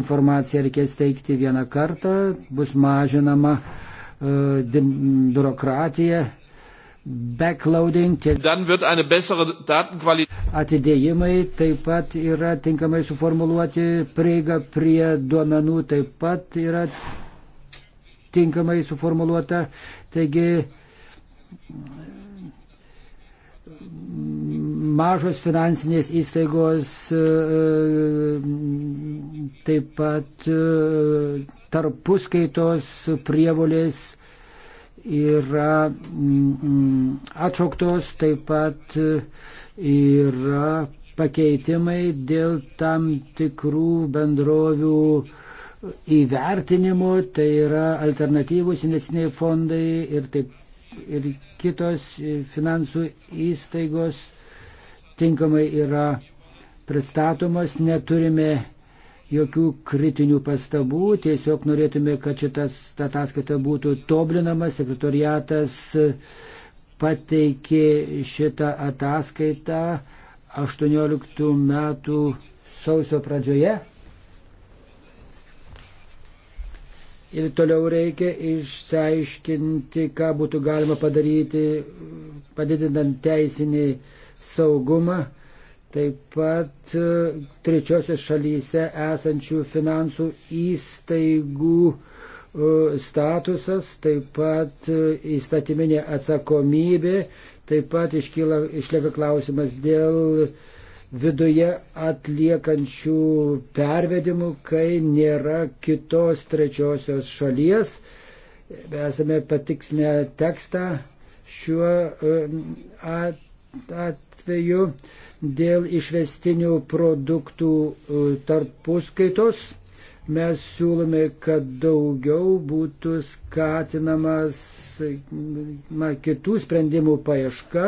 Informaciją reikės teikti vieną kartą, bus mažinama e, biurokratija, backloading, atidėjimai taip pat yra tinkamai suformuluoti, prieiga prie duomenų taip pat yra tinkamai suformuluota. Taigi mažos finansinės įstaigos, e, e, taip pat e, tarpuskaitos prievolės yra mm, mm, atšauktos, taip pat yra pakeitimai dėl tam tikrų bendrovių įvertinimo, tai yra alternatyvus investiciniai fondai ir taip ir kitos finansų įstaigos tinkamai yra pristatomos, neturime jokių kritinių pastabų, tiesiog norėtume, kad šitas ataskaita būtų tobulinama, sekretoriatas pateikė šitą ataskaitą 18 metų sausio pradžioje. Ir toliau reikia išsiaiškinti, ką būtų galima padaryti, padidinant teisinį uh, saugumą, taip pat e, trečiosios šalyse esančių finansų įstaigų e, statusas, taip pat e, įstatyminė atsakomybė, taip pat iškyla, išlieka klausimas dėl viduje atliekančių pervedimų, kai nėra kitos trečiosios šalies. Esame patikslinę tekstą šiuo atveju atveju dėl išvestinių produktų e, tarpuskaitos mes siūlome, kad daugiau būtų skatinamas ma, kitų sprendimų paieška,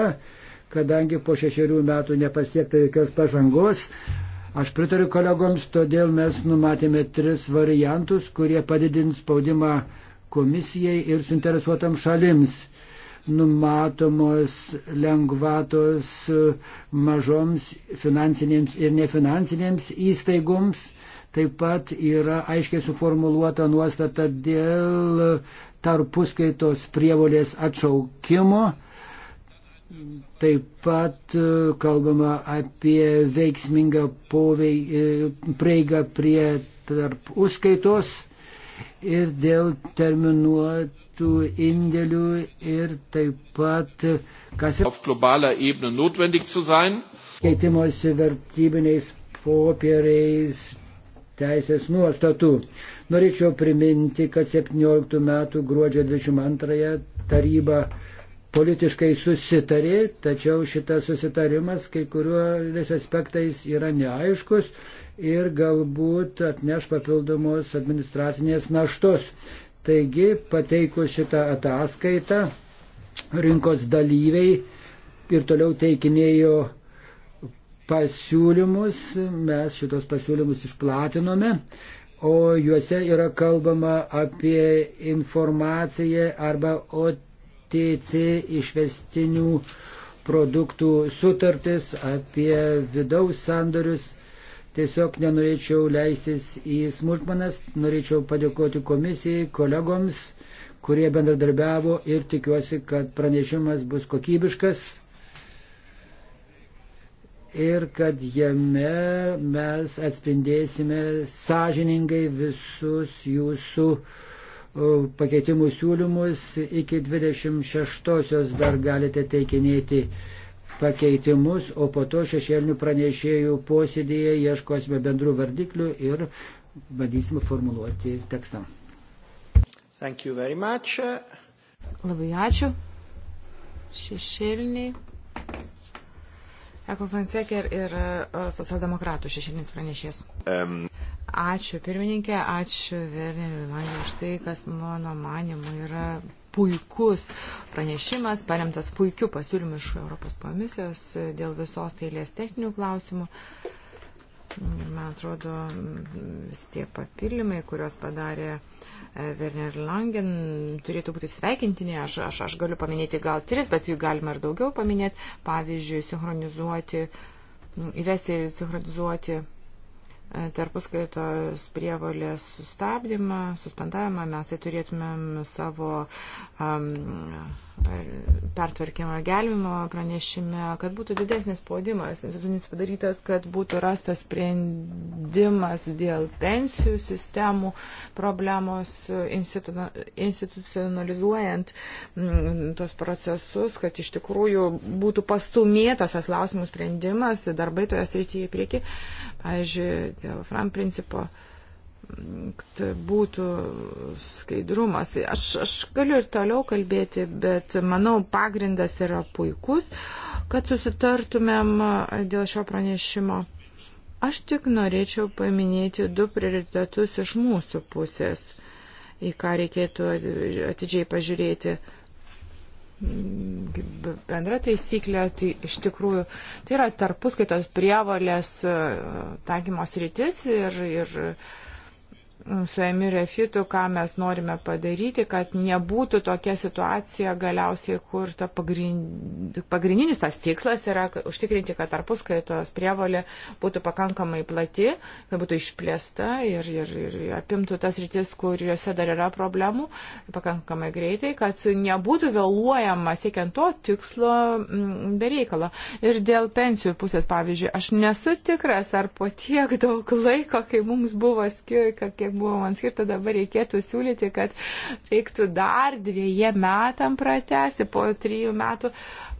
kadangi po šešerių metų nepasiekta jokios pažangos. Aš pritariu kolegoms, todėl mes numatėme tris variantus, kurie padidins spaudimą komisijai ir suinteresuotam šalims numatomos lengvatos mažoms finansinėms ir nefinansinėms įstaigoms. Taip pat yra aiškiai suformuluota nuostata dėl tarpuskaitos prievolės atšaukimo. Taip pat e, kalbama apie veiksmingą e, prieigą prie tarpuskaitos ir dėl terminuot tų indėlių ir taip pat, kas yra. Auf globaler Ebene notwendig zu sein. Keitimosi vertybiniais popieriais teisės nuostatų. Norėčiau priminti, kad 17 metų gruodžio 22 taryba politiškai susitarė, tačiau šitas susitarimas kai kuriuos aspektais yra neaiškus ir galbūt atneš papildomos administracinės naštos. Taigi, pateikus šitą ataskaitą, rinkos dalyviai ir toliau teikinėjo pasiūlymus, mes šitos pasiūlymus išplatinome, o juose yra kalbama apie informaciją arba OTC išvestinių produktų sutartis, apie vidaus sandorius Tiesiog nenorėčiau leistis į smulkmenas, norėčiau padėkoti komisijai, kolegoms, kurie bendradarbiavo ir tikiuosi, kad pranešimas bus kokybiškas ir kad jame mes atspindėsime sąžiningai visus jūsų pakeitimų siūlymus. Iki 26-osios dar galite teikinėti pakeitimus, o po to šešėlinių pranešėjų posėdėje ieškosime bendrų vardiklių ir bandysime formuluoti tekstą. Labai ačiū. Šešėliniai. Eko Fonsekė ir, ir e, socialdemokratų šešėlinis pranešės. Um. Ačiū pirmininkė, ačiū Vernė Vilmanė už tai, kas mano manimu yra puikus pranešimas, paremtas puikiu pasiūlymu iš Europos komisijos dėl visos eilės techninių klausimų. Man atrodo, vis tie papildymai, kuriuos padarė e, Werner Langen, turėtų būti sveikintini. Aš, aš, aš galiu paminėti gal tris, bet jų galima ir daugiau paminėti. Pavyzdžiui, sinchronizuoti, nu, įvesti ir sinchronizuoti tarpuskaitos prievolės sustabdymą, suspendavimą, mes tai turėtumėm savo um, pertvarkymo ir gelbimo pranešime, kad būtų didesnis spaudimas, institucinis padarytas, kad būtų rastas sprendimas dėl pensijų sistemų problemos, institu, institucionalizuojant mm, tos procesus, kad iš tikrųjų būtų pastumėtas tas klausimų sprendimas darbai toje srityje į priekį, pavyzdžiui, dėl FRAM principo. Uh, kad būtų skaidrumas. Aš, aš galiu ir toliau kalbėti, bet manau pagrindas yra puikus, kad susitartumėm dėl šio pranešimo. Aš tik norėčiau paminėti du prioritetus iš mūsų pusės, į ką reikėtų atidžiai pažiūrėti bendra taisyklė, tai iš tikrųjų tai yra tarpuskaitos prievalės taikymos rytis ir, ir su Emir Refitu, ką mes norime padaryti, kad nebūtų tokia situacija galiausiai, kur ta pagrind, pagrindinis tas tikslas yra užtikrinti, kad tarpuskaitos prievalė būtų pakankamai plati, kad būtų išplėsta ir, ir, ir apimtų tas rytis, kuriuose dar yra problemų, pakankamai greitai, kad nebūtų vėluojama siekiant to tikslo bereikalo. Ir dėl pensijų pusės, pavyzdžiui, aš nesu tikras, ar po tiek daug laiko, kai mums buvo skirka, kiek kiek buvo man skirta, dabar reikėtų siūlyti, kad reiktų dar dviejiem metam pratesti po trijų metų. Uh,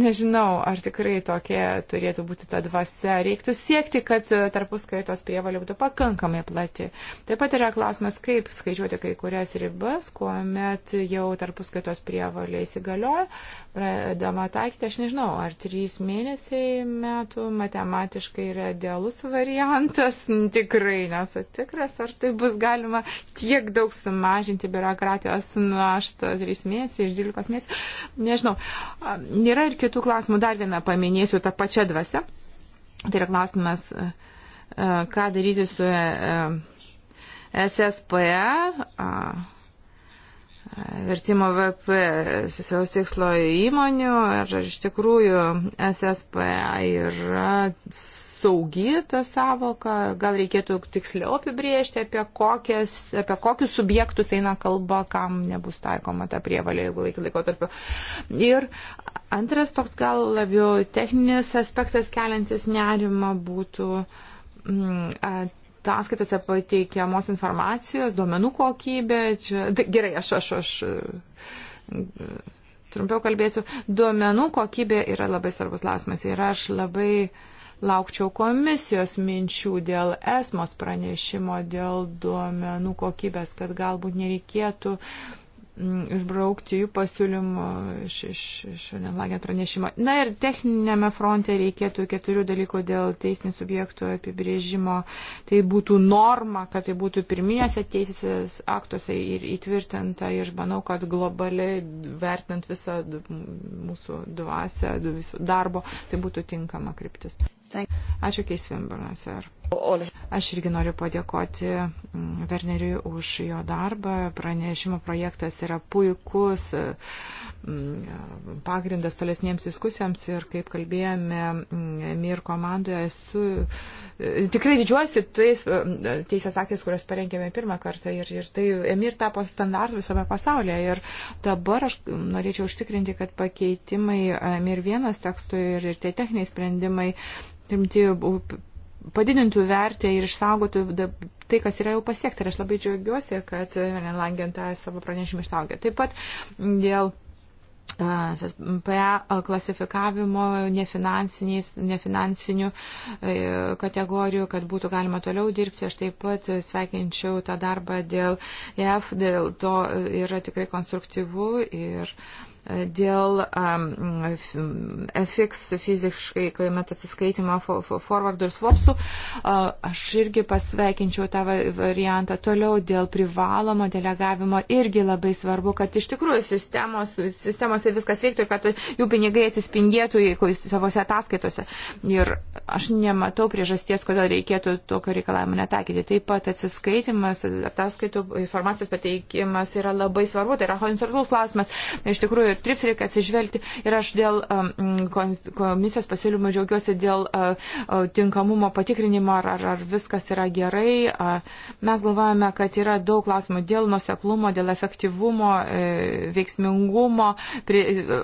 nežinau, ar tikrai tokia turėtų būti ta dvasia. Reiktų siekti, kad tarpuskaitos prievalė būtų pakankamai plati. Taip pat yra klausimas, kaip skaičiuoti kai kurias ribas, kuomet jau tarpuskaitos prievalė įsigalioja, pradama taikyti, aš nežinau, ar trys mėnesiai metų matematiškai yra idealus variantas, tikrai nesu tikras, ar tai bus galima tiek daug sumažinti biurokratijos naštą, trys mėnesiai iš dvylikos mėnesių, nežinau Yra ir kitų klausimų, dar vieną paminėsiu tą pačią dvasę. Tai yra klausimas, e, e, ką daryti su SSPE e, vertimo VP specialaus tikslo įmonių ir iš tikrųjų SSPA yra saugi ta savoka, gal reikėtų tiksliau apibriežti, apie, kokias, apie kokius subjektus eina kalba, kam nebus taikoma ta prievalė ilgų laikų laikotarpiu. Ir antras toks gal labiau techninis aspektas keliantis nerimą būtų. Mm, ataskaitose pateikiamos informacijos, duomenų kokybė. Čia, tai gerai, aš, aš, aš e, trumpiau kalbėsiu. Duomenų kokybė yra labai svarbus klausimas ir aš labai laukčiau komisijos minčių dėl esmos pranešimo, dėl duomenų kokybės, kad galbūt nereikėtų uh, išbraukti jų pasiūlymų iš, iš, iš Nevagė pranešimo. Na ir techninėme fronte reikėtų keturių dalykų dėl teisinių subjektų apibrėžimo. Tai būtų norma, kad tai būtų pirminėse teisės aktuose ir įtvirtinta. Ir manau, kad globaliai vertinant visą mūsų dvasę, visą darbo, tai būtų tinkama kryptis. Ačiū Keisvimbarnas. Ar... Aš irgi noriu padėkoti mm, Werneriui už jo darbą. Pranešimo projektas yra puikus mm, pagrindas tolesniems diskusijoms ir kaip kalbėjome mm, MIR komandoje, esu e, tikrai didžiuosi tais teisės aktais, kuriuos parengėme pirmą kartą ir, ir tai MIR tapo standartu visame pasaulyje ir dabar aš norėčiau užtikrinti, kad pakeitimai e, MIR vienas tekstui ir, ir tie techniniai sprendimai primti padidintų vertę ir išsaugotų tai, kas yra jau pasiekta. Ir aš labai džiaugiuosi, kad Langentą savo pranešimą išsaugė. Taip pat dėl SPA klasifikavimo nefinansinių e, kategorijų, kad būtų galima toliau dirbti. Aš taip pat sveikinčiau tą darbą dėl EF, dėl to yra tikrai konstruktyvu ir uh, dėl um, FX fiziškai, kai met atsiskaitimo forwardų ir swapsų, aš irgi pasveikinčiau tą variantą. Toliau dėl privalomo delegavimo irgi labai svarbu, kad iš tikrųjų sistemos, sistemose viskas veiktų ir kad jų pinigai atsispindėtų savose ataskaitose. Ir aš nematau priežasties, kodėl reikėtų tokio reikalavimo netaikyti. Taip pat atsiskaitimas, ataskaitų informacijos pateikimas yra labai svarbu. Tai yra horizontalus klausimas. Iš tikrųjų, ir trips reikia atsižvelgti. Ir aš dėl um, komisijos pasiūlymų džiaugiuosi dėl uh, uh, tinkamumo patikrinimo, ar, ar, ar viskas yra gerai. Uh, mes galvojame, kad yra daug klausimų dėl nuseklumo, dėl efektyvumo, veiksmingumo,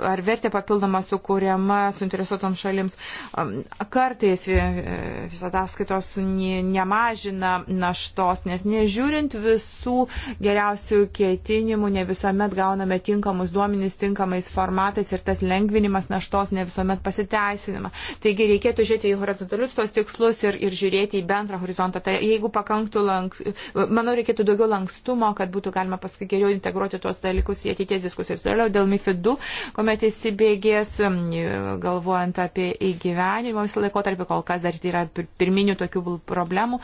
ar vertė papildoma sukūriama suinteresuotom šalims. Um, kartais visą ataskaitos nemažina naštos, nes nežiūrint visų geriausių ketinimų, ne visuomet gauname tinkamus duomenys, tinkamus tinkamais formatais ir tas lengvinimas naštos ne visuomet pasiteisinama. Taigi reikėtų žiūrėti į horizontalius tos tikslus ir, ir žiūrėti į bendrą horizontą. Tai jeigu pakanktų, lank, manau, reikėtų daugiau lankstumo, kad būtų galima paskui geriau integruoti tuos dalykus į ateities diskusijas. Toliau dėl MIFID 2, kuomet įsibėgės, galvojant apie įgyvenimo visą laikotarpį, kol kas dar yra pirminių tokių problemų.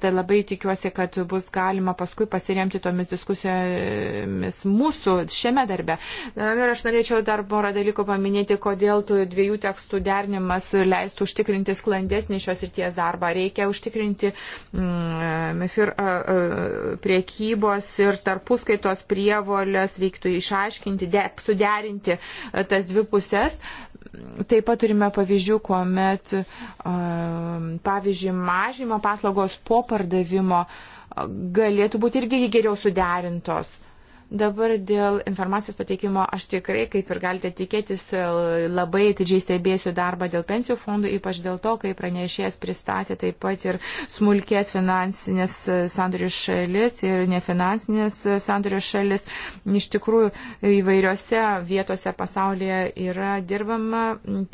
Tai labai tikiuosi, kad bus galima paskui pasiremti tomis diskusijomis mūsų šiame darbe. Ir Dar aš norėčiau dar porą dalykų paminėti, kodėl tų dviejų tekstų derinimas leistų užtikrinti sklandesnį šios ryties darbą. Reikia užtikrinti MIFIR mm, priekybos ir tarpuskaitos prievolės, reiktų išaiškinti, de, suderinti tas dvi pusės. Taip pat turime pavyzdžių, kuomet, pavyzdžiui, mažymo paslaugos po pardavimo galėtų būti irgi geriau suderintos. Dabar dėl informacijos pateikimo aš tikrai, kaip ir galite tikėtis, labai atidžiai stebėsiu darbą dėl pensijų fondų, ypač dėl to, kai pranešėjas pristatė taip pat ir smulkės finansinės sandorių šalis ir nefinansinės sandorių šalis. Iš tikrųjų, įvairiose vietose pasaulyje yra dirbama,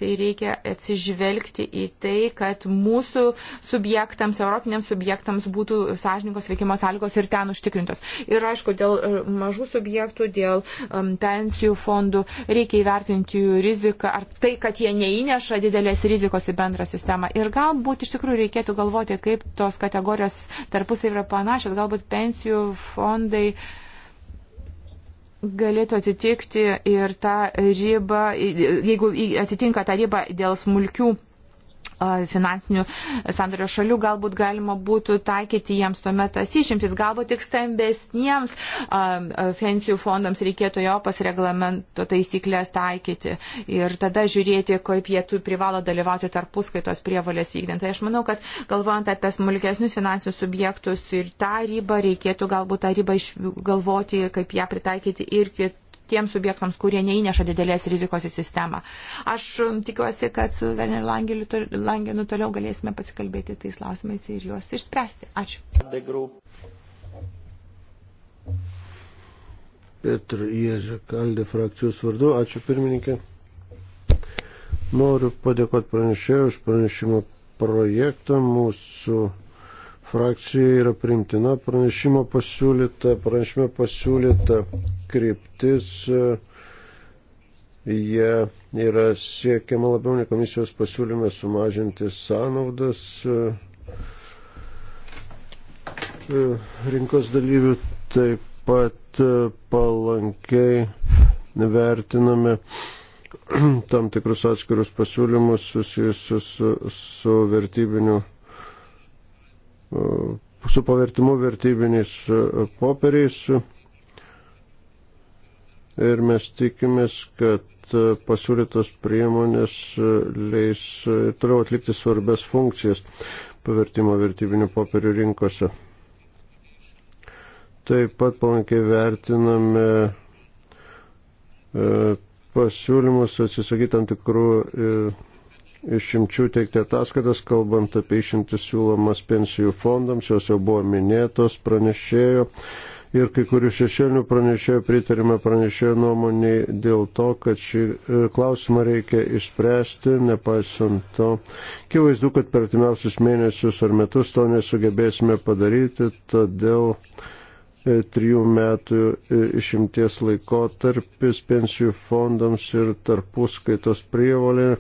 tai reikia atsižvelgti į tai, kad mūsų subjektams, europiniams subjektams būtų sąžininkos veikimo sąlygos ir ten užtikrintos. Ir aišku, dėl mažų kitų subjektų, dėl um, pensijų fondų. Reikia įvertinti jų riziką ar tai, kad jie neįneša didelės rizikos į bendrą sistemą. Ir galbūt iš tikrųjų reikėtų galvoti, kaip tos kategorijos tarpusai yra panašios. Galbūt pensijų fondai galėtų atitikti ir tą ribą, jeigu atitinka tą ribą dėl smulkių finansinių sandorio šalių, galbūt galima būtų taikyti jiems tuomet tas išimtis. Galbūt tik stambesniems pensijų fondams reikėtų Europos reglamento taisyklės taikyti ir tada žiūrėti, kaip jie privalo dalyvauti tarpuskaitos prievalės vykdant. Tai aš manau, kad galvojant apie smulkesnius finansinius subjektus ir tą ribą, reikėtų galbūt tą ribą išgalvoti, kaip ją pritaikyti ir kitų tiems subjektams, kurie neįneša didelės rizikos į sistemą. Aš um, tikiuosi, kad su Werner Langenu toliau galėsime pasikalbėti tais klausimais ir juos išspręsti. Ačiū. Petr Ježek, Aldė frakcijos vardu. Ačiū pirmininkė. Noriu padėkoti pranešėjui už pranešimo projektą mūsų frakcijai yra primtina pranešimo pasiūlyta, pranešime pasiūlyta kryptis. E, jie yra siekiama labiau nei komisijos pasiūlyme sumažinti sąnaudas e, e, rinkos dalyvių, taip pat palankiai vertiname tam tikrus atskirus pasiūlymus susijusius su, su vertybiniu E, su pavertimu vertybiniais e, popieriais. Ir mes tikimės, kad e, pasiūlytos priemonės leis toliau atlikti svarbės funkcijas pavertimo vertybinių popierių rinkose. Taip pat palankiai vertiname pasiūlymus atsisakyti tam tikrų išimčių teikti ataskaitas, kalbant apie išimtis siūlomas pensijų fondams, jos jau buvo minėtos pranešėjo. Ir kai kurių šešėlinių pranešėjų pritarime pranešėjo nuomoniai dėl to, kad šį e, klausimą reikia išspręsti, nepaisant to. Kivaizdu, kad per artimiausius mėnesius ar metus to nesugebėsime padaryti, todėl e, trijų metų e, išimties laikotarpis pensijų fondams ir tarpuskaitos prievalė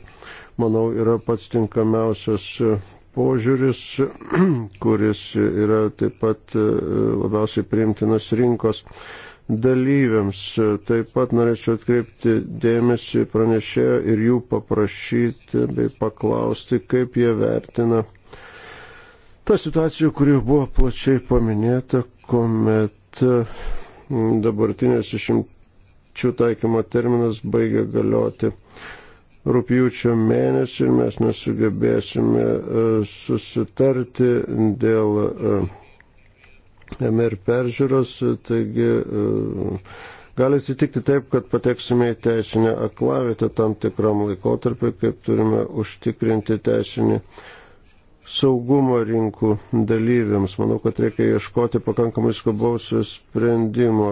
manau, yra pats tinkamiausias požiūris, kuris yra taip pat e, labiausiai priimtinas rinkos dalyviams. Taip pat norėčiau atkreipti dėmesį pranešėjo ir jų paprašyti bei paklausti, kaip jie vertina tą situaciją, kuri buvo plačiai paminėta, kuomet e, dabartinės išimčių taikymo terminas baigia galioti rūpjūčio mėnesį mes nesugebėsime e, susitarti dėl e, MR peržiūros, taigi e, gali atsitikti taip, kad pateksime į teisinę aklavietę tam tikram laikotarpiu, kaip turime užtikrinti teisinį saugumo rinkų dalyviams. Manau, kad reikia ieškoti pakankamai skubaus sprendimo.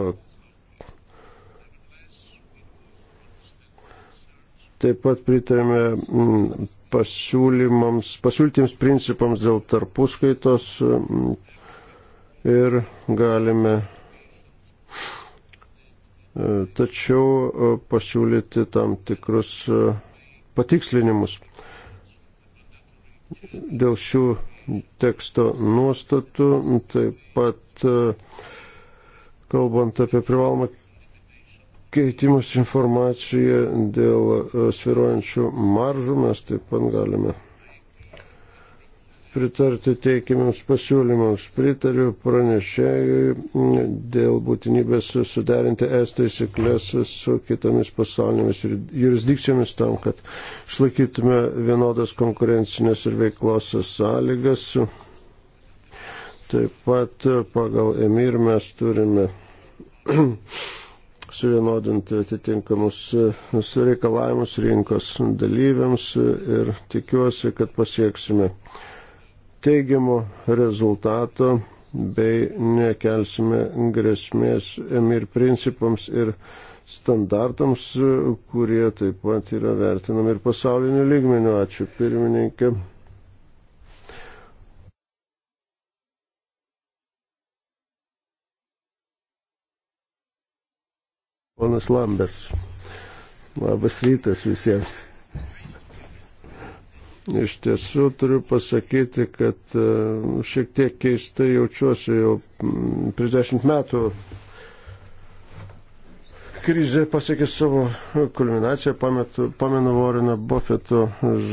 Taip pat pritarėme mm, pasiūlytiems principams dėl tarpuskaitos mm, ir galime e, tačiau e, pasiūlyti tam tikrus e, patikslinimus dėl šių teksto nuostatų, taip pat kalbant apie privalomą keitimus informaciją dėl e, sviruojančių maržų mes taip pat galime pritarti teikiamiams pasiūlymams. Pritariu pranešėjui dėl būtinybės suderinti es taisyklės su kitomis pasaulinėmis jurisdikcijomis tam, kad išlaikytume vienodas konkurencinės ir veiklos sąlygas. Taip pat pagal EMIR mes turime suvienodinti atitinkamus e, reikalavimus rinkos dalyviams e, ir tikiuosi, kad pasieksime teigiamo rezultato bei nekelsime grėsmės emir principams ir standartams, e, kurie taip pat yra vertinami ir pasauliniu lygmeniu. Ačiū pirmininkė. Ponas Lambers. Labas rytas visiems. Iš tiesų turiu pasakyti, kad e, šiek tiek keistai jaučiuosi jau prieš dešimt metų. Krizė pasiekė savo kulminaciją, pametu, pamenu Vorino Buffeto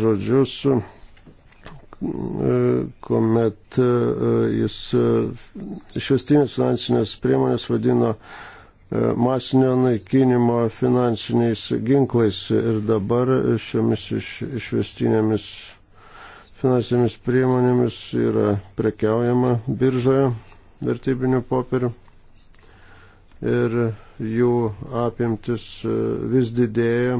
žodžius, e, kuomet e, jis išvestinės finansinės priemonės vadino uh, E, masinio naikinimo finansiniais ginklais ir dabar šiomis iš, išvestinėmis finansinėmis priemonėmis yra prekiaujama biržoje vertybinių popierių ir jų apimtis e, vis didėja.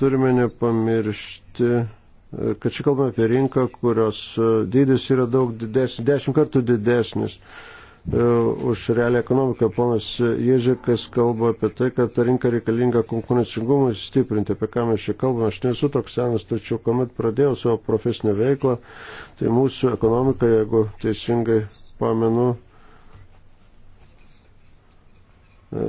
Turime nepamiršti, e, kad čia kalbame apie rinką, kurios dydis yra daug didesnis, dešimt kartų didesnis E, už realią ekonomiką. Ponas Ježikas kalba apie tai, kad ta rinka reikalinga konkurencingumui stiprinti, apie ką mes čia kalbame. Aš nesu toks senas, tačiau kuomet pradėjau savo profesinę veiklą, tai mūsų ekonomika, jeigu teisingai pamenu, e,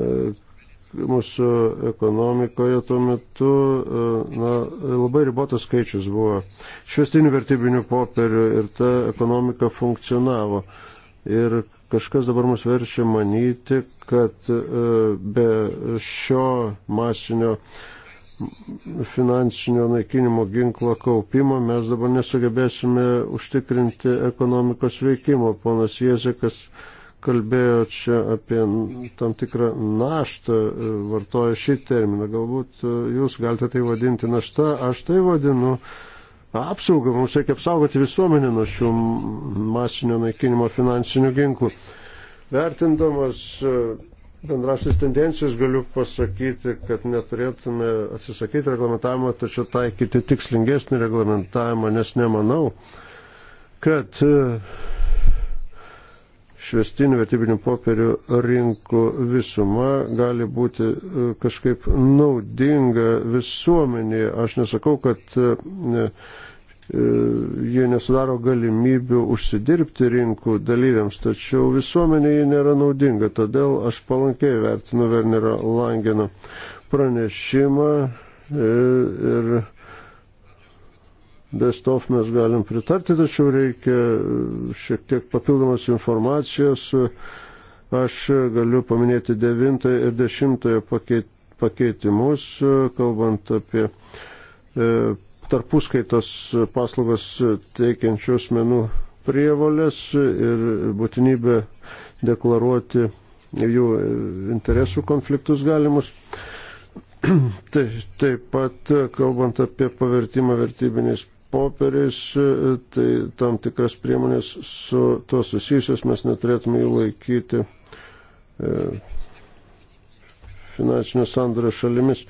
mūsų ekonomikoje tuo metu e, na, labai ribotas skaičius buvo švestinių vertybinių popierių ir ta ekonomika funkcionavo. Ir Kažkas dabar mus verčia manyti, kad e, be šio masinio finansinio naikinimo ginklo kaupimo mes dabar nesugebėsime užtikrinti ekonomikos veikimo. Ponas Jezekas kalbėjo čia apie tam tikrą naštą, e, vartoja šį terminą. Galbūt e, jūs galite tai vadinti našta, aš tai vadinu apsaugą, mums reikia apsaugoti visuomenę nuo šių masinio naikinimo finansinių ginklų. Vertindamas e, bendrasis tendencijas galiu pasakyti, kad neturėtume atsisakyti reglamentavimo, tačiau taikyti tikslingesnį reglamentavimą, nes nemanau, kad uh, švestinių vertybinių popierių rinkų visuma gali būti e, kažkaip naudinga visuomenė. Aš nesakau, kad e, e, jie nesudaro galimybių užsidirbti rinkų dalyviams, tačiau visuomenė jie nėra naudinga. Todėl aš palankiai vertinu Vernerio Langeno pranešimą ir, ir Bestov mes galim pritarti, tačiau reikia e, šiek tiek papildomos informacijos. Aš galiu paminėti 9 ir 10 pakeitimus, e, kalbant apie e, tarpuskaitos paslaugas teikiančių asmenų prievolės ir būtinybę deklaruoti jų interesų konfliktus galimus. Taip, taip pat, kalbant apie pavertimą vertybiniais popieriais, e, tai tam tikras priemonės su to susijusios mes neturėtume jų laikyti e, finansinio sandario šalimis.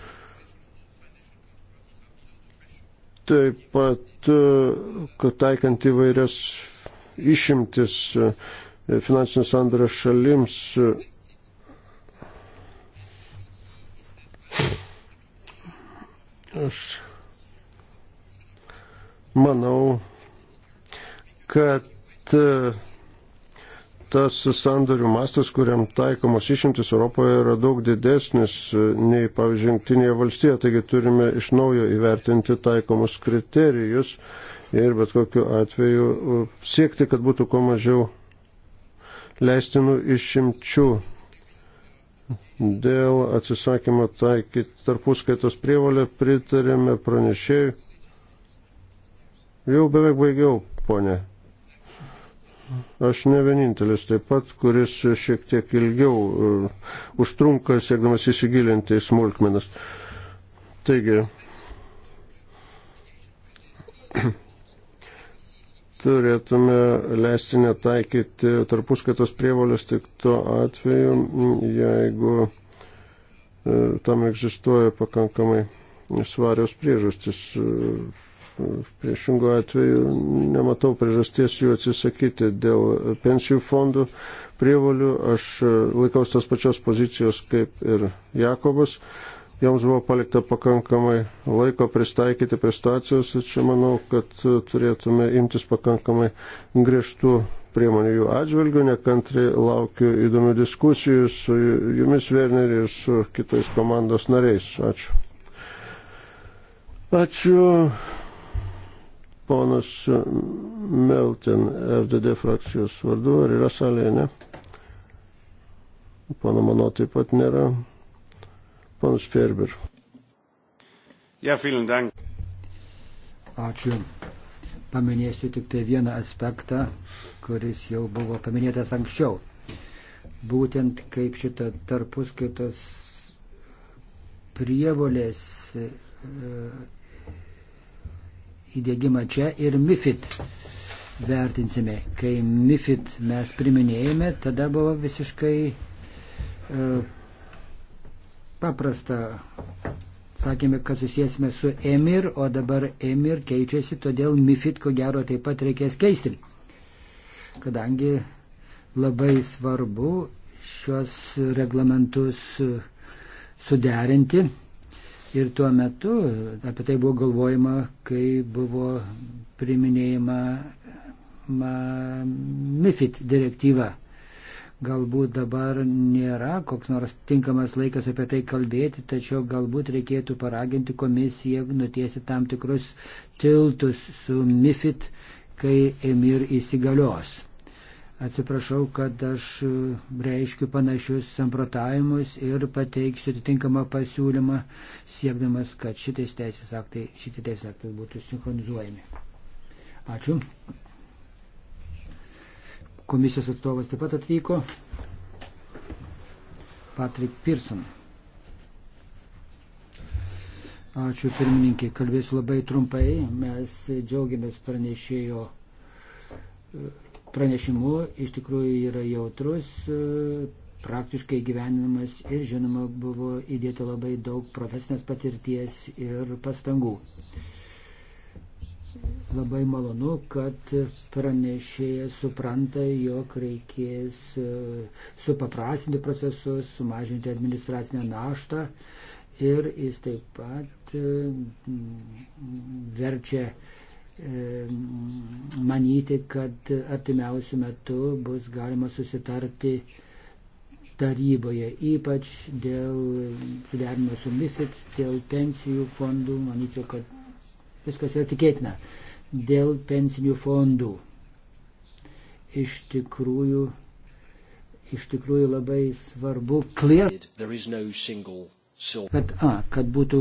Taip pat, e, kad taikant įvairias išimtis finansinio sandario šalims, aš manau, kad e, tas sandorių mastas, kuriam taikomos išimtis Europoje, yra daug didesnis e, nei, pavyzdžiui, Junktinėje valstijoje, taigi turime iš naujo įvertinti taikomus kriterijus ir bet kokiu atveju e, siekti, kad būtų kuo mažiau leistinų išimčių. Dėl atsisakymo taikyti tarpuskaitos prievalę pritarėme pranešėjui Jau beveik baigiau, ponė. Aš ne vienintelis taip pat, kuris šiek tiek ilgiau uh, užtrunka siekdamas įsigilinti į smulkmenas. Taigi, turėtume leisti netaikyti tarpuskaitos prievolės tik tuo atveju, jeigu uh, tam egzistuoja pakankamai svarios priežastis. Uh, Priešingų atveju nematau priežasties jų atsisakyti dėl pensijų fondų prievalių. Aš laikaus tos pačios pozicijos kaip ir Jakobas. Joms buvo palikta pakankamai laiko pristaikyti prie situacijos ir čia manau, kad turėtume imtis pakankamai griežtų priemonių jų atžvilgių, nekantri laukiu įdomių diskusijų su jumis, Werneri, ir su kitais komandos nariais. Ačiū. Ačiū ponas Melten, FDD frakcijos vardu, ar yra salėje, ne? Pana mano taip pat nėra. Ponas Ferber. Ja, vielen Dank. Ačiū. Paminėsiu tik tai vieną aspektą, kuris jau buvo paminėtas anksčiau. Būtent kaip šita tarpuskaitos prievolės e, įdėgymą čia ir MIFID vertinsime. Kai MIFID mes priminėjame, tada buvo visiškai uh, paprasta. Sakėme, kad susijęsime su EMIR, o dabar EMIR keičiasi, todėl MIFID ko gero taip pat reikės keisti. Kadangi labai svarbu šios reglamentus suderinti Ir tuo metu apie tai buvo galvojama, kai buvo priminėjama MIFID direktyva. Galbūt dabar nėra koks nors tinkamas laikas apie tai kalbėti, tačiau galbūt reikėtų paraginti komisiją nutiesi tam tikrus tiltus su MIFID, kai EMIR įsigalios. Atsiprašau, kad aš e, reiškiu panašius samprotavimus ir pateiksiu atitinkamą pasiūlymą, siekdamas, kad šitais teisės aktai, šitie teisės aktai būtų sinchronizuojami. Ačiū. Komisijos atstovas taip pat atvyko. Patrick Pearson. Ačiū pirmininkė, kalbėsiu labai trumpai. Mes džiaugiamės pranešėjo e, pranešimu iš tikrųjų yra jautrus, e, praktiškai gyvenimas ir žinoma buvo įdėta labai daug profesinės patirties ir pastangų. Labai malonu, kad pranešėjas supranta, jog reikės e, supaprastinti procesus, sumažinti administracinę naštą ir jis taip pat e, verčia manyti, kad artimiausių metų bus galima susitarti taryboje, ypač dėl suderinimo su MIFID, dėl pensijų fondų, manyčiau, kad viskas yra tikėtina, dėl pensinių fondų. Iš tikrųjų, iš tikrųjų labai svarbu. Clear. There is no single Kad A, kad būtų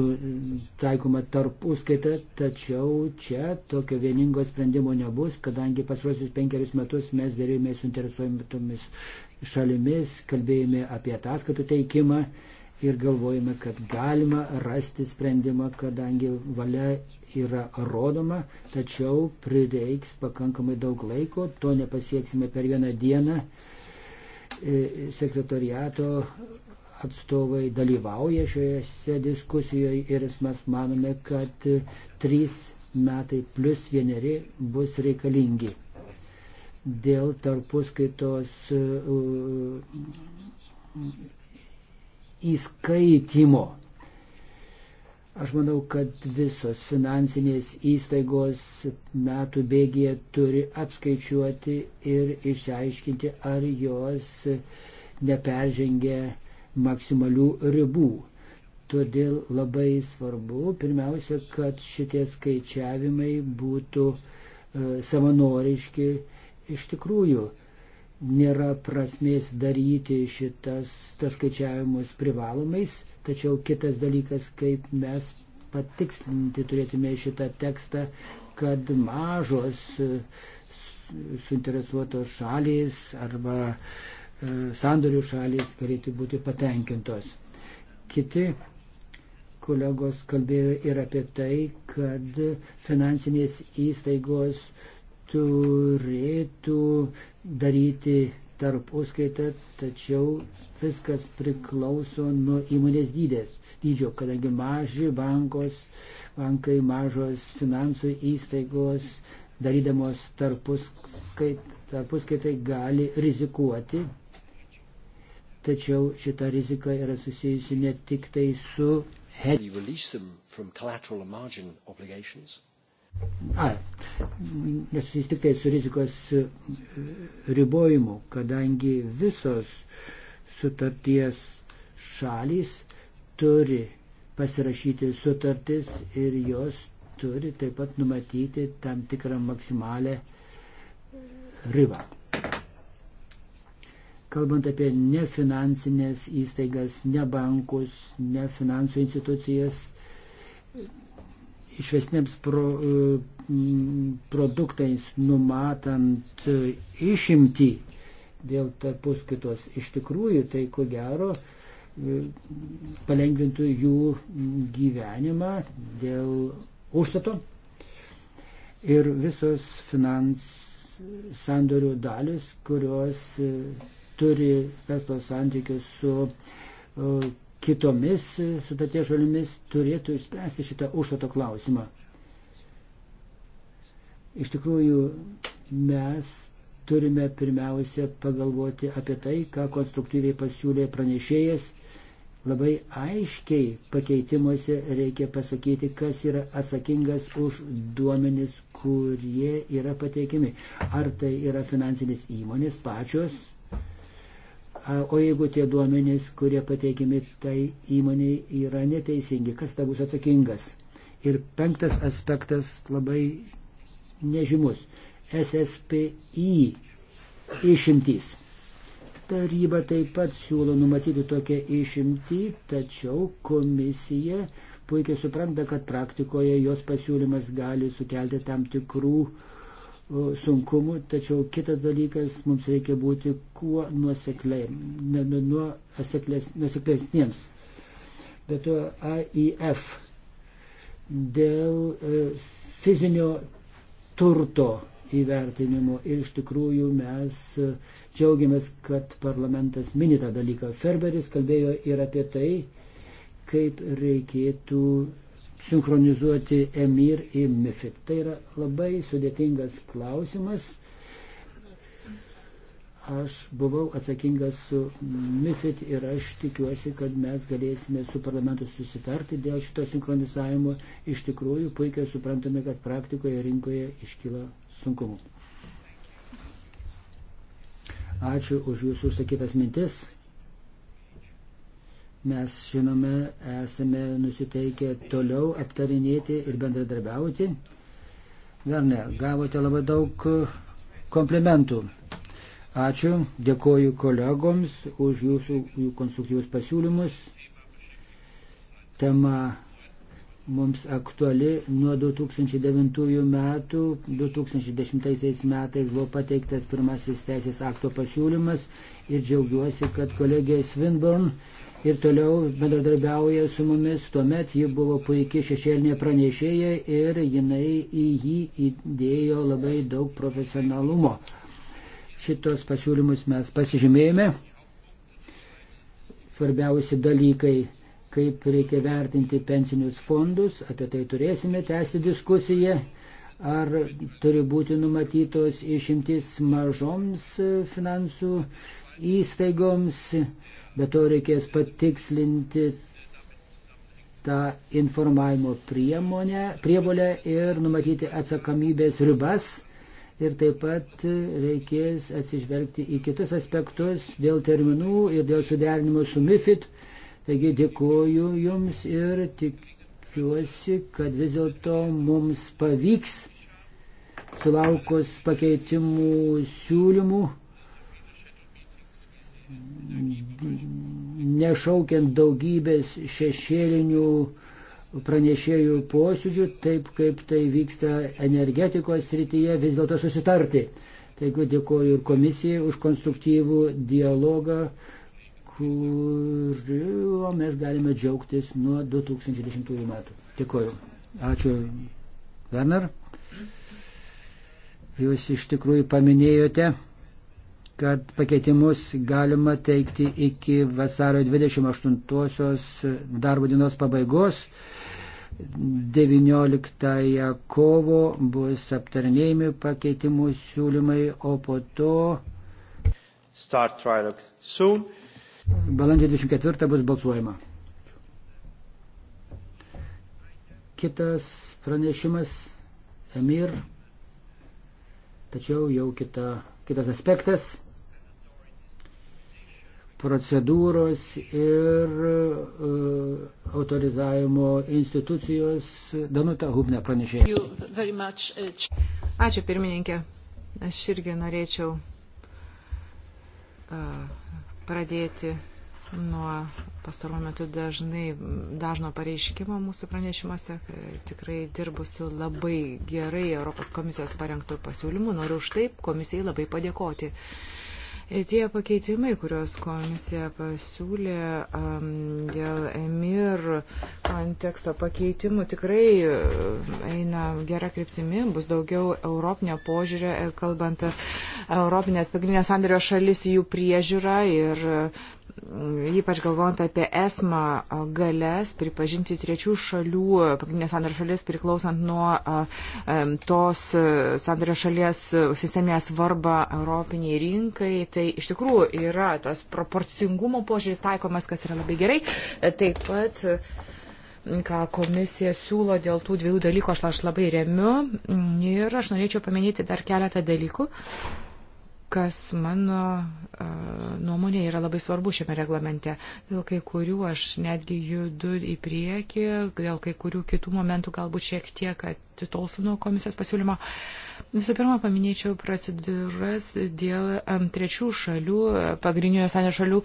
taikoma tarpuskaita, tačiau čia tokio vieningo sprendimo nebus, kadangi pasruosius penkerius metus mes dėrėjome su interesuojamitomis šalimis, kalbėjome apie ataskaitų teikimą ir galvojame, kad galima rasti sprendimą, kadangi valia yra rodoma, tačiau prireiks pakankamai daug laiko, to nepasieksime per vieną dieną. E, Sekretariato atstovai dalyvauja šioje diskusijoje ir mes manome, kad trys metai plus vieneri bus reikalingi dėl tarpuskaitos e, įskaitimo. Aš manau, kad visos finansinės įstaigos metų bėgėje turi apskaičiuoti ir išsiaiškinti, ar jos neperžengia maksimalių ribų. Todėl labai svarbu, pirmiausia, kad šitie skaičiavimai būtų e, savanoriški. Iš tikrųjų, nėra prasmės daryti šitas tas skaičiavimus privalomais, tačiau kitas dalykas, kaip mes patikslinti turėtume šitą tekstą, kad mažos e, suinteresuotos šalys arba e, E, sandorių šalis galėtų būti patenkintos. Kiti kolegos kalbėjo ir apie tai, kad finansinės įstaigos turėtų daryti tarpuskaitą, tačiau viskas priklauso nuo įmonės dydės, dydžio, kadangi maži bankos, bankai mažos finansų įstaigos, darydamos tarpuskaitai gali rizikuoti Tačiau šita rizika yra susijusi ne tik tai su A, nes vis tik tai su rizikos e, ribojimu, kadangi visos sutarties šalys turi pasirašyti sutartis ir jos turi taip pat numatyti tam tikrą maksimalę ribą kalbant apie nefinansinės įstaigas, ne bankus, ne finansų institucijas, išvesnėms pro, e, produktais numatant išimti dėl tarpuskitos. Iš tikrųjų, tai ko gero e, palengvintų jų gyvenimą dėl užstato ir visos finans sandorių dalis, kurios e, turi verslo santykius su e, kitomis sutarties šalimis, turėtų išspręsti šitą užstato klausimą. Iš tikrųjų, mes turime pirmiausia pagalvoti apie tai, ką konstruktyviai pasiūlė pranešėjas. Labai aiškiai pakeitimuose reikia pasakyti, kas yra atsakingas už duomenis, kurie yra pateikimi. Ar tai yra finansinės įmonės pačios, O jeigu tie duomenys, kurie pateikiami tai įmoniai, yra neteisingi, kas ta bus atsakingas? Ir penktas aspektas labai nežymus. SSPI išimtys. Taryba taip pat siūlo numatyti tokią išimtį, tačiau komisija puikiai supranta, kad praktikoje jos pasiūlymas gali sukelti tam tikrų uh, sunkumų, tačiau kitas dalykas, mums reikia būti kuo nuoseklesniems. Bet to AIF dėl e, fizinio turto įvertinimo ir iš tikrųjų mes e, džiaugiamės, kad parlamentas mini tą dalyką. Ferberis kalbėjo ir apie tai, kaip reikėtų sinchronizuoti EMIR į MIFID. Tai yra labai sudėtingas klausimas. Aš buvau atsakingas su MIFID ir aš tikiuosi, kad mes galėsime su parlamentu susitarti dėl šito sinchronizavimo. Iš tikrųjų, puikiai suprantame, kad praktikoje rinkoje iškyla sunkumų. Ačiū už jūsų užsakytas mintis. Mes, žinome, esame nusiteikę toliau aptarinėti ir bendradarbiauti. Werner, gavote labai daug e, komplimentų. Ačiū, dėkoju kolegoms už jūsų jų konstruktyvius pasiūlymus. Tema mums aktuali nuo 2009 metų. 2010 metais buvo pateiktas pirmasis teisės akto pasiūlymas ir džiaugiuosi, kad kolegija Svinburn ir toliau bendradarbiauja su mumis. Tuomet ji buvo puikiai šešėlinė pranešėja ir jinai į jį įdėjo labai daug profesionalumo. Šitos pasiūlymus mes pasižymėjome. Svarbiausi dalykai, kaip reikia vertinti pensinius fondus, apie tai turėsime tęsti diskusiją. Ar turi būti numatytos išimtis mažoms finansų įstaigoms, bet to reikės patikslinti tą informavimo priemonę, prievolę ir numatyti atsakomybės ribas. Ir taip pat reikės atsižvelgti į kitus aspektus dėl terminų ir dėl suderinimo su MIFID. Taigi dėkuoju Jums ir tikiuosi, kad vis dėlto mums pavyks sulaukus pakeitimų siūlymų nešaukiant daugybės šešėlinių pranešėjų posėdžių, taip kaip tai vyksta energetikos srityje, vis dėlto susitarti. Taigi dėkoju ir komisijai už konstruktyvų dialogą, kuriuo mes galime džiaugtis nuo 2010 metų. Dėkoju. Ačiū, Werner. Jūs iš tikrųjų paminėjote kad pakeitimus galima teikti iki vasario 28 darbo dienos pabaigos. 19 kovo bus aptarnėjami pakeitimų siūlymai, o po to balandžio 24 bus balsuojama. Kitas pranešimas Emir, tačiau jau kita, kitas aspektas procedūros ir uh, autorizavimo institucijos. Danuta Hubne pranešė. E, Ačiū pirmininkė. Aš irgi norėčiau uh, pradėti nuo pastaruoju metu dažnai, dažno pareiškimo mūsų pranešimuose. Tikrai dirbusiu labai gerai Europos komisijos parengtų pasiūlymų. Noriu už tai komisijai labai padėkoti. Uh, E, tie pakeitimai, kuriuos komisija pasiūlė um, dėl emir konteksto pakeitimų, tikrai e, eina gera kryptimi, bus daugiau europinio požiūrio, e, kalbant Europinės pagrindinės sandario šalis jų priežiūrą ir ypač galvojant apie esmą galės pripažinti trečių šalių, pagrindinės sandario šalies priklausant nuo tos sandario šalies sisteminės svarbą Europiniai rinkai, tai iš tikrųjų yra tas proporcingumo požiūris taikomas, kas yra labai gerai. Taip pat ką komisija siūlo dėl tų dviejų dalykų, aš, aš labai remiu ir aš norėčiau paminėti dar keletą dalykų. Uh, kas mano nuomonė yra labai svarbu šiame reglamente. Dėl kai kurių aš netgi judu į priekį, dėl kai kurių kitų momentų galbūt šiek tiek atitolsiu nuo komisijos pasiūlymo. Visų pirma, paminėčiau procedūras dėl trečių šalių, pagrindinio sanio šalių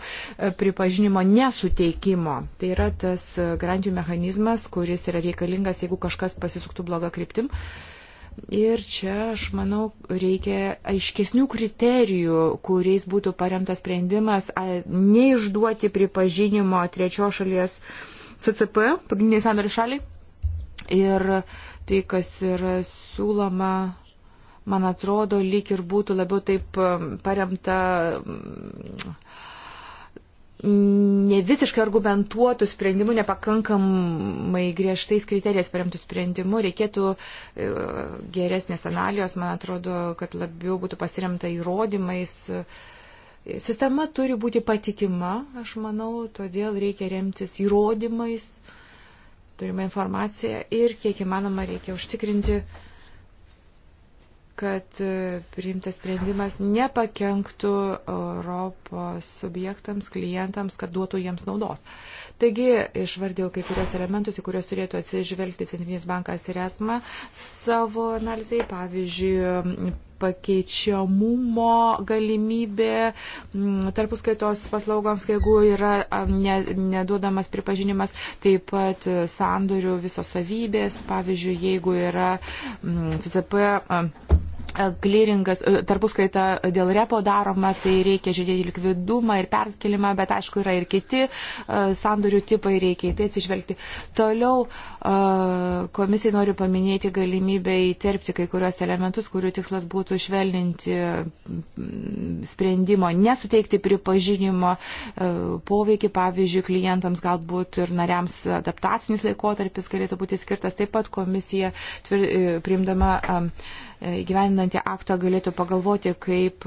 pripažinimo nesuteikimo. Tai yra tas garantijų mechanizmas, kuris yra reikalingas, jeigu kažkas pasisuktų blogą kryptim. Uh, Ir čia, aš manau, reikia aiškesnių kriterijų, kuriais būtų paremtas sprendimas neišduoti pripažinimo trečio šalies CCP, pagrindiniai sandorių šaliai. Ir tai, kas yra siūloma man atrodo, lyg ir būtų labiau taip um, paremta um, ne visiškai argumentuotų sprendimų, nepakankamai griežtais kriterijais paremtų sprendimų, reikėtų e, geresnės analijos, man atrodo, kad labiau būtų pasiremta įrodymais. Sistema turi būti patikima, aš manau, todėl reikia remtis įrodymais, turime informaciją ir kiek įmanoma reikia užtikrinti kad e, priimtas sprendimas nepakenktų Europos subjektams, klientams, kad duotų jiems naudos. Taigi, išvardėjau kai kurios elementus, į kuriuos turėtų atsižvelgti Centrinis bankas ir esma savo analizai, pavyzdžiui, pakeičiamumo galimybė mm, tarpuskaitos paslaugoms, jeigu yra ne, neduodamas pripažinimas, taip pat sandorių visos savybės, pavyzdžiui, jeigu yra mm, CCP kliringas, e, e, tarpuskaita dėl repo daroma, tai reikia žiūrėti likvidumą ir perkelimą, bet aišku yra ir kiti e, sandorių tipai, reikia į tai atsižvelgti. Toliau komisijai noriu paminėti galimybę įterpti kai kurios elementus, kurių tikslas būtų švelninti mm, sprendimo, nesuteikti pripažinimo poveikį, pavyzdžiui, klientams galbūt ir nariams adaptacinis laikotarpis galėtų būti skirtas. Taip pat komisija priimdama E, gyveninantį aktą galėtų pagalvoti, kaip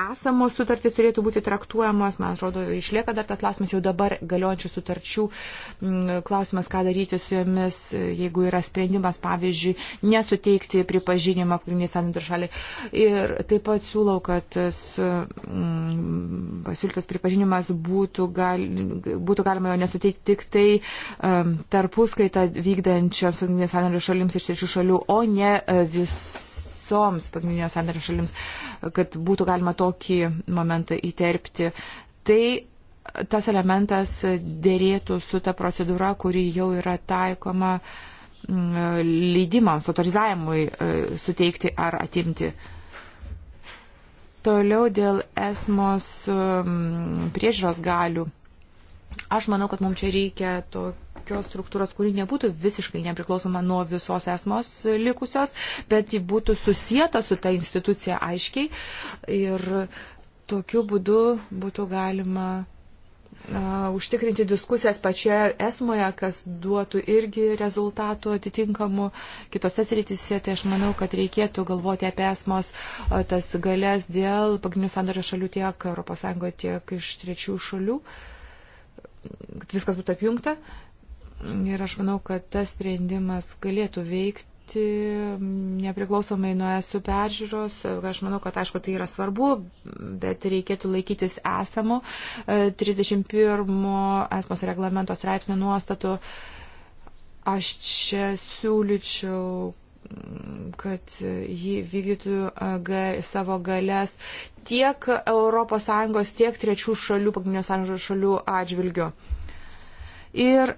esamos sutartys turėtų būti traktuojamos. Man atrodo, išlieka dar tas klausimas jau dabar galiojančių sutarčių. Klausimas, ką daryti su jomis, e, jeigu yra sprendimas, pavyzdžiui, nesuteikti pripažinimą pagrindinį sandorių šalį. Ir taip pat siūlau, kad tas pasiūlytas pripažinimas būtų, gal, būtų galima jo nesuteikti tik tai um, tarpuskaitą vykdančioms pagrindinės sandorių šalims iš trečių šalių, o ne e, vis visoms pagrindinio sandario šalims, kad būtų galima tokį momentą įterpti. Tai tas elementas dėrėtų su ta procedūra, kuri jau yra taikoma mm, leidimams, autorizavimui e, suteikti ar atimti. Toliau dėl esmos mm, priežiūros galių. Aš manau, kad mums čia reikia tokio tokios struktūros, kuri nebūtų visiškai nepriklausoma nuo visos esmos likusios, bet ji būtų susijęta su ta institucija aiškiai ir tokiu būdu būtų galima užtikrinti diskusijas pačioje esmoje, kas duotų irgi rezultatų atitinkamų kitose srityse, tai aš manau, kad reikėtų galvoti apie esmos tas galės dėl pagrindinių sandorio šalių tiek ES, tiek iš trečių šalių, kad viskas būtų apjungta. Uh, Ir aš manau, kad tas sprendimas galėtų veikti nepriklausomai nuo esu peržiūros. Aš manau, kad aišku, tai yra svarbu, bet reikėtų laikytis esamo e, 31 esmos reglamento straipsnio nuostatų. Aš čia siūlyčiau kad jį vykdytų e, savo galės tiek ES, tiek trečių šalių, pagrindinės sąjungos šalių atžvilgiu. Ir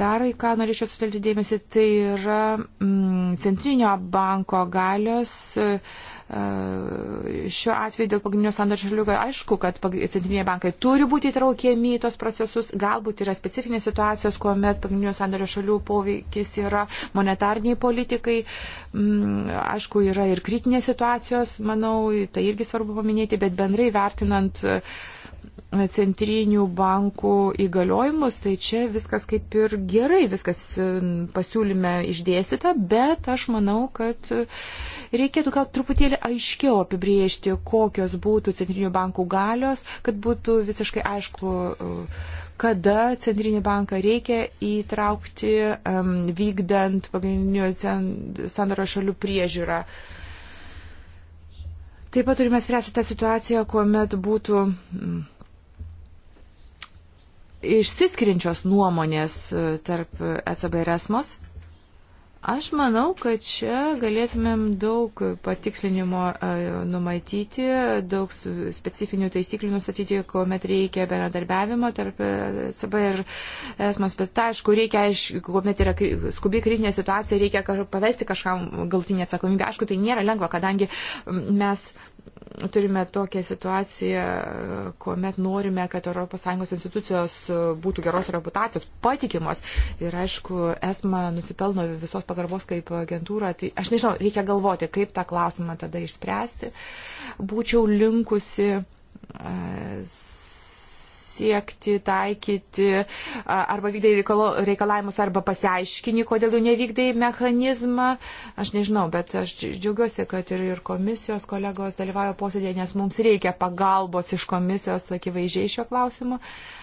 Dar į ką norėčiau sutelkti dėmesį, tai yra mm, centrinio banko galios e, šiuo atveju dėl pagrindinio sandorio šalių. Aišku, kad centriniai bankai turi būti įtraukiami į tos procesus, galbūt yra specifinės situacijos, kuomet pagrindinio sandorio šalių poveikis yra monetarniai politikai. Mm, aišku, yra ir kritinės situacijos, manau, tai irgi svarbu paminėti, bet bendrai vertinant centrinių bankų įgaliojimus, tai čia viskas kaip ir gerai, viskas pasiūlyme išdėstyta, bet aš manau, kad reikėtų gal truputėlį aiškiau apibriežti, kokios būtų centrinių bankų galios, kad būtų visiškai aišku, e, kada centrinį banką reikia įtraukti, vykdant pagrindinių sandoro šalių priežiūrą. Taip pat turime spręsti tą situaciją, kuomet būtų išsiskiriančios nuomonės e, tarp ECB e ir ESMOS. Aš manau, kad čia galėtumėm daug patikslinimo e, numatyti, daug specifinių taisyklių nustatyti, kuomet reikia bendradarbiavimo tarp ECB ir esmos, bet tai, aišku, reikia, aišku, kuomet yra skubi kritinė situacija, reikia pavesti kažkam galutinį atsakomybę. Aišku, tai nėra lengva, kadangi mes turime tokią situaciją, kuomet norime, kad ES institucijos būtų geros reputacijos, patikimos. Ir aišku, ESMA nusipelno visos pagarbos kaip agentūra. Tai aš nežinau, reikia galvoti, kaip tą klausimą tada išspręsti. Būčiau linkusi e, siekti, taikyti arba vykdai reikalavimus, arba pasiaiškini, kodėl jų nevykdai mechanizmą. Aš nežinau, bet aš džiaugiuosi, kad ir, ir komisijos kolegos dalyvauja posėdėje, nes mums reikia pagalbos iš komisijos akivaizdžiai šiuo klausimu. Uh,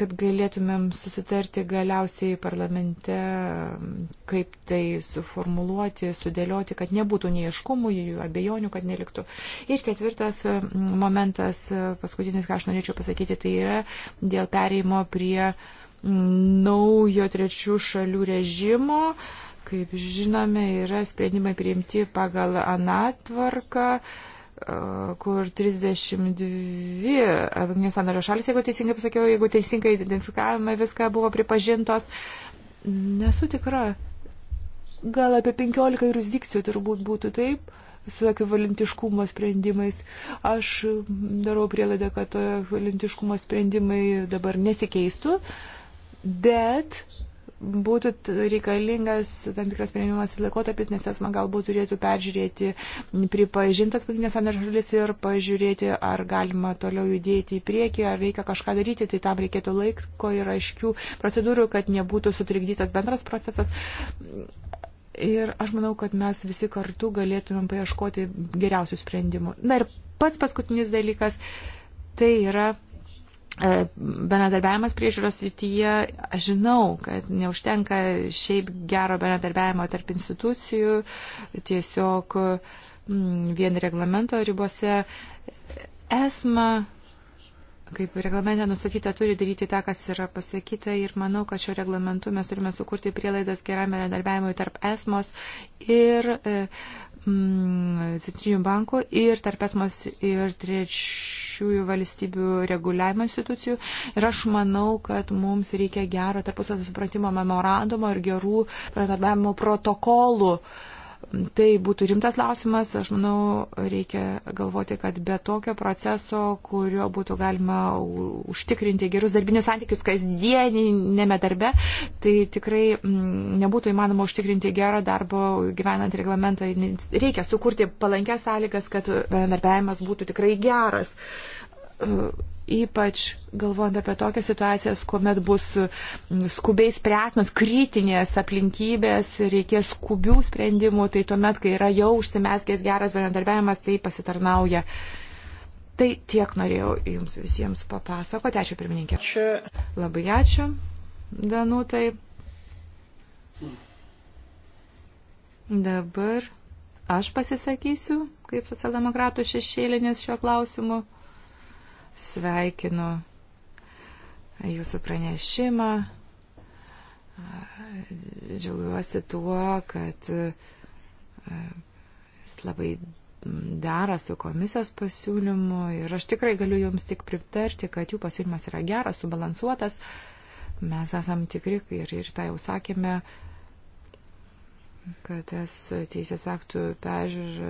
kad galėtumėm susitarti galiausiai parlamente, kaip tai suformuluoti, sudėlioti, kad nebūtų neieškumų, abejonių, kad neliktų. Ir ketvirtas mm, momentas, paskutinis, ką aš norėčiau pasakyti, tai yra dėl pereimo prie mm, naujo trečių šalių režimo. Kaip žinome, yra sprendimai priimti pagal anatvarką. tvarką kur 32 Afganistano šalis, jeigu teisingai pasakiau, jeigu teisingai identifikavome viską, buvo pripažintos. Nesu tikra. Gal apie 15 jurisdikcijų turbūt būtų taip su ekvivalentiškumo sprendimais. Aš darau prielaidą, kad to ekvivalentiškumo sprendimai dabar nesikeistų, bet būtų reikalingas tam tikras sprendimas laikotarpis, nes esma galbūt turėtų peržiūrėti pripažintas pagrindinės sandario šalis ir pažiūrėti, ar galima toliau judėti į priekį, ar reikia kažką daryti, tai tam reikėtų laiko ir aiškių procedūrų, kad nebūtų sutrikdytas bendras procesas. Ir aš manau, kad mes visi kartu galėtumėm paieškoti geriausių sprendimų. Na ir pats paskutinis dalykas tai yra E, Benedarbiavimas priežiūros rytyje, aš žinau, kad neužtenka šiaip gero benedarbiavimo tarp institucijų, tiesiog vien reglamento ribose. Esma kaip reglamente nustatyta, turi daryti tą, kas yra pasakyta ir manau, kad šio reglamentu mes turime sukurti prielaidas geram bendradarbiavimui tarp esmos ir e, Mm, centrinio banko ir tarp esmos ir trečiųjų valstybių reguliavimo institucijų. Ir aš manau, kad mums reikia gero tarpusavio supratimo memorandumo ir gerų bendradarbiavimo protokolų. Uh, tai būtų rimtas klausimas. Aš manau, reikia galvoti, kad be tokio proceso, kurio būtų galima užtikrinti gerus darbinius santykius kasdieninėme darbe, tai tikrai mm, nebūtų įmanoma užtikrinti gerą darbo gyvenant reglamentą. Reikia sukurti palankias sąlygas, kad bendarbiavimas būtų tikrai geras ypač galvojant apie tokias situacijas, kuomet bus skubiai spręsmas kritinės aplinkybės, reikės skubių sprendimų, tai tuomet, kai yra jau užsimesgęs geras bendradarbiavimas, tai pasitarnauja. Tai tiek norėjau jums visiems papasakoti. Ačiū pirmininkė. Ačiū. Labai ačiū, Danutai. Dabar aš pasisakysiu kaip socialdemokratų šešėlinės šiuo klausimu sveikinu jūsų pranešimą. Džiaugiuosi tuo, kad e, jis labai dera su komisijos pasiūlymu ir aš tikrai galiu jums tik pritarti, kad jų pasiūlymas yra geras, subalansuotas. Mes esam tikri ir, ir tą jau sakėme, kad tas teisės aktų peržiūra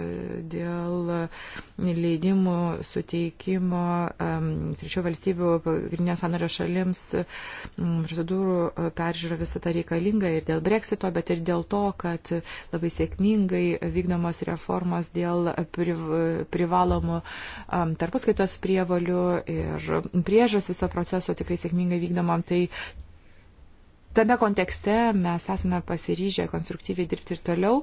dėl leidimų suteikimo trečių valstybių pagrindinio sanario šalims procedūrų e, peržiūra visą tą reikalingą ir dėl breksito, bet ir dėl to, kad labai sėkmingai vykdomos reformos dėl privalomų tarpuskaitos prievalių ir priežos viso proceso tikrai sėkmingai vykdomam, tai tame kontekste mes esame pasiryžę konstruktyviai dirbti ir toliau,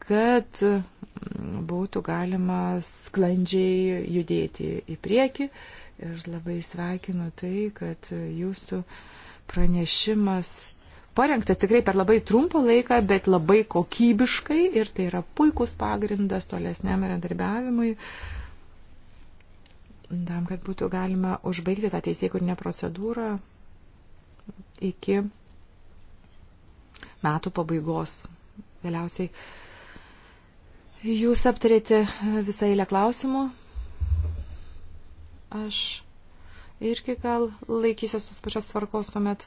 kad mm, būtų galima sklandžiai judėti į priekį. Ir labai sveikinu tai, kad jūsų pranešimas parengtas tikrai per labai trumpą laiką, bet labai kokybiškai ir tai yra puikus pagrindas tolesniam bendradarbiavimui tam, kad būtų galima užbaigti tą teisėkurinę procedūrą iki metų pabaigos. Galiausiai jūs aptarėte visą eilę klausimų. Aš irgi gal laikysiuosi tos pačios tvarkos tuomet.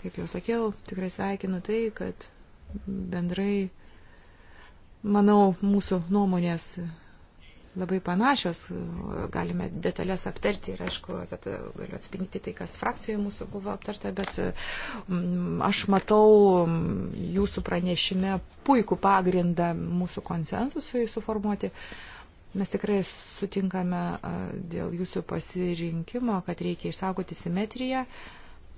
Kaip jau sakiau, tikrai sveikinu tai, kad bendrai, manau, mūsų nuomonės labai panašios, galime detalės aptarti ir aišku, tada galiu atspindyti tai, kas frakcijoje mūsų buvo aptarta, bet mm, aš matau mm, jūsų pranešime puikų pagrindą mūsų konsensusui suformuoti. Mes tikrai sutinkame dėl jūsų pasirinkimo, kad reikia išsaugoti simetriją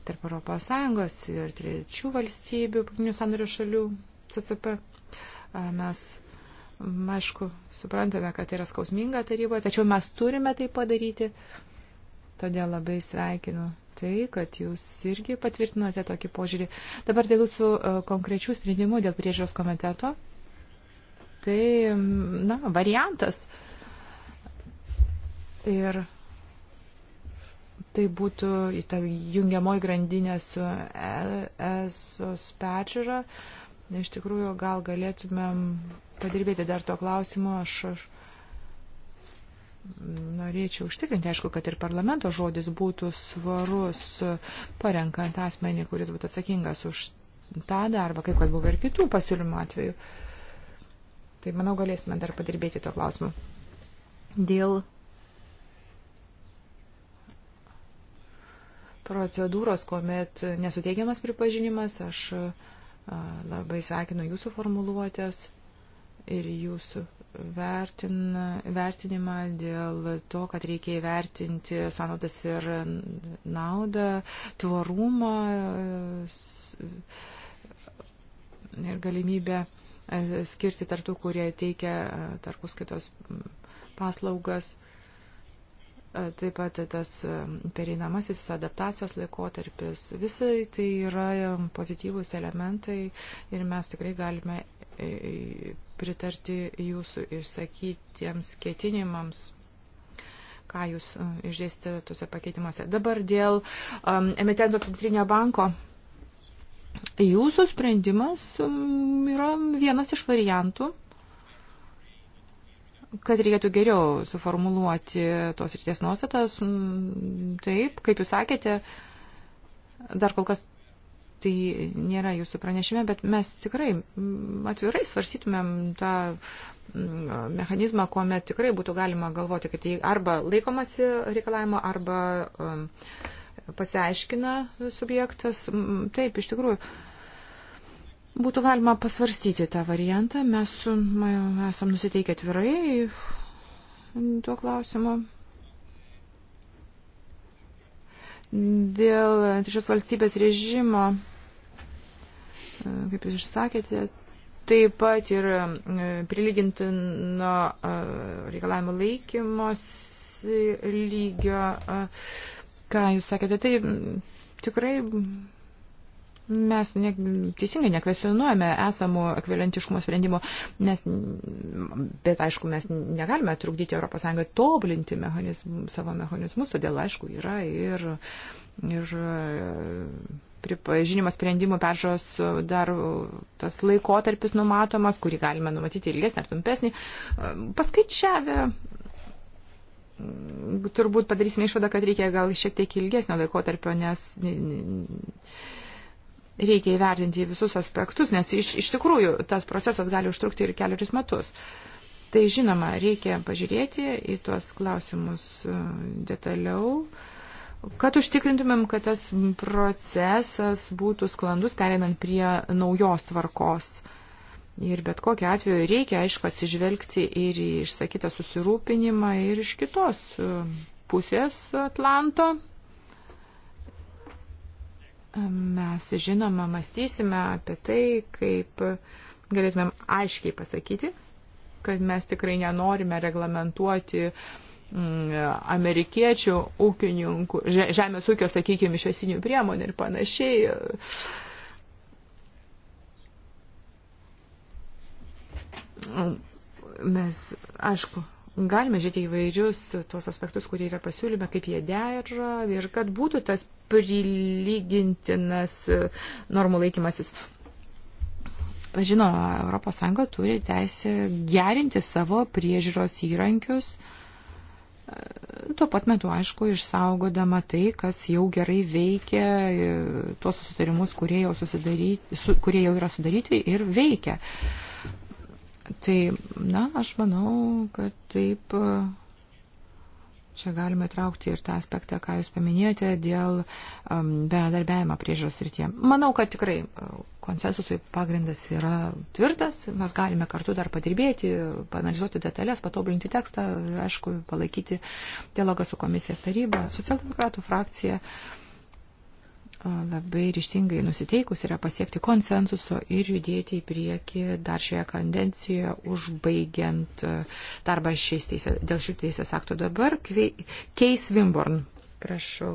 tarp ES ir trečių valstybių, pagrindinių sandorių šalių CCP. Mes Aišku, suprantame, kad tai yra skausminga taryboje, tačiau mes turime tai padaryti. Todėl labai sveikinu tai, kad jūs irgi patvirtinote tokį požiūrį. Dabar dėl jūsų e, konkrečių sprendimų dėl priežiūros komiteto. Tai, na, variantas. Ir tai būtų jungiamoji grandinė su ESOS peržiūra. E, Iš tikrųjų, gal galėtumėm padirbėti dar to klausimu. Aš, aš norėčiau užtikrinti, aišku, kad ir parlamento žodis būtų svarus, parenkant asmenį, kuris būtų atsakingas už tą darbą, kaip kad buvo ir kitų pasiūlymų atveju. Tai manau, galėsime dar padirbėti to klausimu. Dėl procedūros, kuomet nesuteikiamas pripažinimas, aš Labai sveikinu jūsų formuluotės ir jūsų vertin, vertinimą dėl to, kad reikia įvertinti sąnaudas ir naudą, tvarumą ir galimybę e, skirti tartų, kurie teikia e, tarpuskaitos paslaugas. Taip pat tas pereinamasis adaptacijos laikotarpis, visai tai yra pozityvūs elementai ir mes tikrai galime e, e, pritarti jūsų išsakytiems ketinimams ką jūs išdėstėte tuose pakeitimuose. Dabar dėl um, emitento centrinio banko. Jūsų sprendimas um, yra vienas iš variantų, kad reikėtų geriau suformuluoti tos ryties nuostatas. Mm, taip, kaip jūs sakėte, dar kol kas tai nėra jūsų pranešime, bet mes tikrai mm, atvirai svarstytumėm tą mm, mechanizmą, kuomet tikrai būtų galima galvoti, kad tai arba laikomasi reikalavimo, arba pasiaiškina subjektas. Taip, iš tikrųjų Būtų galima pasvarstyti tą variantą. Mes esam nusiteikę atvirai tuo klausimu. Dėl šios valstybės režimo, kaip jūs išsakėte, taip pat ir e, prilygintino e, reikalavimo laikymos lygio, e, ką jūs sakėte, tai tikrai Mes ne, teisingai nekvesionuojame esamų ekvivalentiškumo sprendimų, nes, bet aišku, mes negalime trukdyti ES tobulinti mechanizm, savo mechanizmus, todėl aišku yra ir, ir e, pripažinimo sprendimų peržos e, dar tas laikotarpis numatomas, kurį galime numatyti ilgesnį ar trumpesnį. E, paskaičiavę turbūt padarysime išvadą, kad reikia gal šiek tiek ilgesnio laikotarpio, nes reikia įvertinti visus aspektus, nes iš, iš tikrųjų tas procesas gali užtrukti ir keliarius metus. Tai žinoma, reikia pažiūrėti į tuos klausimus e, detaliau, kad užtikrintumėm, kad tas procesas būtų sklandus, perinant prie naujos tvarkos. Ir bet kokiu atveju reikia, aišku, atsižvelgti ir į išsakytą susirūpinimą ir iš kitos e, pusės Atlanto Mes žinoma mąstysime apie tai, kaip galėtumėm aiškiai pasakyti, kad mes tikrai nenorime reglamentuoti mm, amerikiečių ūkininkų, žemės ūkio, sakykime, išvesinių priemonių ir panašiai. Mes, aišku, galime žiūrėti įvairius tuos aspektus, kurie yra pasiūlyme, kaip jie dera ir kad būtų tas prilygintinas e, normų laikymasis. Žinoma, ES turi teisę gerinti savo priežiūros įrankius, e, tuo pat metu, aišku, išsaugodama tai, kas jau gerai veikia, e, tuos susitarimus, kurie jau, su, kurie jau yra sudaryti ir veikia. Uh, Tai, na, aš manau, kad taip čia galima įtraukti ir tą aspektą, ką Jūs paminėjote dėl um, bendradarbiavimo priežiūros rytyje. Manau, kad tikrai uh, konsensusui pagrindas yra tvirtas, mes galime kartu dar padirbėti, panalizuoti detalės, patobulinti tekstą ir, aišku, palaikyti dialogą su komisija ir taryba. Socialdemokratų frakcija. Uh, labai ryštingai nusiteikus yra pasiekti konsensuso ir judėti į priekį dar šioje kandencijoje, užbaigiant e, darbą teisė, dėl šių teisės aktų. Dabar Keis Wimborn, prašau.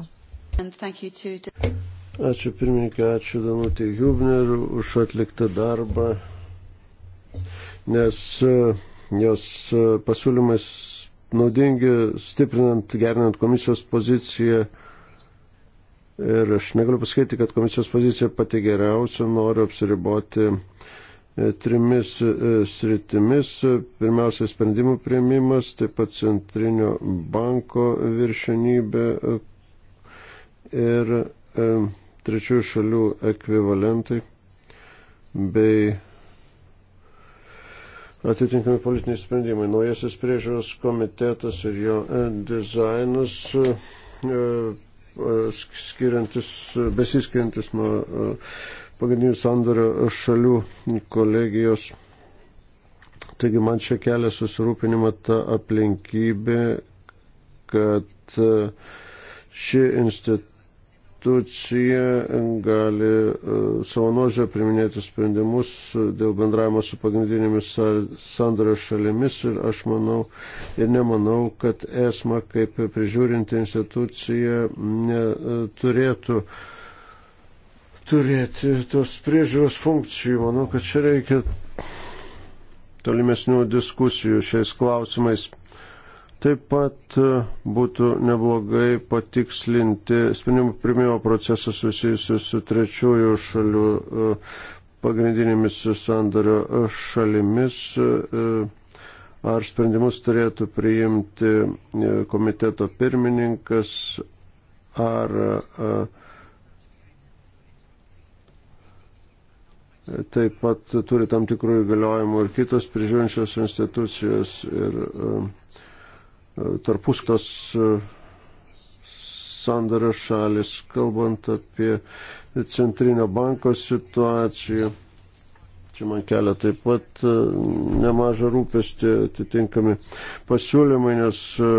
Ačiū pirmininkai, ačiū Danutė Hubner už atliktą darbą, nes e, jos e, pasiūlymas naudingi stiprinant, gerinant komisijos poziciją Ir aš negaliu pasakyti, kad komisijos pozicija pati geriausia, noriu apsiriboti e, trimis e, sritimis. Pirmiausia, sprendimų prieimimas, taip pat centrinio banko viršenybė e, ir trečiųjų šalių ekvivalentai bei atitinkami politiniai sprendimai. Naujasis priežiūros komitetas ir jo dizainas E, skiriantis, besiskiriantis nuo e, pagrindinių sandorio šalių kolegijos. Taigi man čia kelia susirūpinimą ta aplinkybė, kad e, ši institucija institucija gali e, savo nuožiūrę priminėti sprendimus dėl bendravimo su pagrindinėmis sandorio šalimis ir aš manau ir nemanau, kad esma kaip prižiūrinti institucija e, turėtų turėti tos priežiūros funkcijų. Manau, kad čia reikia tolimesnių diskusijų šiais klausimais. Taip pat e, būtų neblogai patikslinti sprendimų primimo procesą susijusius su trečiųjų šalių e, pagrindinėmis sandario šalimis. E, ar sprendimus turėtų priimti komiteto pirmininkas ar taip pat turi tam tikrų įgaliojimų ir kitos prižiūrinčios institucijos. Ir, tarpustos e, sandario šalis, kalbant apie centrinio banko situaciją. Čia man kelia taip pat e, nemažą rūpestį atitinkami pasiūlymai, nes e,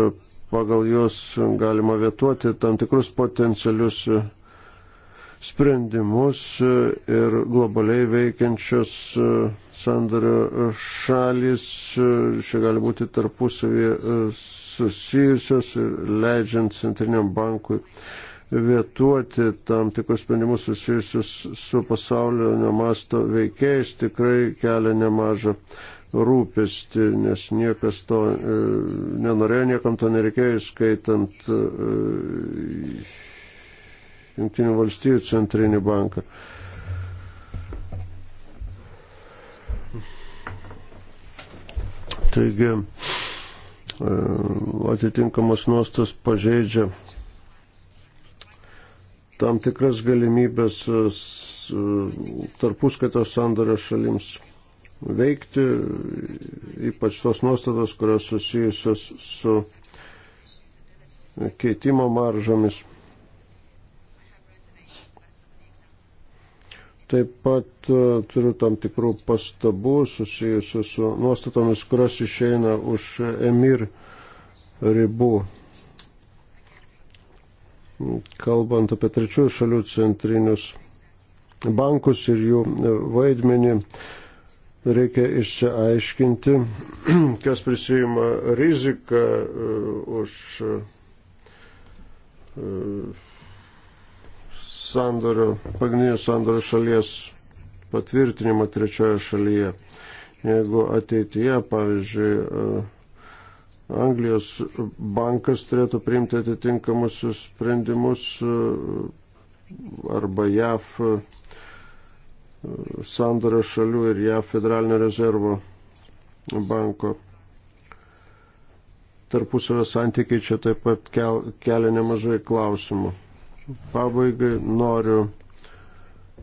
pagal juos galima vietuoti tam tikrus potencialius sprendimus ir globaliai veikiančios sandario šalis, čia gali būti tarpusavį susijusios ir leidžiant Centriniam bankui vietuoti tam tikrus sprendimus susijusius su pasaulio nemasto veikėjais tikrai kelia nemažą rūpestį, nes niekas to e, nenorėjo, niekam to nereikėjo, skaitant e, Junktinių valstybių centrinį banką. Taigi, E, atitinkamas nuostas pažeidžia tam tikras galimybės e, e, tarpuskaitos sandorio šalims veikti, ypač tos nuostatos, kurios susijusios su keitimo maržomis. Taip pat e, turiu tam tikrų pastabų susijusių su nuostatomis, kurios išeina už emir ribų. Kalbant apie trečiųjų šalių centrinius bankus ir jų vaidmenį, reikia išsiaiškinti, kas prisijima riziką e, už e, sandorio, pagrindinių sandorio šalies patvirtinimą trečioje šalyje. Jeigu ateityje, pavyzdžiui, e, Anglijos bankas turėtų priimti atitinkamus sprendimus e, arba JAF e, sandorio šalių ir JAF federalinio rezervo banko tarpusavio santykiai čia taip pat kel, kelia nemažai klausimų. Pabaigai noriu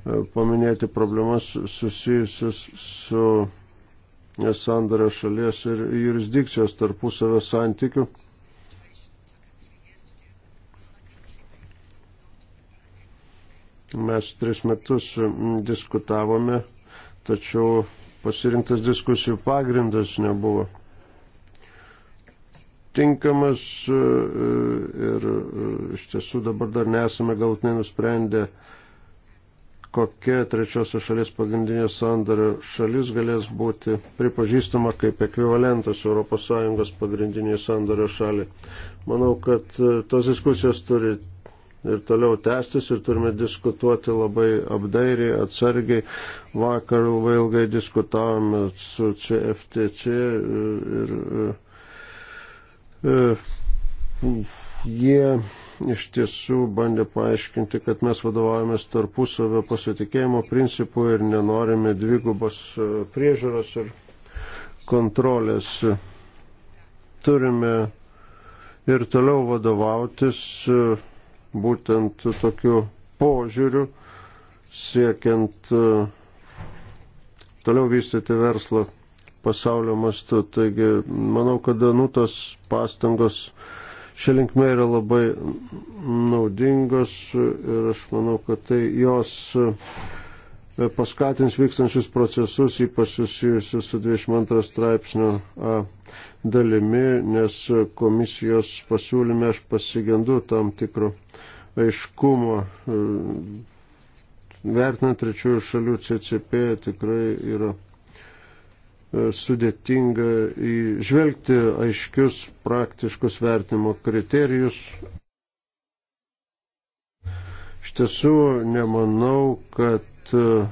e, paminėti problemas susijusius su sandario šalies ir jurisdikcijos tarpusavio santykių. Mes tris metus diskutavome, tačiau pasirinktas diskusijų pagrindas nebuvo tinkamas e, e, ir e, iš tiesų dabar dar nesame galtinai nusprendę, kokia trečiosios šalies pagrindinė sandario šalis galės būti pripažįstama kaip ekvivalentas ES pagrindinė sandario šalį. Manau, kad tos diskusijos turi ir toliau tęstis ir turime diskutuoti labai apdairiai, atsargiai. Vakar labai ilgai diskutavome su CFTC ir, ir E, jie iš tiesų bandė paaiškinti, kad mes vadovaujamės tarpusavio pasitikėjimo principu ir nenorime dvigubos e, priežaros ir kontrolės. Turime ir toliau vadovautis e, būtent tokiu požiūriu, siekiant toliau vystyti verslo pasaulio mastu. Taigi, manau, kad Danutos pastangos šią linkmę yra labai naudingos ir aš manau, kad tai jos e, paskatins vykstančius procesus, ypač susijusius su 22 straipsnio A dalimi, nes komisijos pasiūlyme aš pasigendu tam tikro aiškumo e, vertinant trečiųjų šalių CCP tikrai yra E, sudėtinga žvelgti aiškius praktiškus vertinimo kriterijus. Iš tiesų nemanau, kad e,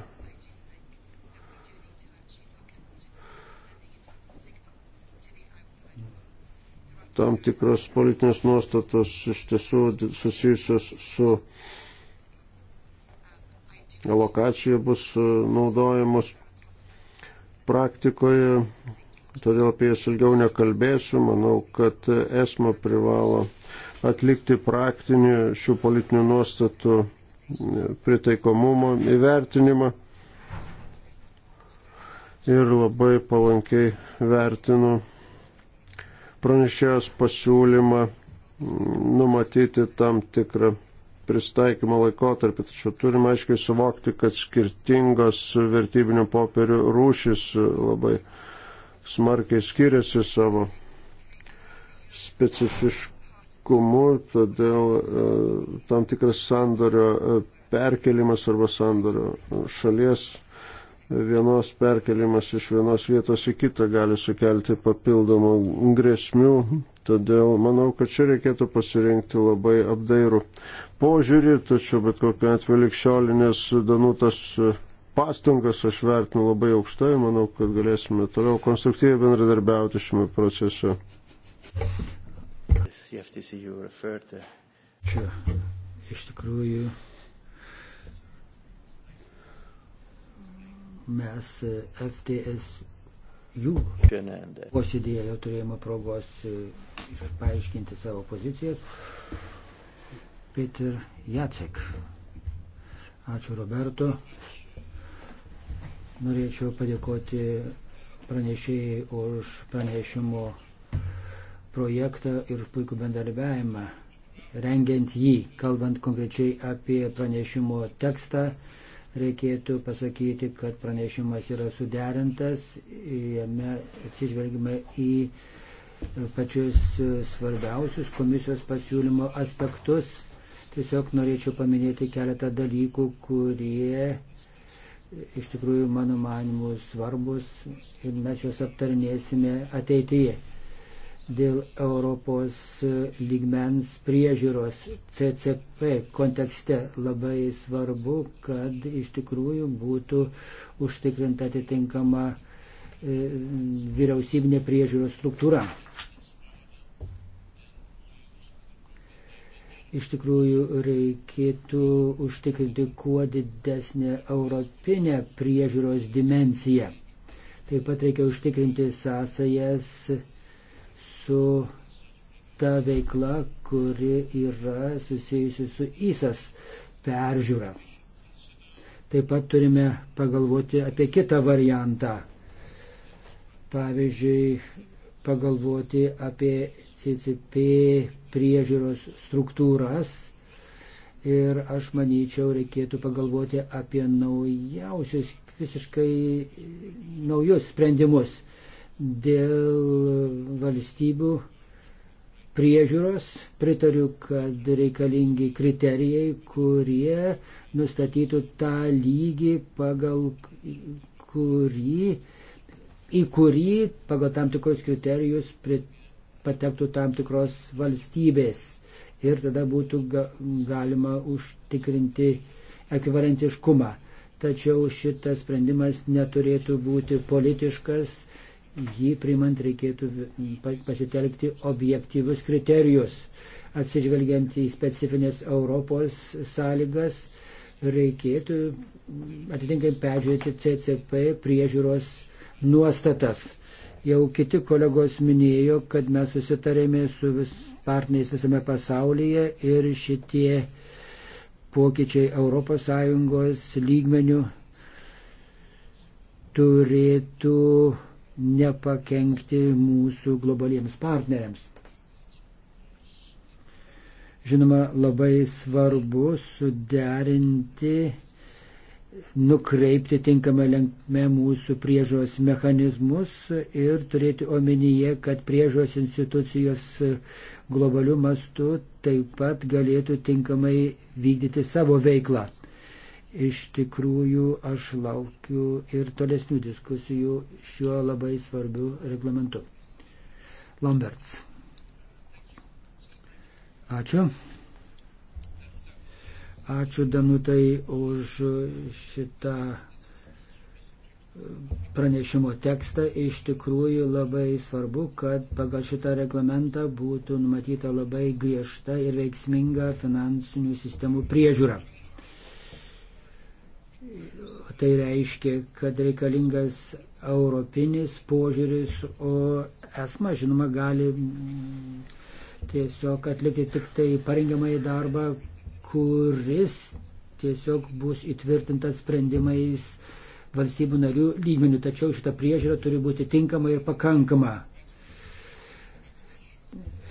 tam tikros politinės nuostatos iš tiesų susijusios su alokacija bus e, naudojamos praktikoje, todėl apie jas ilgiau nekalbėsiu. Manau, kad esma privalo atlikti praktinį šių politinių nuostatų e, pritaikomumo įvertinimą ir labai palankiai vertinu pranešėjos pasiūlymą numatyti tam tikrą pristaikymo laikotarpį, tačiau turime aiškiai suvokti, kad skirtingos vertybinių popierių rūšis labai smarkiai skiriasi savo specifiškumu, todėl e, tam tikras sandorio e, perkelimas arba sandorio šalies e, vienos perkelimas iš vienos vietos į kitą gali sukelti papildomų grėsmių, todėl manau, kad čia reikėtų pasirinkti labai apdairų požiūrį, tačiau bet kokiu atveju likščiolinės Danutas e, pastangas aš vertinu labai aukštai, manau, kad galėsime toliau konstruktyviai bendradarbiauti šiame procese. Čia iš tikrųjų mes e, FTS jų posėdėje jau turėjome progos e, paaiškinti savo pozicijas. Peter Jacek. Ačiū Roberto. Norėčiau padėkoti pranešėjai už pranešimo projektą ir už puikų bendarbiavimą. Rengiant jį, kalbant konkrečiai apie pranešimo tekstą, reikėtų pasakyti, kad pranešimas yra suderintas, jame atsižvelgime į pačius svarbiausius komisijos pasiūlymo aspektus Tiesiog norėčiau paminėti keletą dalykų, kurie iš tikrųjų mano manimu svarbus ir mes juos aptarnėsime ateityje. Dėl Europos lygmens priežiūros CCP kontekste labai svarbu, kad iš tikrųjų būtų užtikrinta atitinkama e, vyriausybinė priežiūros struktūra. Iš tikrųjų reikėtų užtikrinti kuo didesnę europinę priežiūros dimenciją. Taip pat reikia užtikrinti sąsajas su ta veikla, kuri yra susijusi su įsas peržiūra. Taip pat turime pagalvoti apie kitą variantą. Pavyzdžiui, pagalvoti apie CCP priežiūros struktūras. Ir aš manyčiau, reikėtų pagalvoti apie naujausius, visiškai naujus sprendimus dėl valstybių priežiūros. Pritariu, kad reikalingi kriterijai, kurie nustatytų tą lygį, pagal kurį uh, į kurį pagal tam tikrus kriterijus patektų tam tikros valstybės. Ir tada būtų ga, galima užtikrinti ekvivalentiškumą. Tačiau šitas sprendimas neturėtų būti politiškas, jį priimant reikėtų pasitelkti objektyvius kriterijus. Atsižvelgiant į specifines Europos sąlygas, reikėtų atitinkamai peržiūrėti CCP priežiūros nuostatas. Jau kiti kolegos minėjo, kad mes susitarėme su vis partneriais visame pasaulyje ir šitie pokyčiai ES lygmenių turėtų nepakenkti mūsų globaliems partneriams. Žinoma, labai svarbu suderinti nukreipti tinkamą linkme mūsų priežos mechanizmus ir turėti omenyje, kad priežos institucijos globalių mastų taip pat galėtų tinkamai vykdyti savo veiklą. Iš tikrųjų, aš laukiu ir tolesnių diskusijų šiuo labai svarbiu reglamentu. Lamberts. Ačiū. Ačiū Danutai už šitą e, pranešimo tekstą. Iš tikrųjų labai svarbu, kad pagal šitą reglamentą būtų numatyta labai griežta ir veiksminga finansinių sistemų priežiūra. Tai reiškia, kad reikalingas europinis požiūris, o esma, žinoma, gali tiesiog atlikti tik tai parengiamąjį darbą, kuris tiesiog bus įtvirtintas sprendimais valstybių narių lygmenių, tačiau šita priežiūra turi būti tinkama ir pakankama.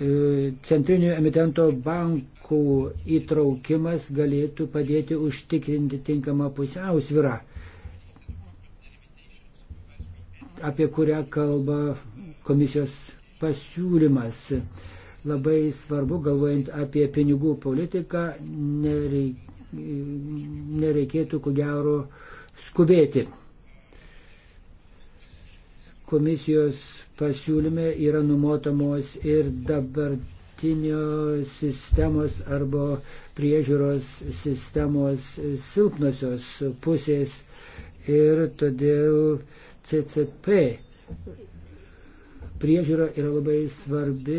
E, Centrinio emitento bankų įtraukimas galėtų padėti užtikrinti tinkamą pusiausvyrą, apie kurią kalba komisijos pasiūlymas. Labai svarbu, galvojant apie pinigų politiką, nereik, nereikėtų ko gero skubėti. Komisijos pasiūlyme yra numotamos ir dabartinio sistemos arba priežiūros sistemos silpnosios pusės ir todėl CCP priežiūra yra labai svarbi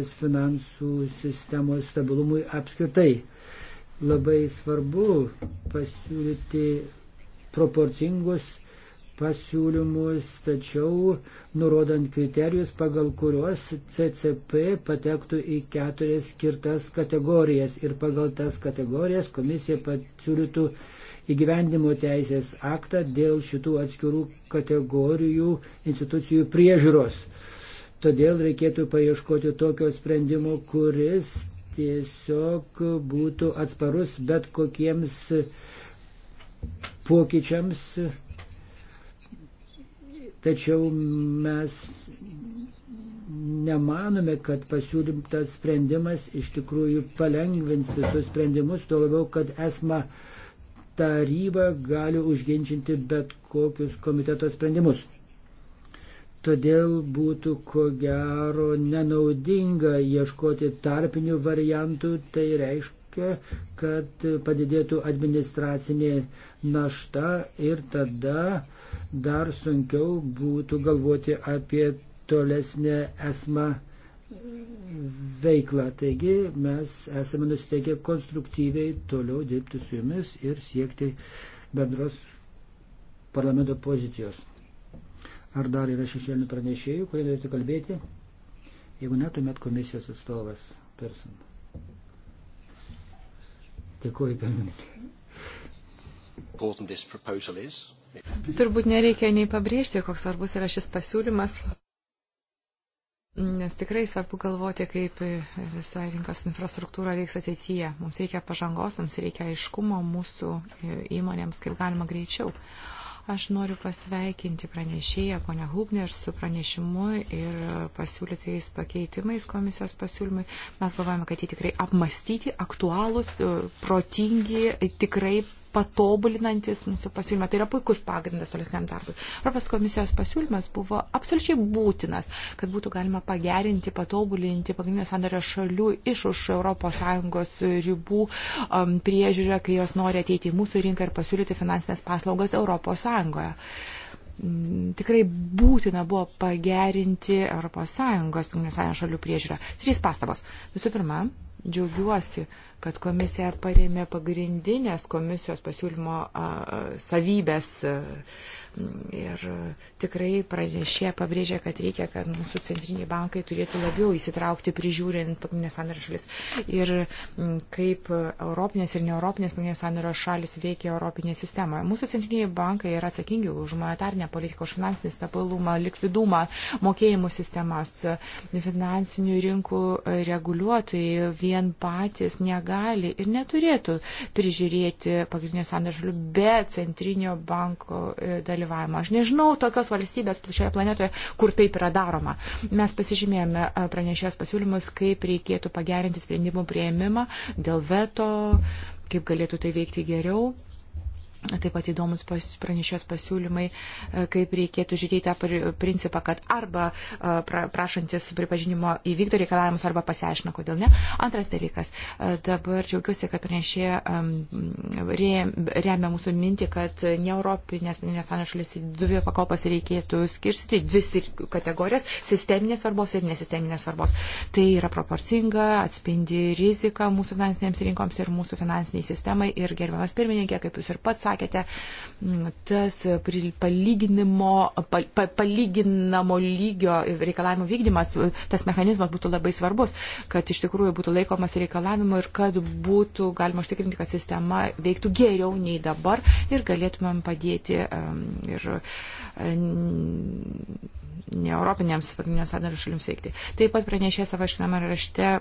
ES finansų sistemos stabilumui apskritai. Labai svarbu pasiūlyti proporcingus pasiūlymus, tačiau nurodant kriterijus, pagal kuriuos CCP patektų į keturias skirtas kategorijas ir pagal tas kategorijas komisija pasiūlytų įgyvendimo teisės aktą dėl šitų atskirų kategorijų institucijų priežiūros. Todėl reikėtų paieškoti tokio sprendimo, kuris tiesiog būtų atsparus bet kokiems pokyčiams. Tačiau mes nemanome, kad pasiūlymtas sprendimas iš tikrųjų palengvins visus sprendimus, tuo labiau, kad esma taryba gali užginčinti bet kokius komiteto sprendimus. Todėl būtų ko gero nenaudinga ieškoti tarpinių variantų, tai reiškia, kad padidėtų administracinė našta ir tada dar sunkiau būtų galvoti apie tolesnę esmą veiklą. Taigi mes esame nusiteikę konstruktyviai toliau dirbti su jumis ir siekti bendros parlamento pozicijos. Ar dar yra šešėlinių pranešėjų, kurie norėtų kalbėti? Jeigu netumėt komisijos atstovas person. Dėkuoju, pirmininkai. Turbūt nereikia nei pabrėžti, koks svarbus yra šis pasiūlymas. Nes tikrai svarbu galvoti, kaip visa rinkos infrastruktūra veiks ateityje. Mums reikia pažangos, mums reikia aiškumo mūsų įmonėms, kaip galima greičiau. Aš noriu pasveikinti pranešėją, ponę Hubner, su pranešimu ir pasiūlytais pakeitimais komisijos pasiūlymui. Mes galvojame, kad jie tikrai apmastyti, aktualūs, protingi, tikrai patobulinantis mūsų pasiūlymą. Tai yra puikus pagrindas tolesniam darbui. Europos komisijos pasiūlymas buvo absoliučiai būtinas, kad būtų galima pagerinti, patobulinti pagrindinio sandario šalių iš už ES ribų um, priežiūrę, kai jos nori ateiti į mūsų rinką ir pasiūlyti finansinės paslaugas ES mm, tikrai būtina buvo pagerinti ES, Junginės Sąjungos šalių priežiūrą. Trys pastabos. Visų pirma, džiaugiuosi, kad komisija paremė pagrindinės komisijos pasiūlymo savybės Ir tikrai pranešė pabrėžė, kad reikia, kad mūsų centriniai bankai turėtų labiau įsitraukti prižiūrint pagrindinės sandaros šalis. Ir kaip europinės ir neeuropinės pagrindinės sandaros šalis veikia europinė sistema. Mūsų centriniai bankai yra atsakingi už monetarinę politiką, už finansinį stabilumą, likvidumą, mokėjimų sistemas, finansinių rinkų reguliuotojai vien patys negali ir neturėtų prižiūrėti pagrindinės sandaros šalių be centrinio banko dalyvavimo dalyvavimo. Aš nežinau tokios valstybės šioje planetoje, kur taip yra daroma. Mes pasižymėjome e, pranešėjos pasiūlymus, kaip reikėtų pagerinti sprendimų prieimimą dėl veto, kaip galėtų tai veikti geriau. Taip pat įdomus pranešios pasiūlymai, e, kaip reikėtų žiūrėti tą principą, kad arba e, prašantis pripažinimo įvykdo reikalavimus, arba pasiaiškina, kodėl ne. Antras dalykas. E, dabar džiaugiuosi, kad pranešė remia mūsų mintį, kad ne Europinės nesąjungos šalis į dvi pakopas reikėtų skirstyti dvi kategorijas - sisteminės svarbos ir nesisteminės svarbos. Tai yra proporcinga, atspindi riziką mūsų finansinėms rinkoms ir mūsų finansiniai sistemai. Ir gerbiamas pirmininkė, kaip jūs ir pats sakėte, mm, tas palyginimo, pal, palyginamo lygio reikalavimų vykdymas, tas mechanizmas būtų labai svarbus, kad iš tikrųjų būtų laikomas reikalavimų ir kad būtų galima užtikrinti, kad sistema veiktų geriau nei dabar ir galėtumėm padėti ir ne europinėms pagrindinio sandario šalims veikti. Taip pat pranešė savo išnamą rašte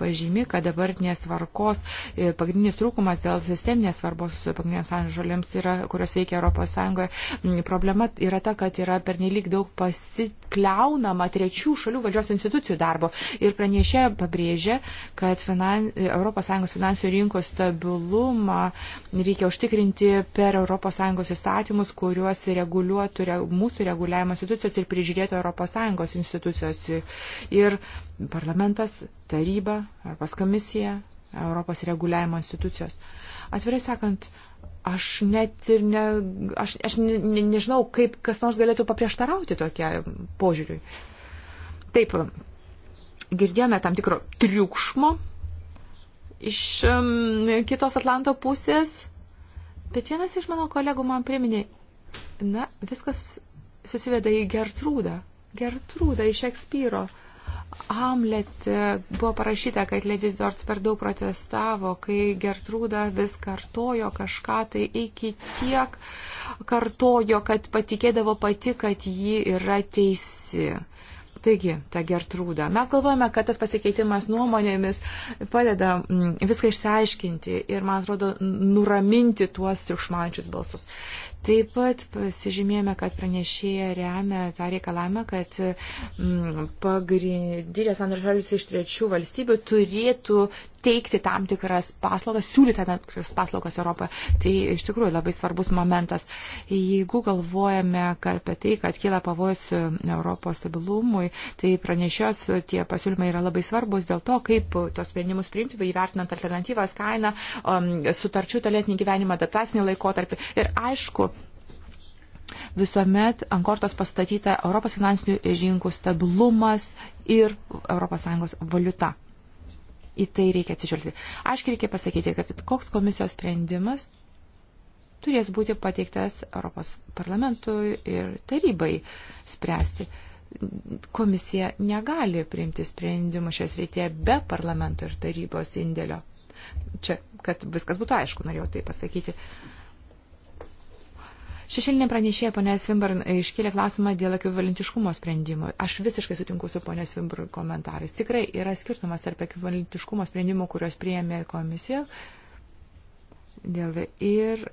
pažymi, kad dabartinės tvarkos e, pagrindinis trūkumas dėl sisteminės svarbos pagrindiniams sąjungos šalims, yra, kurios veikia ES, problema yra ta, kad yra pernelyg daug pasikliaunama trečių šalių valdžios institucijų darbo. Ir pranešė pabrėžė, kad finan, ES finansų rinkos stabilumą reikia užtikrinti per ES įstatymus, kuriuos reguliuotų re, mūsų reguliavimo institucijos ir prižiūrėtų ES institucijos. Ir parlamentas, taryba, Europos komisija, Europos reguliavimo institucijos. Atvirai sakant, aš net ir ne, aš, aš ne, ne, nežinau, kaip kas nors galėtų paprieštarauti tokia požiūriui. Taip, girdėjome tam tikro triukšmo iš um, kitos Atlanto pusės, bet vienas iš mano kolegų man priminė, na, viskas susiveda į Gertrūdą. Gertrūdą iš Šekspyro. Uh, Hamlet buvo parašyta, kad Lady Dors per daug protestavo, kai Gertrūda vis kartojo kažką, tai iki tiek kartojo, kad patikėdavo pati, kad ji yra teisi. Taigi, ta Gertrūda. Mes galvojame, kad tas pasikeitimas nuomonėmis padeda mm, viską išsiaiškinti ir, man atrodo, nuraminti tuos triukšmančius balsus. Taip pat pasižymėjome, kad pranešėja remia tą reikalavimą, kad mm, pagrindinės antras šalis iš trečių valstybių turėtų teikti tam tikras paslaugas, siūlyti tam tikras paslaugas Europoje. Tai iš tikrųjų labai svarbus momentas. Jeigu galvojame apie tai, kad kyla pavojus Europos stabilumui, tai pranešios tie pasiūlymai yra labai svarbus dėl to, kaip tos sprendimus priimti, įvertinant alternatyvas, kainą, um, sutarčių tolesnį gyvenimą, adaptacinį laikotarpį. Ir aišku, visuomet ant kortos pastatyta Europos finansinių žinkų stabilumas ir ES valiuta. Į tai reikia atsižvelgti. Aiškiai reikia pasakyti, kad koks komisijos sprendimas turės būti pateiktas Europos parlamentui ir tarybai spręsti. Komisija negali priimti sprendimų šios rytėje be parlamento ir tarybos indėlio. Čia, kad viskas būtų aišku, norėjau tai pasakyti. Uh, Šešėlinė pranešėja ponė Svimbarn iškėlė klausimą dėl ekvivalentiškumo sprendimo. Aš visiškai sutinku su ponė Svimbarn komentarais. Tikrai yra skirtumas tarp ekvivalentiškumo sprendimų, kuriuos priėmė komisija dėl, ir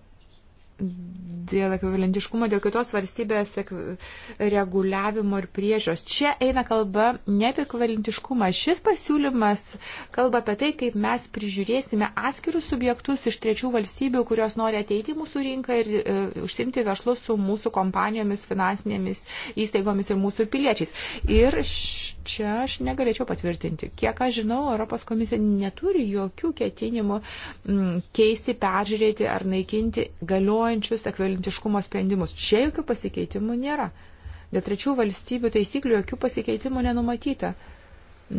dėl ekvivalentiškumo, dėl kitos valstybės reguliavimo ir priežios. Čia eina kalba ne apie ekvivalentiškumą. Šis pasiūlymas kalba apie tai, kaip mes prižiūrėsime atskirus subjektus iš trečių valstybių, kurios nori ateiti į mūsų rinką ir e, užsimti verslus su mūsų kompanijomis, finansinėmis įstaigomis ir mūsų piliečiais. Ir čia aš negalėčiau patvirtinti. Kiek aš žinau, Europos komisija neturi jokių ketinimų m, keisti, peržiūrėti ar naikinti galiojimą galiojančius ekvivalentiškumo sprendimus. Čia jokių pasikeitimų nėra. Dėl trečių valstybių taisyklių jokių pasikeitimų nenumatyta.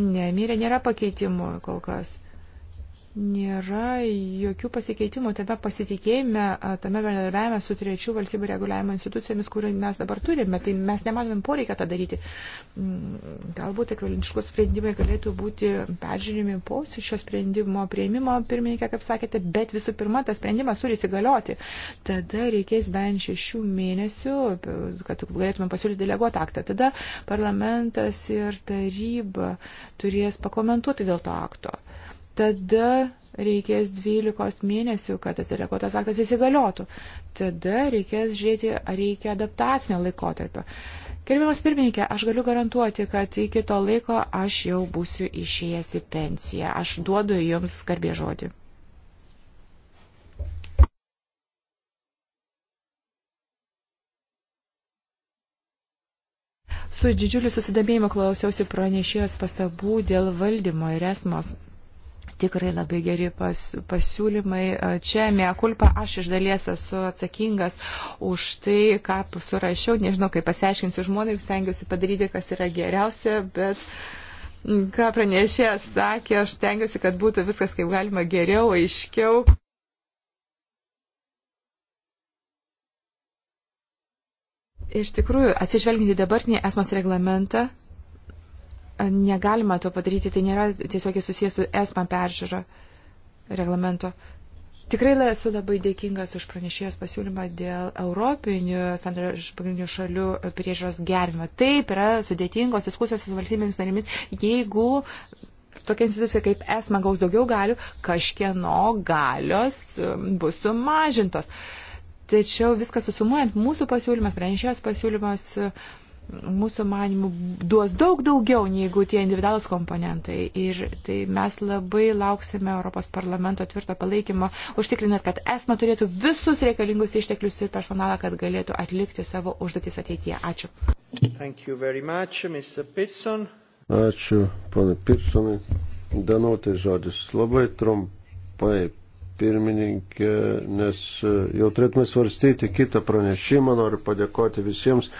Ne, mirė nėra pakeitimų kol kas nėra jokių pasikeitimų tame pasitikėjime, tame bendradarbiavime su trečių valstybių reguliavimo institucijomis, kurį mes dabar turime. Tai mes nematome poreikia tą daryti. Mm, galbūt ekvivalentiškos sprendimai galėtų būti peržiūrimi po šio sprendimo prieimimo, pirmininkė, kaip sakėte, bet visų pirma, tas sprendimas turi įsigalioti. Tada reikės bent šešių mėnesių, kad galėtume pasiūlyti deleguotą aktą. Tada parlamentas ir taryba turės pakomentuoti dėl to akto tada reikės 12 mėnesių, kad tas deleguotas aktas įsigaliotų. Tada reikės žiūrėti, ar reikia adaptacinio laikotarpio. Gerbiamas pirmininkė, aš galiu garantuoti, kad iki to laiko aš jau būsiu išėjęs į pensiją. Aš duodu jums garbė žodį. Su didžiuliu susidomėjimu klausiausi pranešėjos pastabų dėl valdymo ir esmos tikrai labai geri pas, pasiūlymai. Čia mėkulpa, aš iš dalies esu atsakingas už tai, ką surašiau. Nežinau, kaip pasiaiškinsiu žmonai, stengiuosi padaryti, kas yra geriausia, bet ką pranešėjas sakė, aš stengiuosi, kad būtų viskas kaip galima geriau, aiškiau. Iš tikrųjų, atsižvelginti dabartinį esmas reglamentą, negalima to padaryti, tai nėra tiesiogiai susijęs su ESMA peržiūra reglamento. Tikrai esu labai dėkingas už pranešėjos pasiūlymą dėl europinių pagrindinių šalių priežiūros gerimo. Taip yra sudėtingos diskusijos su valstybėmis narimis, jeigu tokia institucija kaip ESMA gaus daugiau galių, kažkieno galios um, bus sumažintos. Tačiau viskas susumuojant, mūsų pasiūlymas, pranešėjos pasiūlymas. Uh, mūsų manimų duos daug daugiau negu tie individualus komponentai. Ir tai mes labai lauksime Europos parlamento tvirto palaikymo, užtikrinant, kad esma turėtų visus reikalingus išteklius ir personalą, kad galėtų atlikti savo užduotis ateityje. Ačiū. Much, Ačiū, pana Pirsonai. Danutai žodis. Labai trumpai pirmininkė, nes e, jau turėtume svarstyti kitą pranešimą. Noriu padėkoti visiems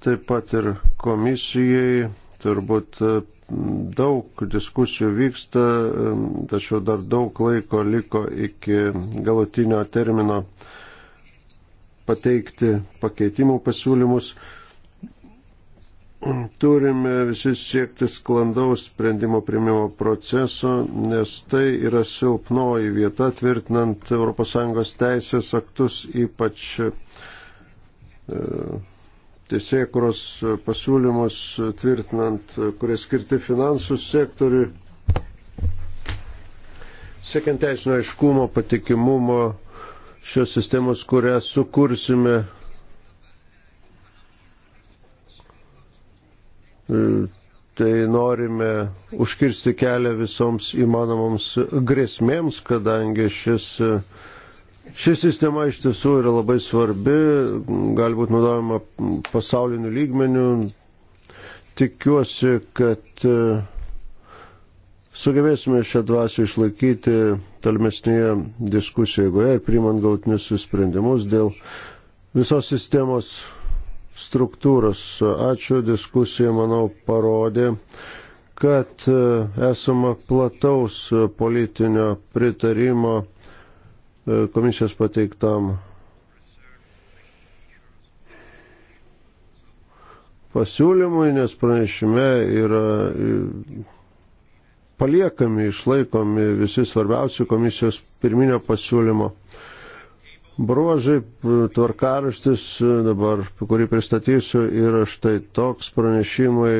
taip pat ir komisijai. Turbūt e, daug diskusijų vyksta, e, tačiau dar daug laiko liko iki galutinio termino pateikti pakeitimų pasiūlymus. Turime visi siekti sklandaus sprendimo primimo proceso, nes tai yra silpnoji vieta tvirtinant ES teisės aktus, ypač e, teisėkuros pasiūlymus tvirtinant, kurie skirti finansų sektoriui. Siekiant teisinio aiškumo, patikimumo šios sistemos, kurią sukursime, tai norime užkirsti kelią visoms įmanomoms grėsmėms, kadangi šis uh, Ši sistema iš tiesų yra labai svarbi, gali būti naudojama pasauliniu lygmeniu. Tikiuosi, kad e, sugebėsime šią dvasę išlaikyti tolimesnėje diskusijoje, jeigu ir priimant galtinius sprendimus dėl visos sistemos struktūros. Ačiū, diskusija, manau, parodė, kad e, esama plataus politinio pritarimo E, komisijos pateiktam pasiūlymui, nes pranešime yra e, paliekami, išlaikomi visi svarbiausi komisijos pirminio pasiūlymo bruožai, e, tvarkaraštis dabar, kurį pristatysiu, yra štai toks pranešimai.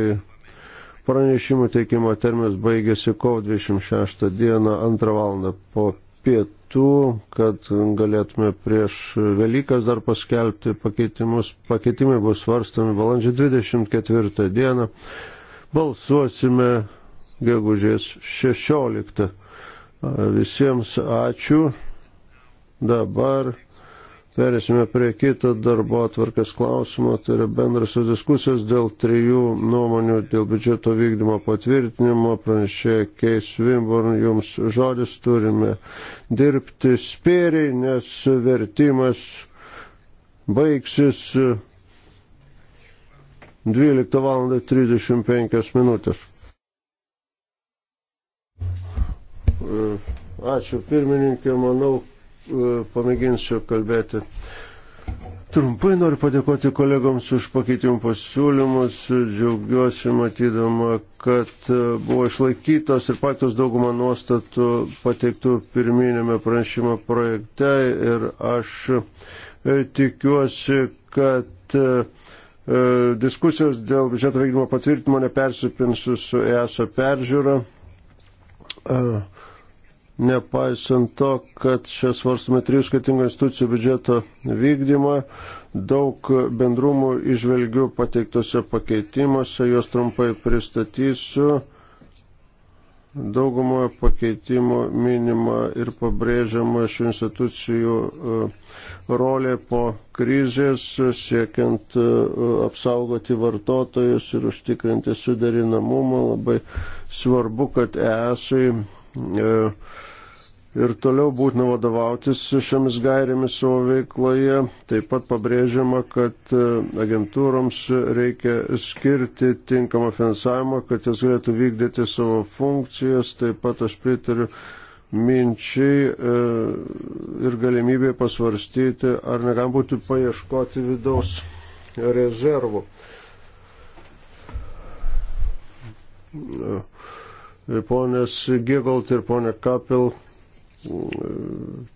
Pranešimų teikimo terminas baigėsi kovo 26 dieną 2 val. po pietų, kad galėtume prieš Velykas dar paskelbti pakeitimus. Pakeitimai bus svarstami balandžio 24 dieną. Balsuosime gegužės 16. Visiems ačiū. Dabar Perėsime prie kito darbo atvarkės klausimo, tai yra bendrasios diskusijos dėl trijų nuomonių dėl biudžeto vykdymo patvirtinimo, pranešė Keis Vimborn, jums žodis turime dirbti spėriai, nes vertimas baigsis 12 val. 35 minutės. Ačiū pirmininkė, manau, E, pamėginsiu kalbėti. Trumpai noriu padėkoti kolegoms už pakeitimų pasiūlymus. Džiaugiuosi matydama, kad e, buvo išlaikytos ir patos dauguma nuostatų pateiktų pirminėme pranešimo projekte ir aš e, tikiuosi, kad diskusijos dėl biudžeto vykdymo patvirtimo nepersipinsiu su ESO peržiūra. Uh, nepaisant to, kad čia svarstame trijų skirtingų institucijų biudžeto vykdymą, daug bendrumų išvelgiu pateiktose pakeitimuose, juos trumpai pristatysiu. Daugumoje pakeitimų minima ir pabrėžiama šių institucijų e, rolė po krizės, siekiant e, apsaugoti vartotojus ir užtikrinti suderinamumą. Labai svarbu, kad esai e, ir toliau būtina vadovautis šiomis gairėmis savo veikloje. Taip pat pabrėžiama, kad e, agentūroms reikia skirti tinkamą finansavimą, kad jas galėtų vykdyti savo funkcijas. Taip pat aš pritariu minčiai e, ir galimybė pasvarstyti, ar negam būti paieškoti vidaus rezervų. E, ponės Gigalt ir ponė Kapil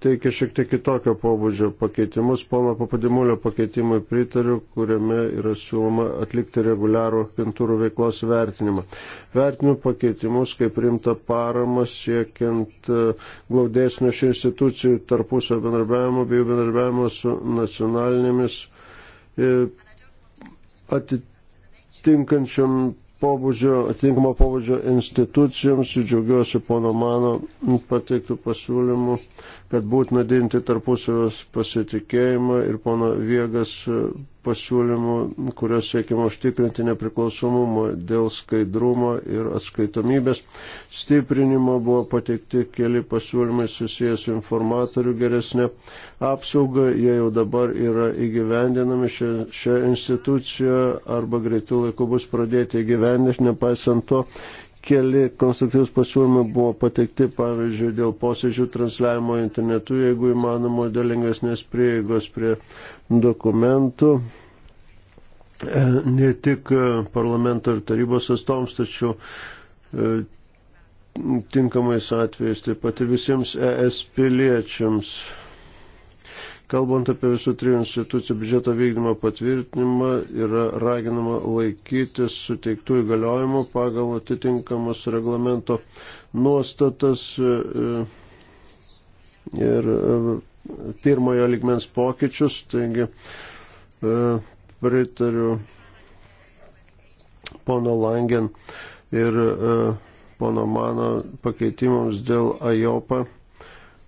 teikia šiek tiek kitokio pobūdžio pakeitimus. Pono papadimulio pakeitimui pritariu, kuriame yra siūloma atlikti reguliarų agentūrų veiklos vertinimą. Vertinu pakeitimus kaip rimta parama siekiant e, glaudėsnio šių institucijų tarpusio bendarbiavimo bei bendarbiavimo su nacionalinėmis e, atitinkančiam pobūdžio, atitinkamo pobūdžio institucijoms. Džiaugiuosi pono mano pateiktų pasiūlymų kad būtina didinti tarpusavės pasitikėjimą ir pono Viegas pasiūlymų, kurios siekima užtikrinti nepriklausomumą dėl skaidrumo ir atskaitomybės. Stiprinimo buvo pateikti keli pasiūlymai susijęs su informatorių geresnė apsauga, jie jau dabar yra įgyvendinami šią instituciją arba greitų laikų bus pradėti įgyvendinti, nepaisant to keli konstruktyvus pasiūlymai buvo pateikti, pavyzdžiui, dėl posėdžių transliavimo internetu, jeigu įmanoma, dėl lengvesnės prieigos prie dokumentų. E, ne tik e, parlamento ir tarybos atstovams, tačiau e, tinkamais atvejais taip pat ir visiems ES piliečiams. Kalbant apie visų trijų institucijų biudžeto vykdymo patvirtinimą, yra raginama laikytis suteiktų įgaliojimų pagal atitinkamus reglamento nuostatas e, ir e, pirmojo ligmens pokyčius. Taigi e, pritariu pono Langen ir pono mano pakeitimams dėl AJOPA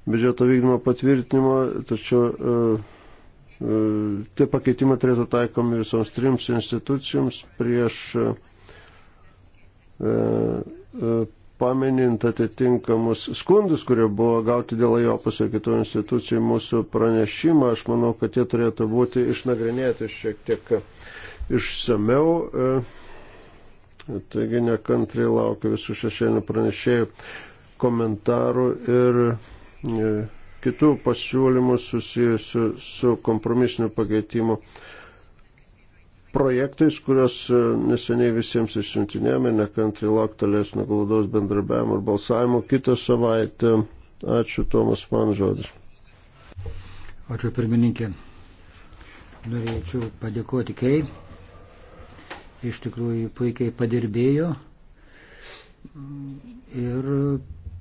biudžeto vykdymo patvirtinimo, tačiau e, e, tie pakeitimai turėtų taikomi visoms trims institucijoms prieš e, paminint atitinkamus skundus, kurie buvo gauti dėl AJOPAS ir kitų institucijų mūsų pranešimą. Aš manau, kad jie turėtų būti išnagrinėti šiek tiek išsameu. Taigi nekantriai laukiu visų šešėlinių pranešėjų komentarų ir E, kitų pasiūlymų susijusių su kompromisiniu pakeitimu projektais, kuriuos e, neseniai visiems išsiuntinėjome, nekantri lauktelės nuglaudos bendrabiavimo ir balsavimo kitą savaitę. Ačiū Tomas man žodis. Ačiū pirmininkė. Norėčiau padėkoti Kei. Iš tikrųjų puikiai padirbėjo ir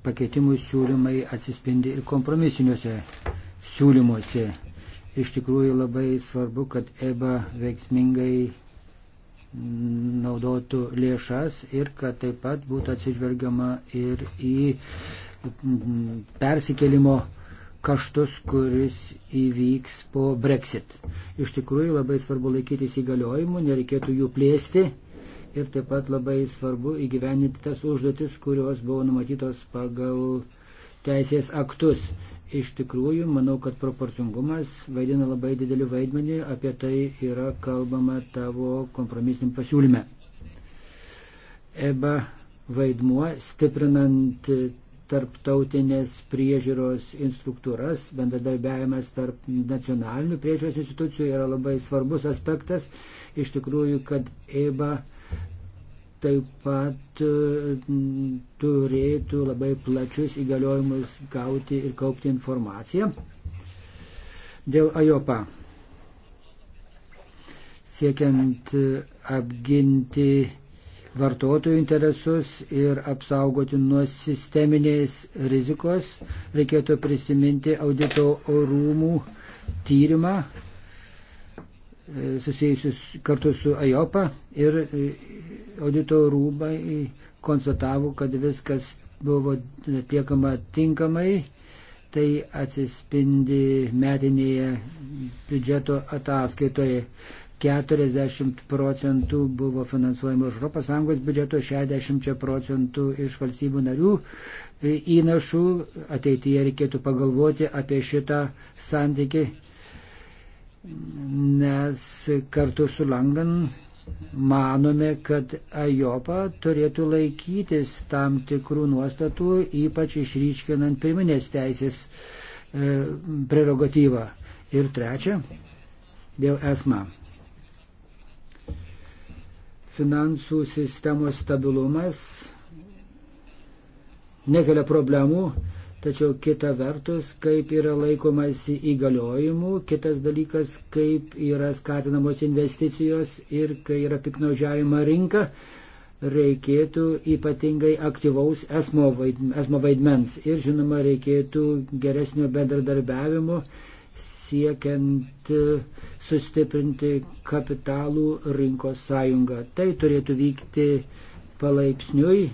pakeitimų siūlymai atsispindi ir kompromisiniuose siūlymuose. Iš tikrųjų labai svarbu, kad EBA veiksmingai naudotų lėšas ir kad taip pat būtų atsižvelgiama ir į persikelimo kaštus, kuris įvyks po Brexit. Iš tikrųjų labai svarbu laikytis įgaliojimų, nereikėtų jų plėsti ir taip pat labai svarbu įgyveninti tas užduotis, kurios buvo numatytos pagal teisės aktus. Iš tikrųjų, manau, kad proporcingumas vaidina labai didelį vaidmenį, apie tai yra kalbama tavo kompromisiniam pasiūlyme. EBA vaidmuo stiprinant tarptautinės priežiūros instruktūras, bendradarbiavimas tarp nacionalinių priežiūros institucijų yra labai svarbus aspektas. Iš tikrųjų, kad EBA taip pat e, turėtų labai plačius įgaliojimus gauti ir kaupti informaciją. Dėl AJOPA siekiant e, apginti vartotojų interesus ir apsaugoti nuo sisteminės rizikos, reikėtų prisiminti audito rūmų tyrimą susijusius kartu su AJOPA ir e, audito rūmai konstatavo, kad viskas buvo atliekama tinkamai. Tai atsispindi metinėje biudžeto ataskaitoje. 40 procentų buvo finansuojama iš ES biudžeto, 60 procentų iš valstybių narių e, įnašų. Ateityje reikėtų pagalvoti apie šitą santykį Nes kartu su Langan manome, kad Ajopa turėtų laikytis tam tikrų nuostatų, ypač išryškinant pirminės teisės e, prerogatyvą. Ir trečia, dėl esmą. Finansų sistemos stabilumas nekelia problemų, tačiau kita vertus, kaip yra laikomasi įgaliojimų, kitas dalykas, kaip yra skatinamos investicijos ir kai yra piknaudžiavima rinka, reikėtų ypatingai aktyvaus esmo vaidmens ir žinoma reikėtų geresnio bendradarbiavimo siekiant e, sustiprinti kapitalų rinkos sąjungą. Tai turėtų vykti palaipsniui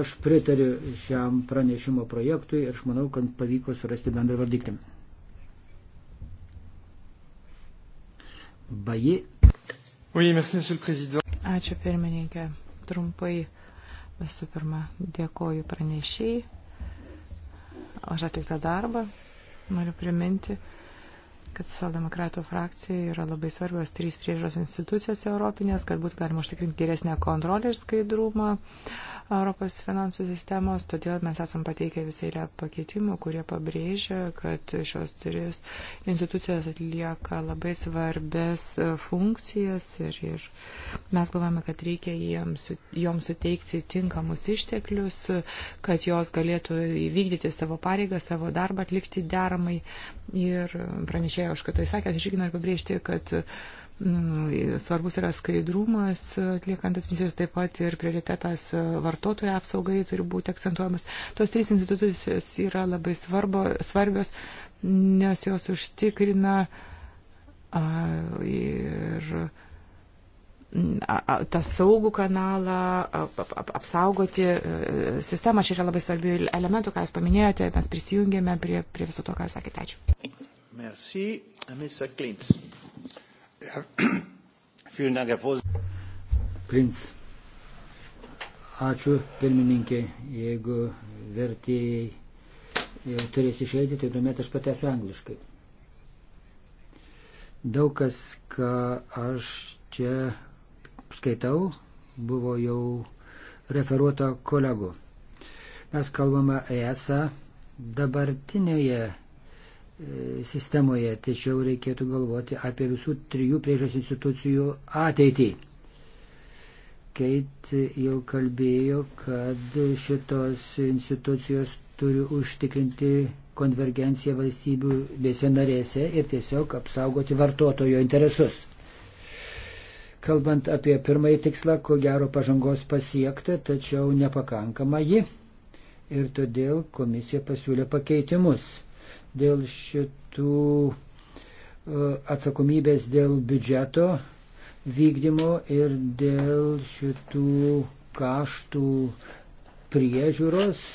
Aš pritariu šiam pranešimo projektui ir aš manau, kad pavyko surasti bendrą vardiklį. Baji. Oui, merci, Ačiū pirmininkė. Trumpai visų pirma dėkoju pranešėjai už atliktą darbą. Noriu priminti, kad socialdemokratų frakcija yra labai svarbios trys priežos institucijos europinės, kad būtų galima užtikrinti geresnę kontrolę ir skaidrumą Europos finansų sistemos. Todėl mes esam pateikę visai lę pakeitimų, kurie pabrėžia, kad šios trys institucijos atlieka labai svarbės funkcijas ir, ir mes galvojame, kad reikia jiems, joms suteikti tinkamus išteklius, kad jos galėtų įvykdyti savo pareigą, savo darbą atlikti deramai ir pranešėjo, aš kad tai sakė, aš irgi noriu pabrėžti, kad mm, svarbus yra skaidrumas atliekantas misijos, taip pat ir prioritetas vartotojų apsaugai turi būti akcentuojamas. Tos trys institucijos yra labai svarbo, svarbios, nes jos užtikrina a, ir tą saugų kanalą, apsaugoti e, sistemą. Čia yra labai svarbių elementų, ką Jūs paminėjote, mes prisijungėme prie, prie viso to, ką Jūs sakėte. Ačiū. Merci, Mr. Klintz. Klintz. Ačiū, pirmininkė. Jeigu vertėjai jau e, turės išeiti, tai tuomet aš patęsiu angliškai. Daug kas, ką aš čia skaitau, buvo jau referuota kolegų. Mes kalbame ESA dabartinėje e, sistemoje, tačiau reikėtų galvoti apie visų trijų priežas institucijų ateitį. Keit jau kalbėjo, kad šitos institucijos turi užtikrinti konvergenciją valstybių visi narėse ir tiesiog apsaugoti vartotojo interesus. Kalbant apie pirmąjį tikslą, ko gero pažangos pasiekta, tačiau nepakankama ji. Ir todėl komisija pasiūlė pakeitimus dėl šitų e, atsakomybės dėl biudžeto vykdymo ir dėl šitų kaštų priežiūros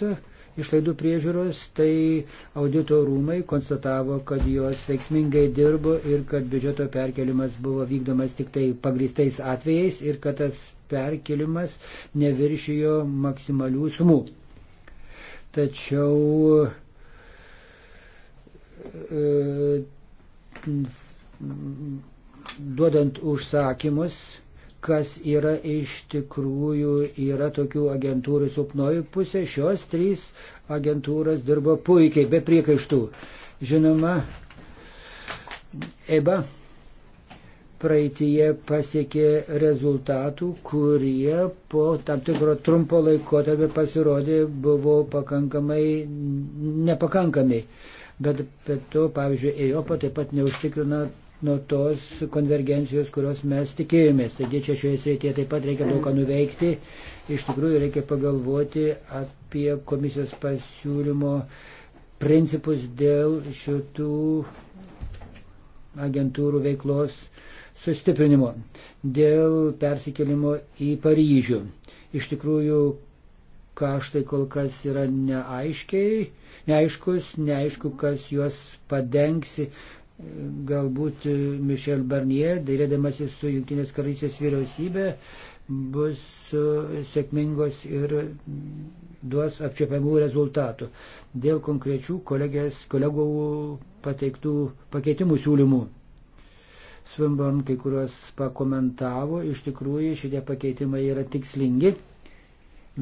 išlaidų priežiūros, tai audito rūmai konstatavo, kad jos veiksmingai dirbo ir kad biudžeto perkelimas buvo vykdomas tik tai pagristais atvejais ir kad tas perkelimas neviršijo maksimalių sumų. Tačiau e, duodant užsakymus, kas yra iš tikrųjų, yra tokių agentūrų silpnoji pusė. Šios trys agentūros dirbo puikiai, be priekaištų. Žinoma, EBA praeitie pasiekė rezultatų, kurie po tam tikro trumpo laiko tarp pasirodė buvo pakankamai nepakankami. Bet, bet to, pavyzdžiui, EOPA taip pat neužtikrina nuo tos konvergencijos, kurios mes tikėjomės. Taigi čia šioje srityje taip pat reikia daug ką nuveikti. Iš tikrųjų reikia pagalvoti apie komisijos pasiūlymo principus dėl šitų agentūrų veiklos sustiprinimo, dėl persikėlimo į Paryžių. Iš tikrųjų, kaštai kol kas yra neaiškiai, neaiškus, neaišku, kas juos padengsi, galbūt Mišel Barnier, dėrėdamasis su Junktinės karalystės vyriausybė, bus e, sėkmingos ir duos apčiopiamų rezultatų dėl konkrečių kolegės, kolegų pateiktų pakeitimų siūlymų. Svimborn kai kuriuos pakomentavo, iš tikrųjų šitie pakeitimai yra tikslingi.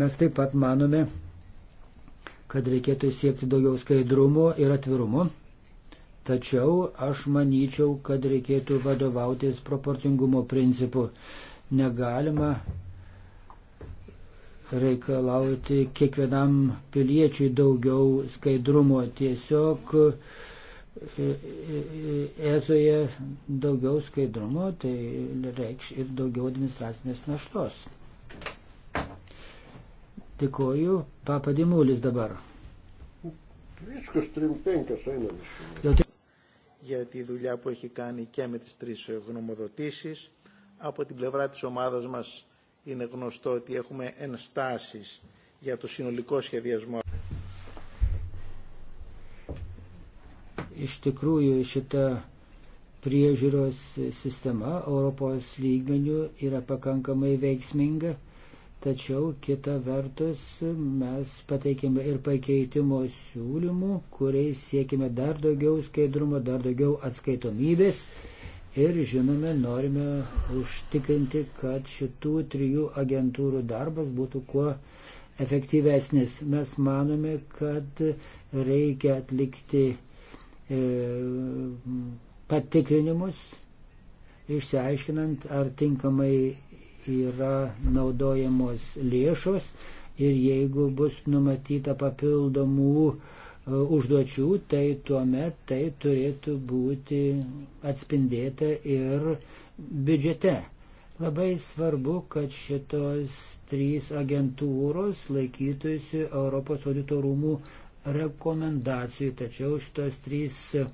Mes taip pat manome, kad reikėtų siekti daugiau skaidrumo ir atvirumo Tačiau aš manyčiau, kad reikėtų vadovautis proporcingumo principu. Negalima reikalauti kiekvienam piliečiui daugiau skaidrumo. Tiesiog e, e, e, ezoje daugiau skaidrumo, tai reikš ir daugiau administracinės naštos. Dėkoju, papadimulis dabar. Viskas trim penkias einam για τη δουλειά που έχει κάνει και με τις τρεις γνωμοδοτήσεις. Από την πλευρά της ομάδας μας είναι γνωστό ότι έχουμε ενστάσεις για το συνολικό σχεδιασμό. Iš tikrųjų šita priežiūros sistema Europos lygmenių yra pakankamai veiksminga Tačiau kita vertus mes pateikėme ir pakeitimo siūlymų, kuriais siekime dar daugiau skaidrumo, dar daugiau atskaitomybės ir žinome, norime užtikrinti, kad šitų trijų agentūrų darbas būtų kuo efektyvesnis. Mes manome, kad reikia atlikti e, patikrinimus, išsiaiškinant, ar tinkamai yra naudojamos lėšos ir jeigu bus numatyta papildomų e, užduočių, tai tuomet tai turėtų būti atspindėta ir biudžete. Labai svarbu, kad šitos trys agentūros laikytųsi Europos audito rūmų rekomendacijų, tačiau šitos trys uh,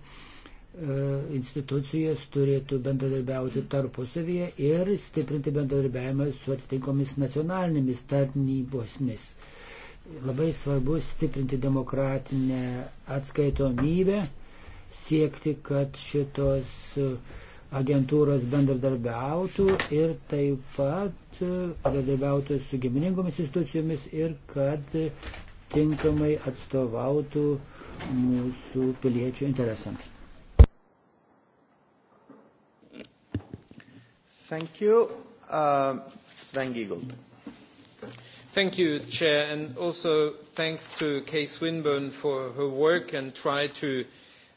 E, institucijos turėtų bendradarbiauti tarpusavyje ir stiprinti bendradarbiavimą su atitinkomis nacionalinėmis tarnybosmis. Labai svarbu stiprinti demokratinę atskaitomybę, siekti, kad šitos agentūros bendradarbiautų ir taip pat bendradarbiautų su giminingomis institucijomis ir kad tinkamai atstovautų mūsų piliečių interesams. Thank you. Uh, Sven Giegold. Thank you, Chair, and also thanks to Kay Swinburne for her work and try to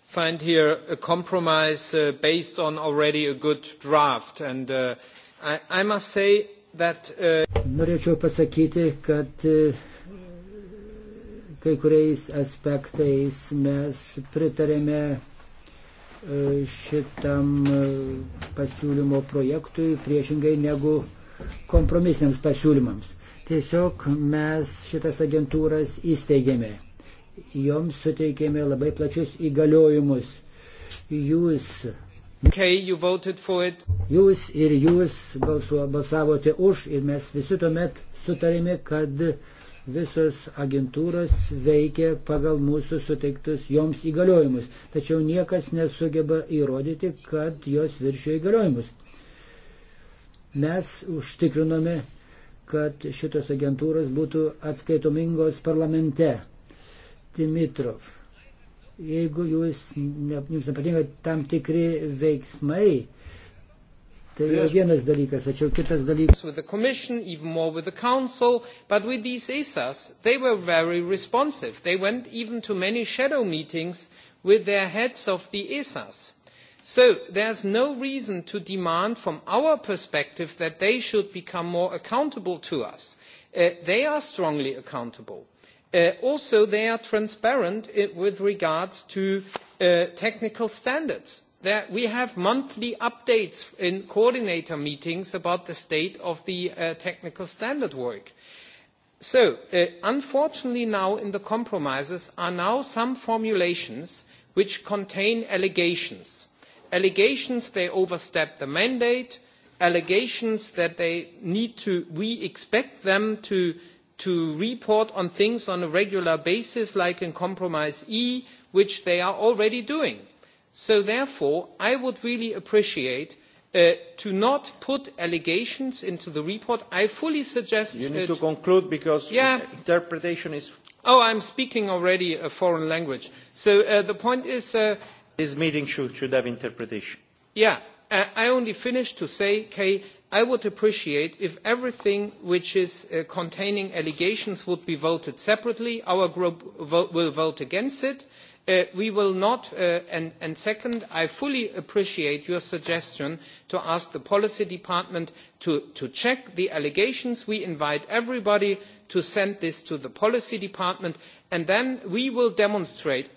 find here a compromise uh, based on already a good draft. And uh, I, I must say that... Uh, Norėčiau pasakyti, kad uh, kai kuriais aspektais mes pritarėme šitam e, pasiūlymo projektui priešingai negu kompromisiniams pasiūlymams. Tiesiog mes šitas agentūras įsteigėme. Joms suteikėme labai plačius įgaliojimus. Jūs Okay, jūs ir jūs balsuo, balsavote už ir mes visi tuomet sutarėme, kad Visos agentūros veikia pagal mūsų suteiktus joms įgaliojimus, tačiau niekas nesugeba įrodyti, kad jos viršio įgaliojimus. Mes užtikrinome, kad šitos agentūros būtų atskaitomingos parlamente. Dimitrov jeigu jūs, ne, jums nepatinka tam tikri veiksmai, Tai vienas dalykas, tačiau kitas dalykas. With the Commission, even more with the Council, but with these ESAs, they were very responsive. They went even to many shadow meetings with their heads of the ESAs. So there's no reason to demand from our perspective that they should become more accountable to us. Uh, they are strongly accountable. Uh, also, they are transparent uh, with regards to uh, technical standards that we have monthly updates in coordinator meetings about the state of the uh, technical standard work. So, uh, unfortunately now in the compromises are now some formulations which contain allegations. Allegations they overstep the mandate, allegations that they need to, we expect them to, to report on things on a regular basis like in compromise E, which they are already doing so therefore i would really appreciate uh, to not put allegations into the report i fully suggest you need uh, to conclude because yeah, interpretation is oh i'm speaking already a foreign language so uh, the point is uh, this meeting should, should have interpretation yeah uh, i only finished to say kay i would appreciate if everything which is uh, containing allegations would be voted separately our group vo- will vote against it uh, Uh, we will not uh, and, and second i fully appreciate your suggestion to ask the policy department to, to check the allegations we invite everybody to send this to the policy department and then we will demonstrate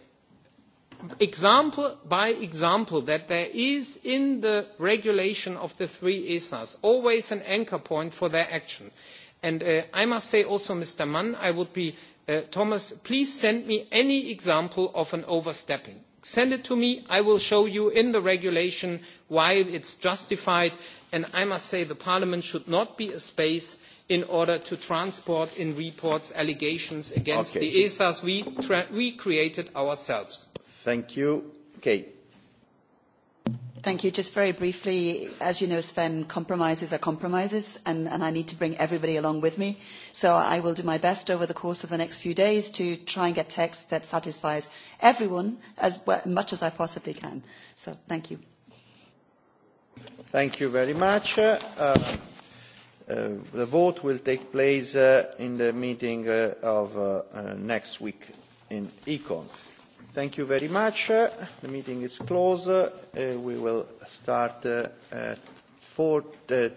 example by example that there is in the regulation of the three esas always an anchor point for their action. And, uh, i must say also mr mann i would be Uh, Thomas, please send me any example of an overstepping. Send it to me. I will show you in the regulation why it's justified. And I must say the Parliament should not be a space in order to transport in reports allegations against okay. the ESAs we, tra- we created ourselves. Thank you. Okay. Thank you. Just very briefly, as you know, Sven, compromises are compromises, and, and I need to bring everybody along with me. So I will do my best over the course of the next few days to try and get text that satisfies everyone as well, much as I possibly can. So thank you. Thank you very much. Uh, uh, the vote will take place uh, in the meeting uh, of uh, uh, next week in Econ. Thank you very much. Uh, the meeting is closed. Uh, we will start uh, at Uh,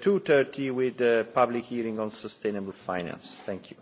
two thirty with a public hearing on sustainable finance. thank you.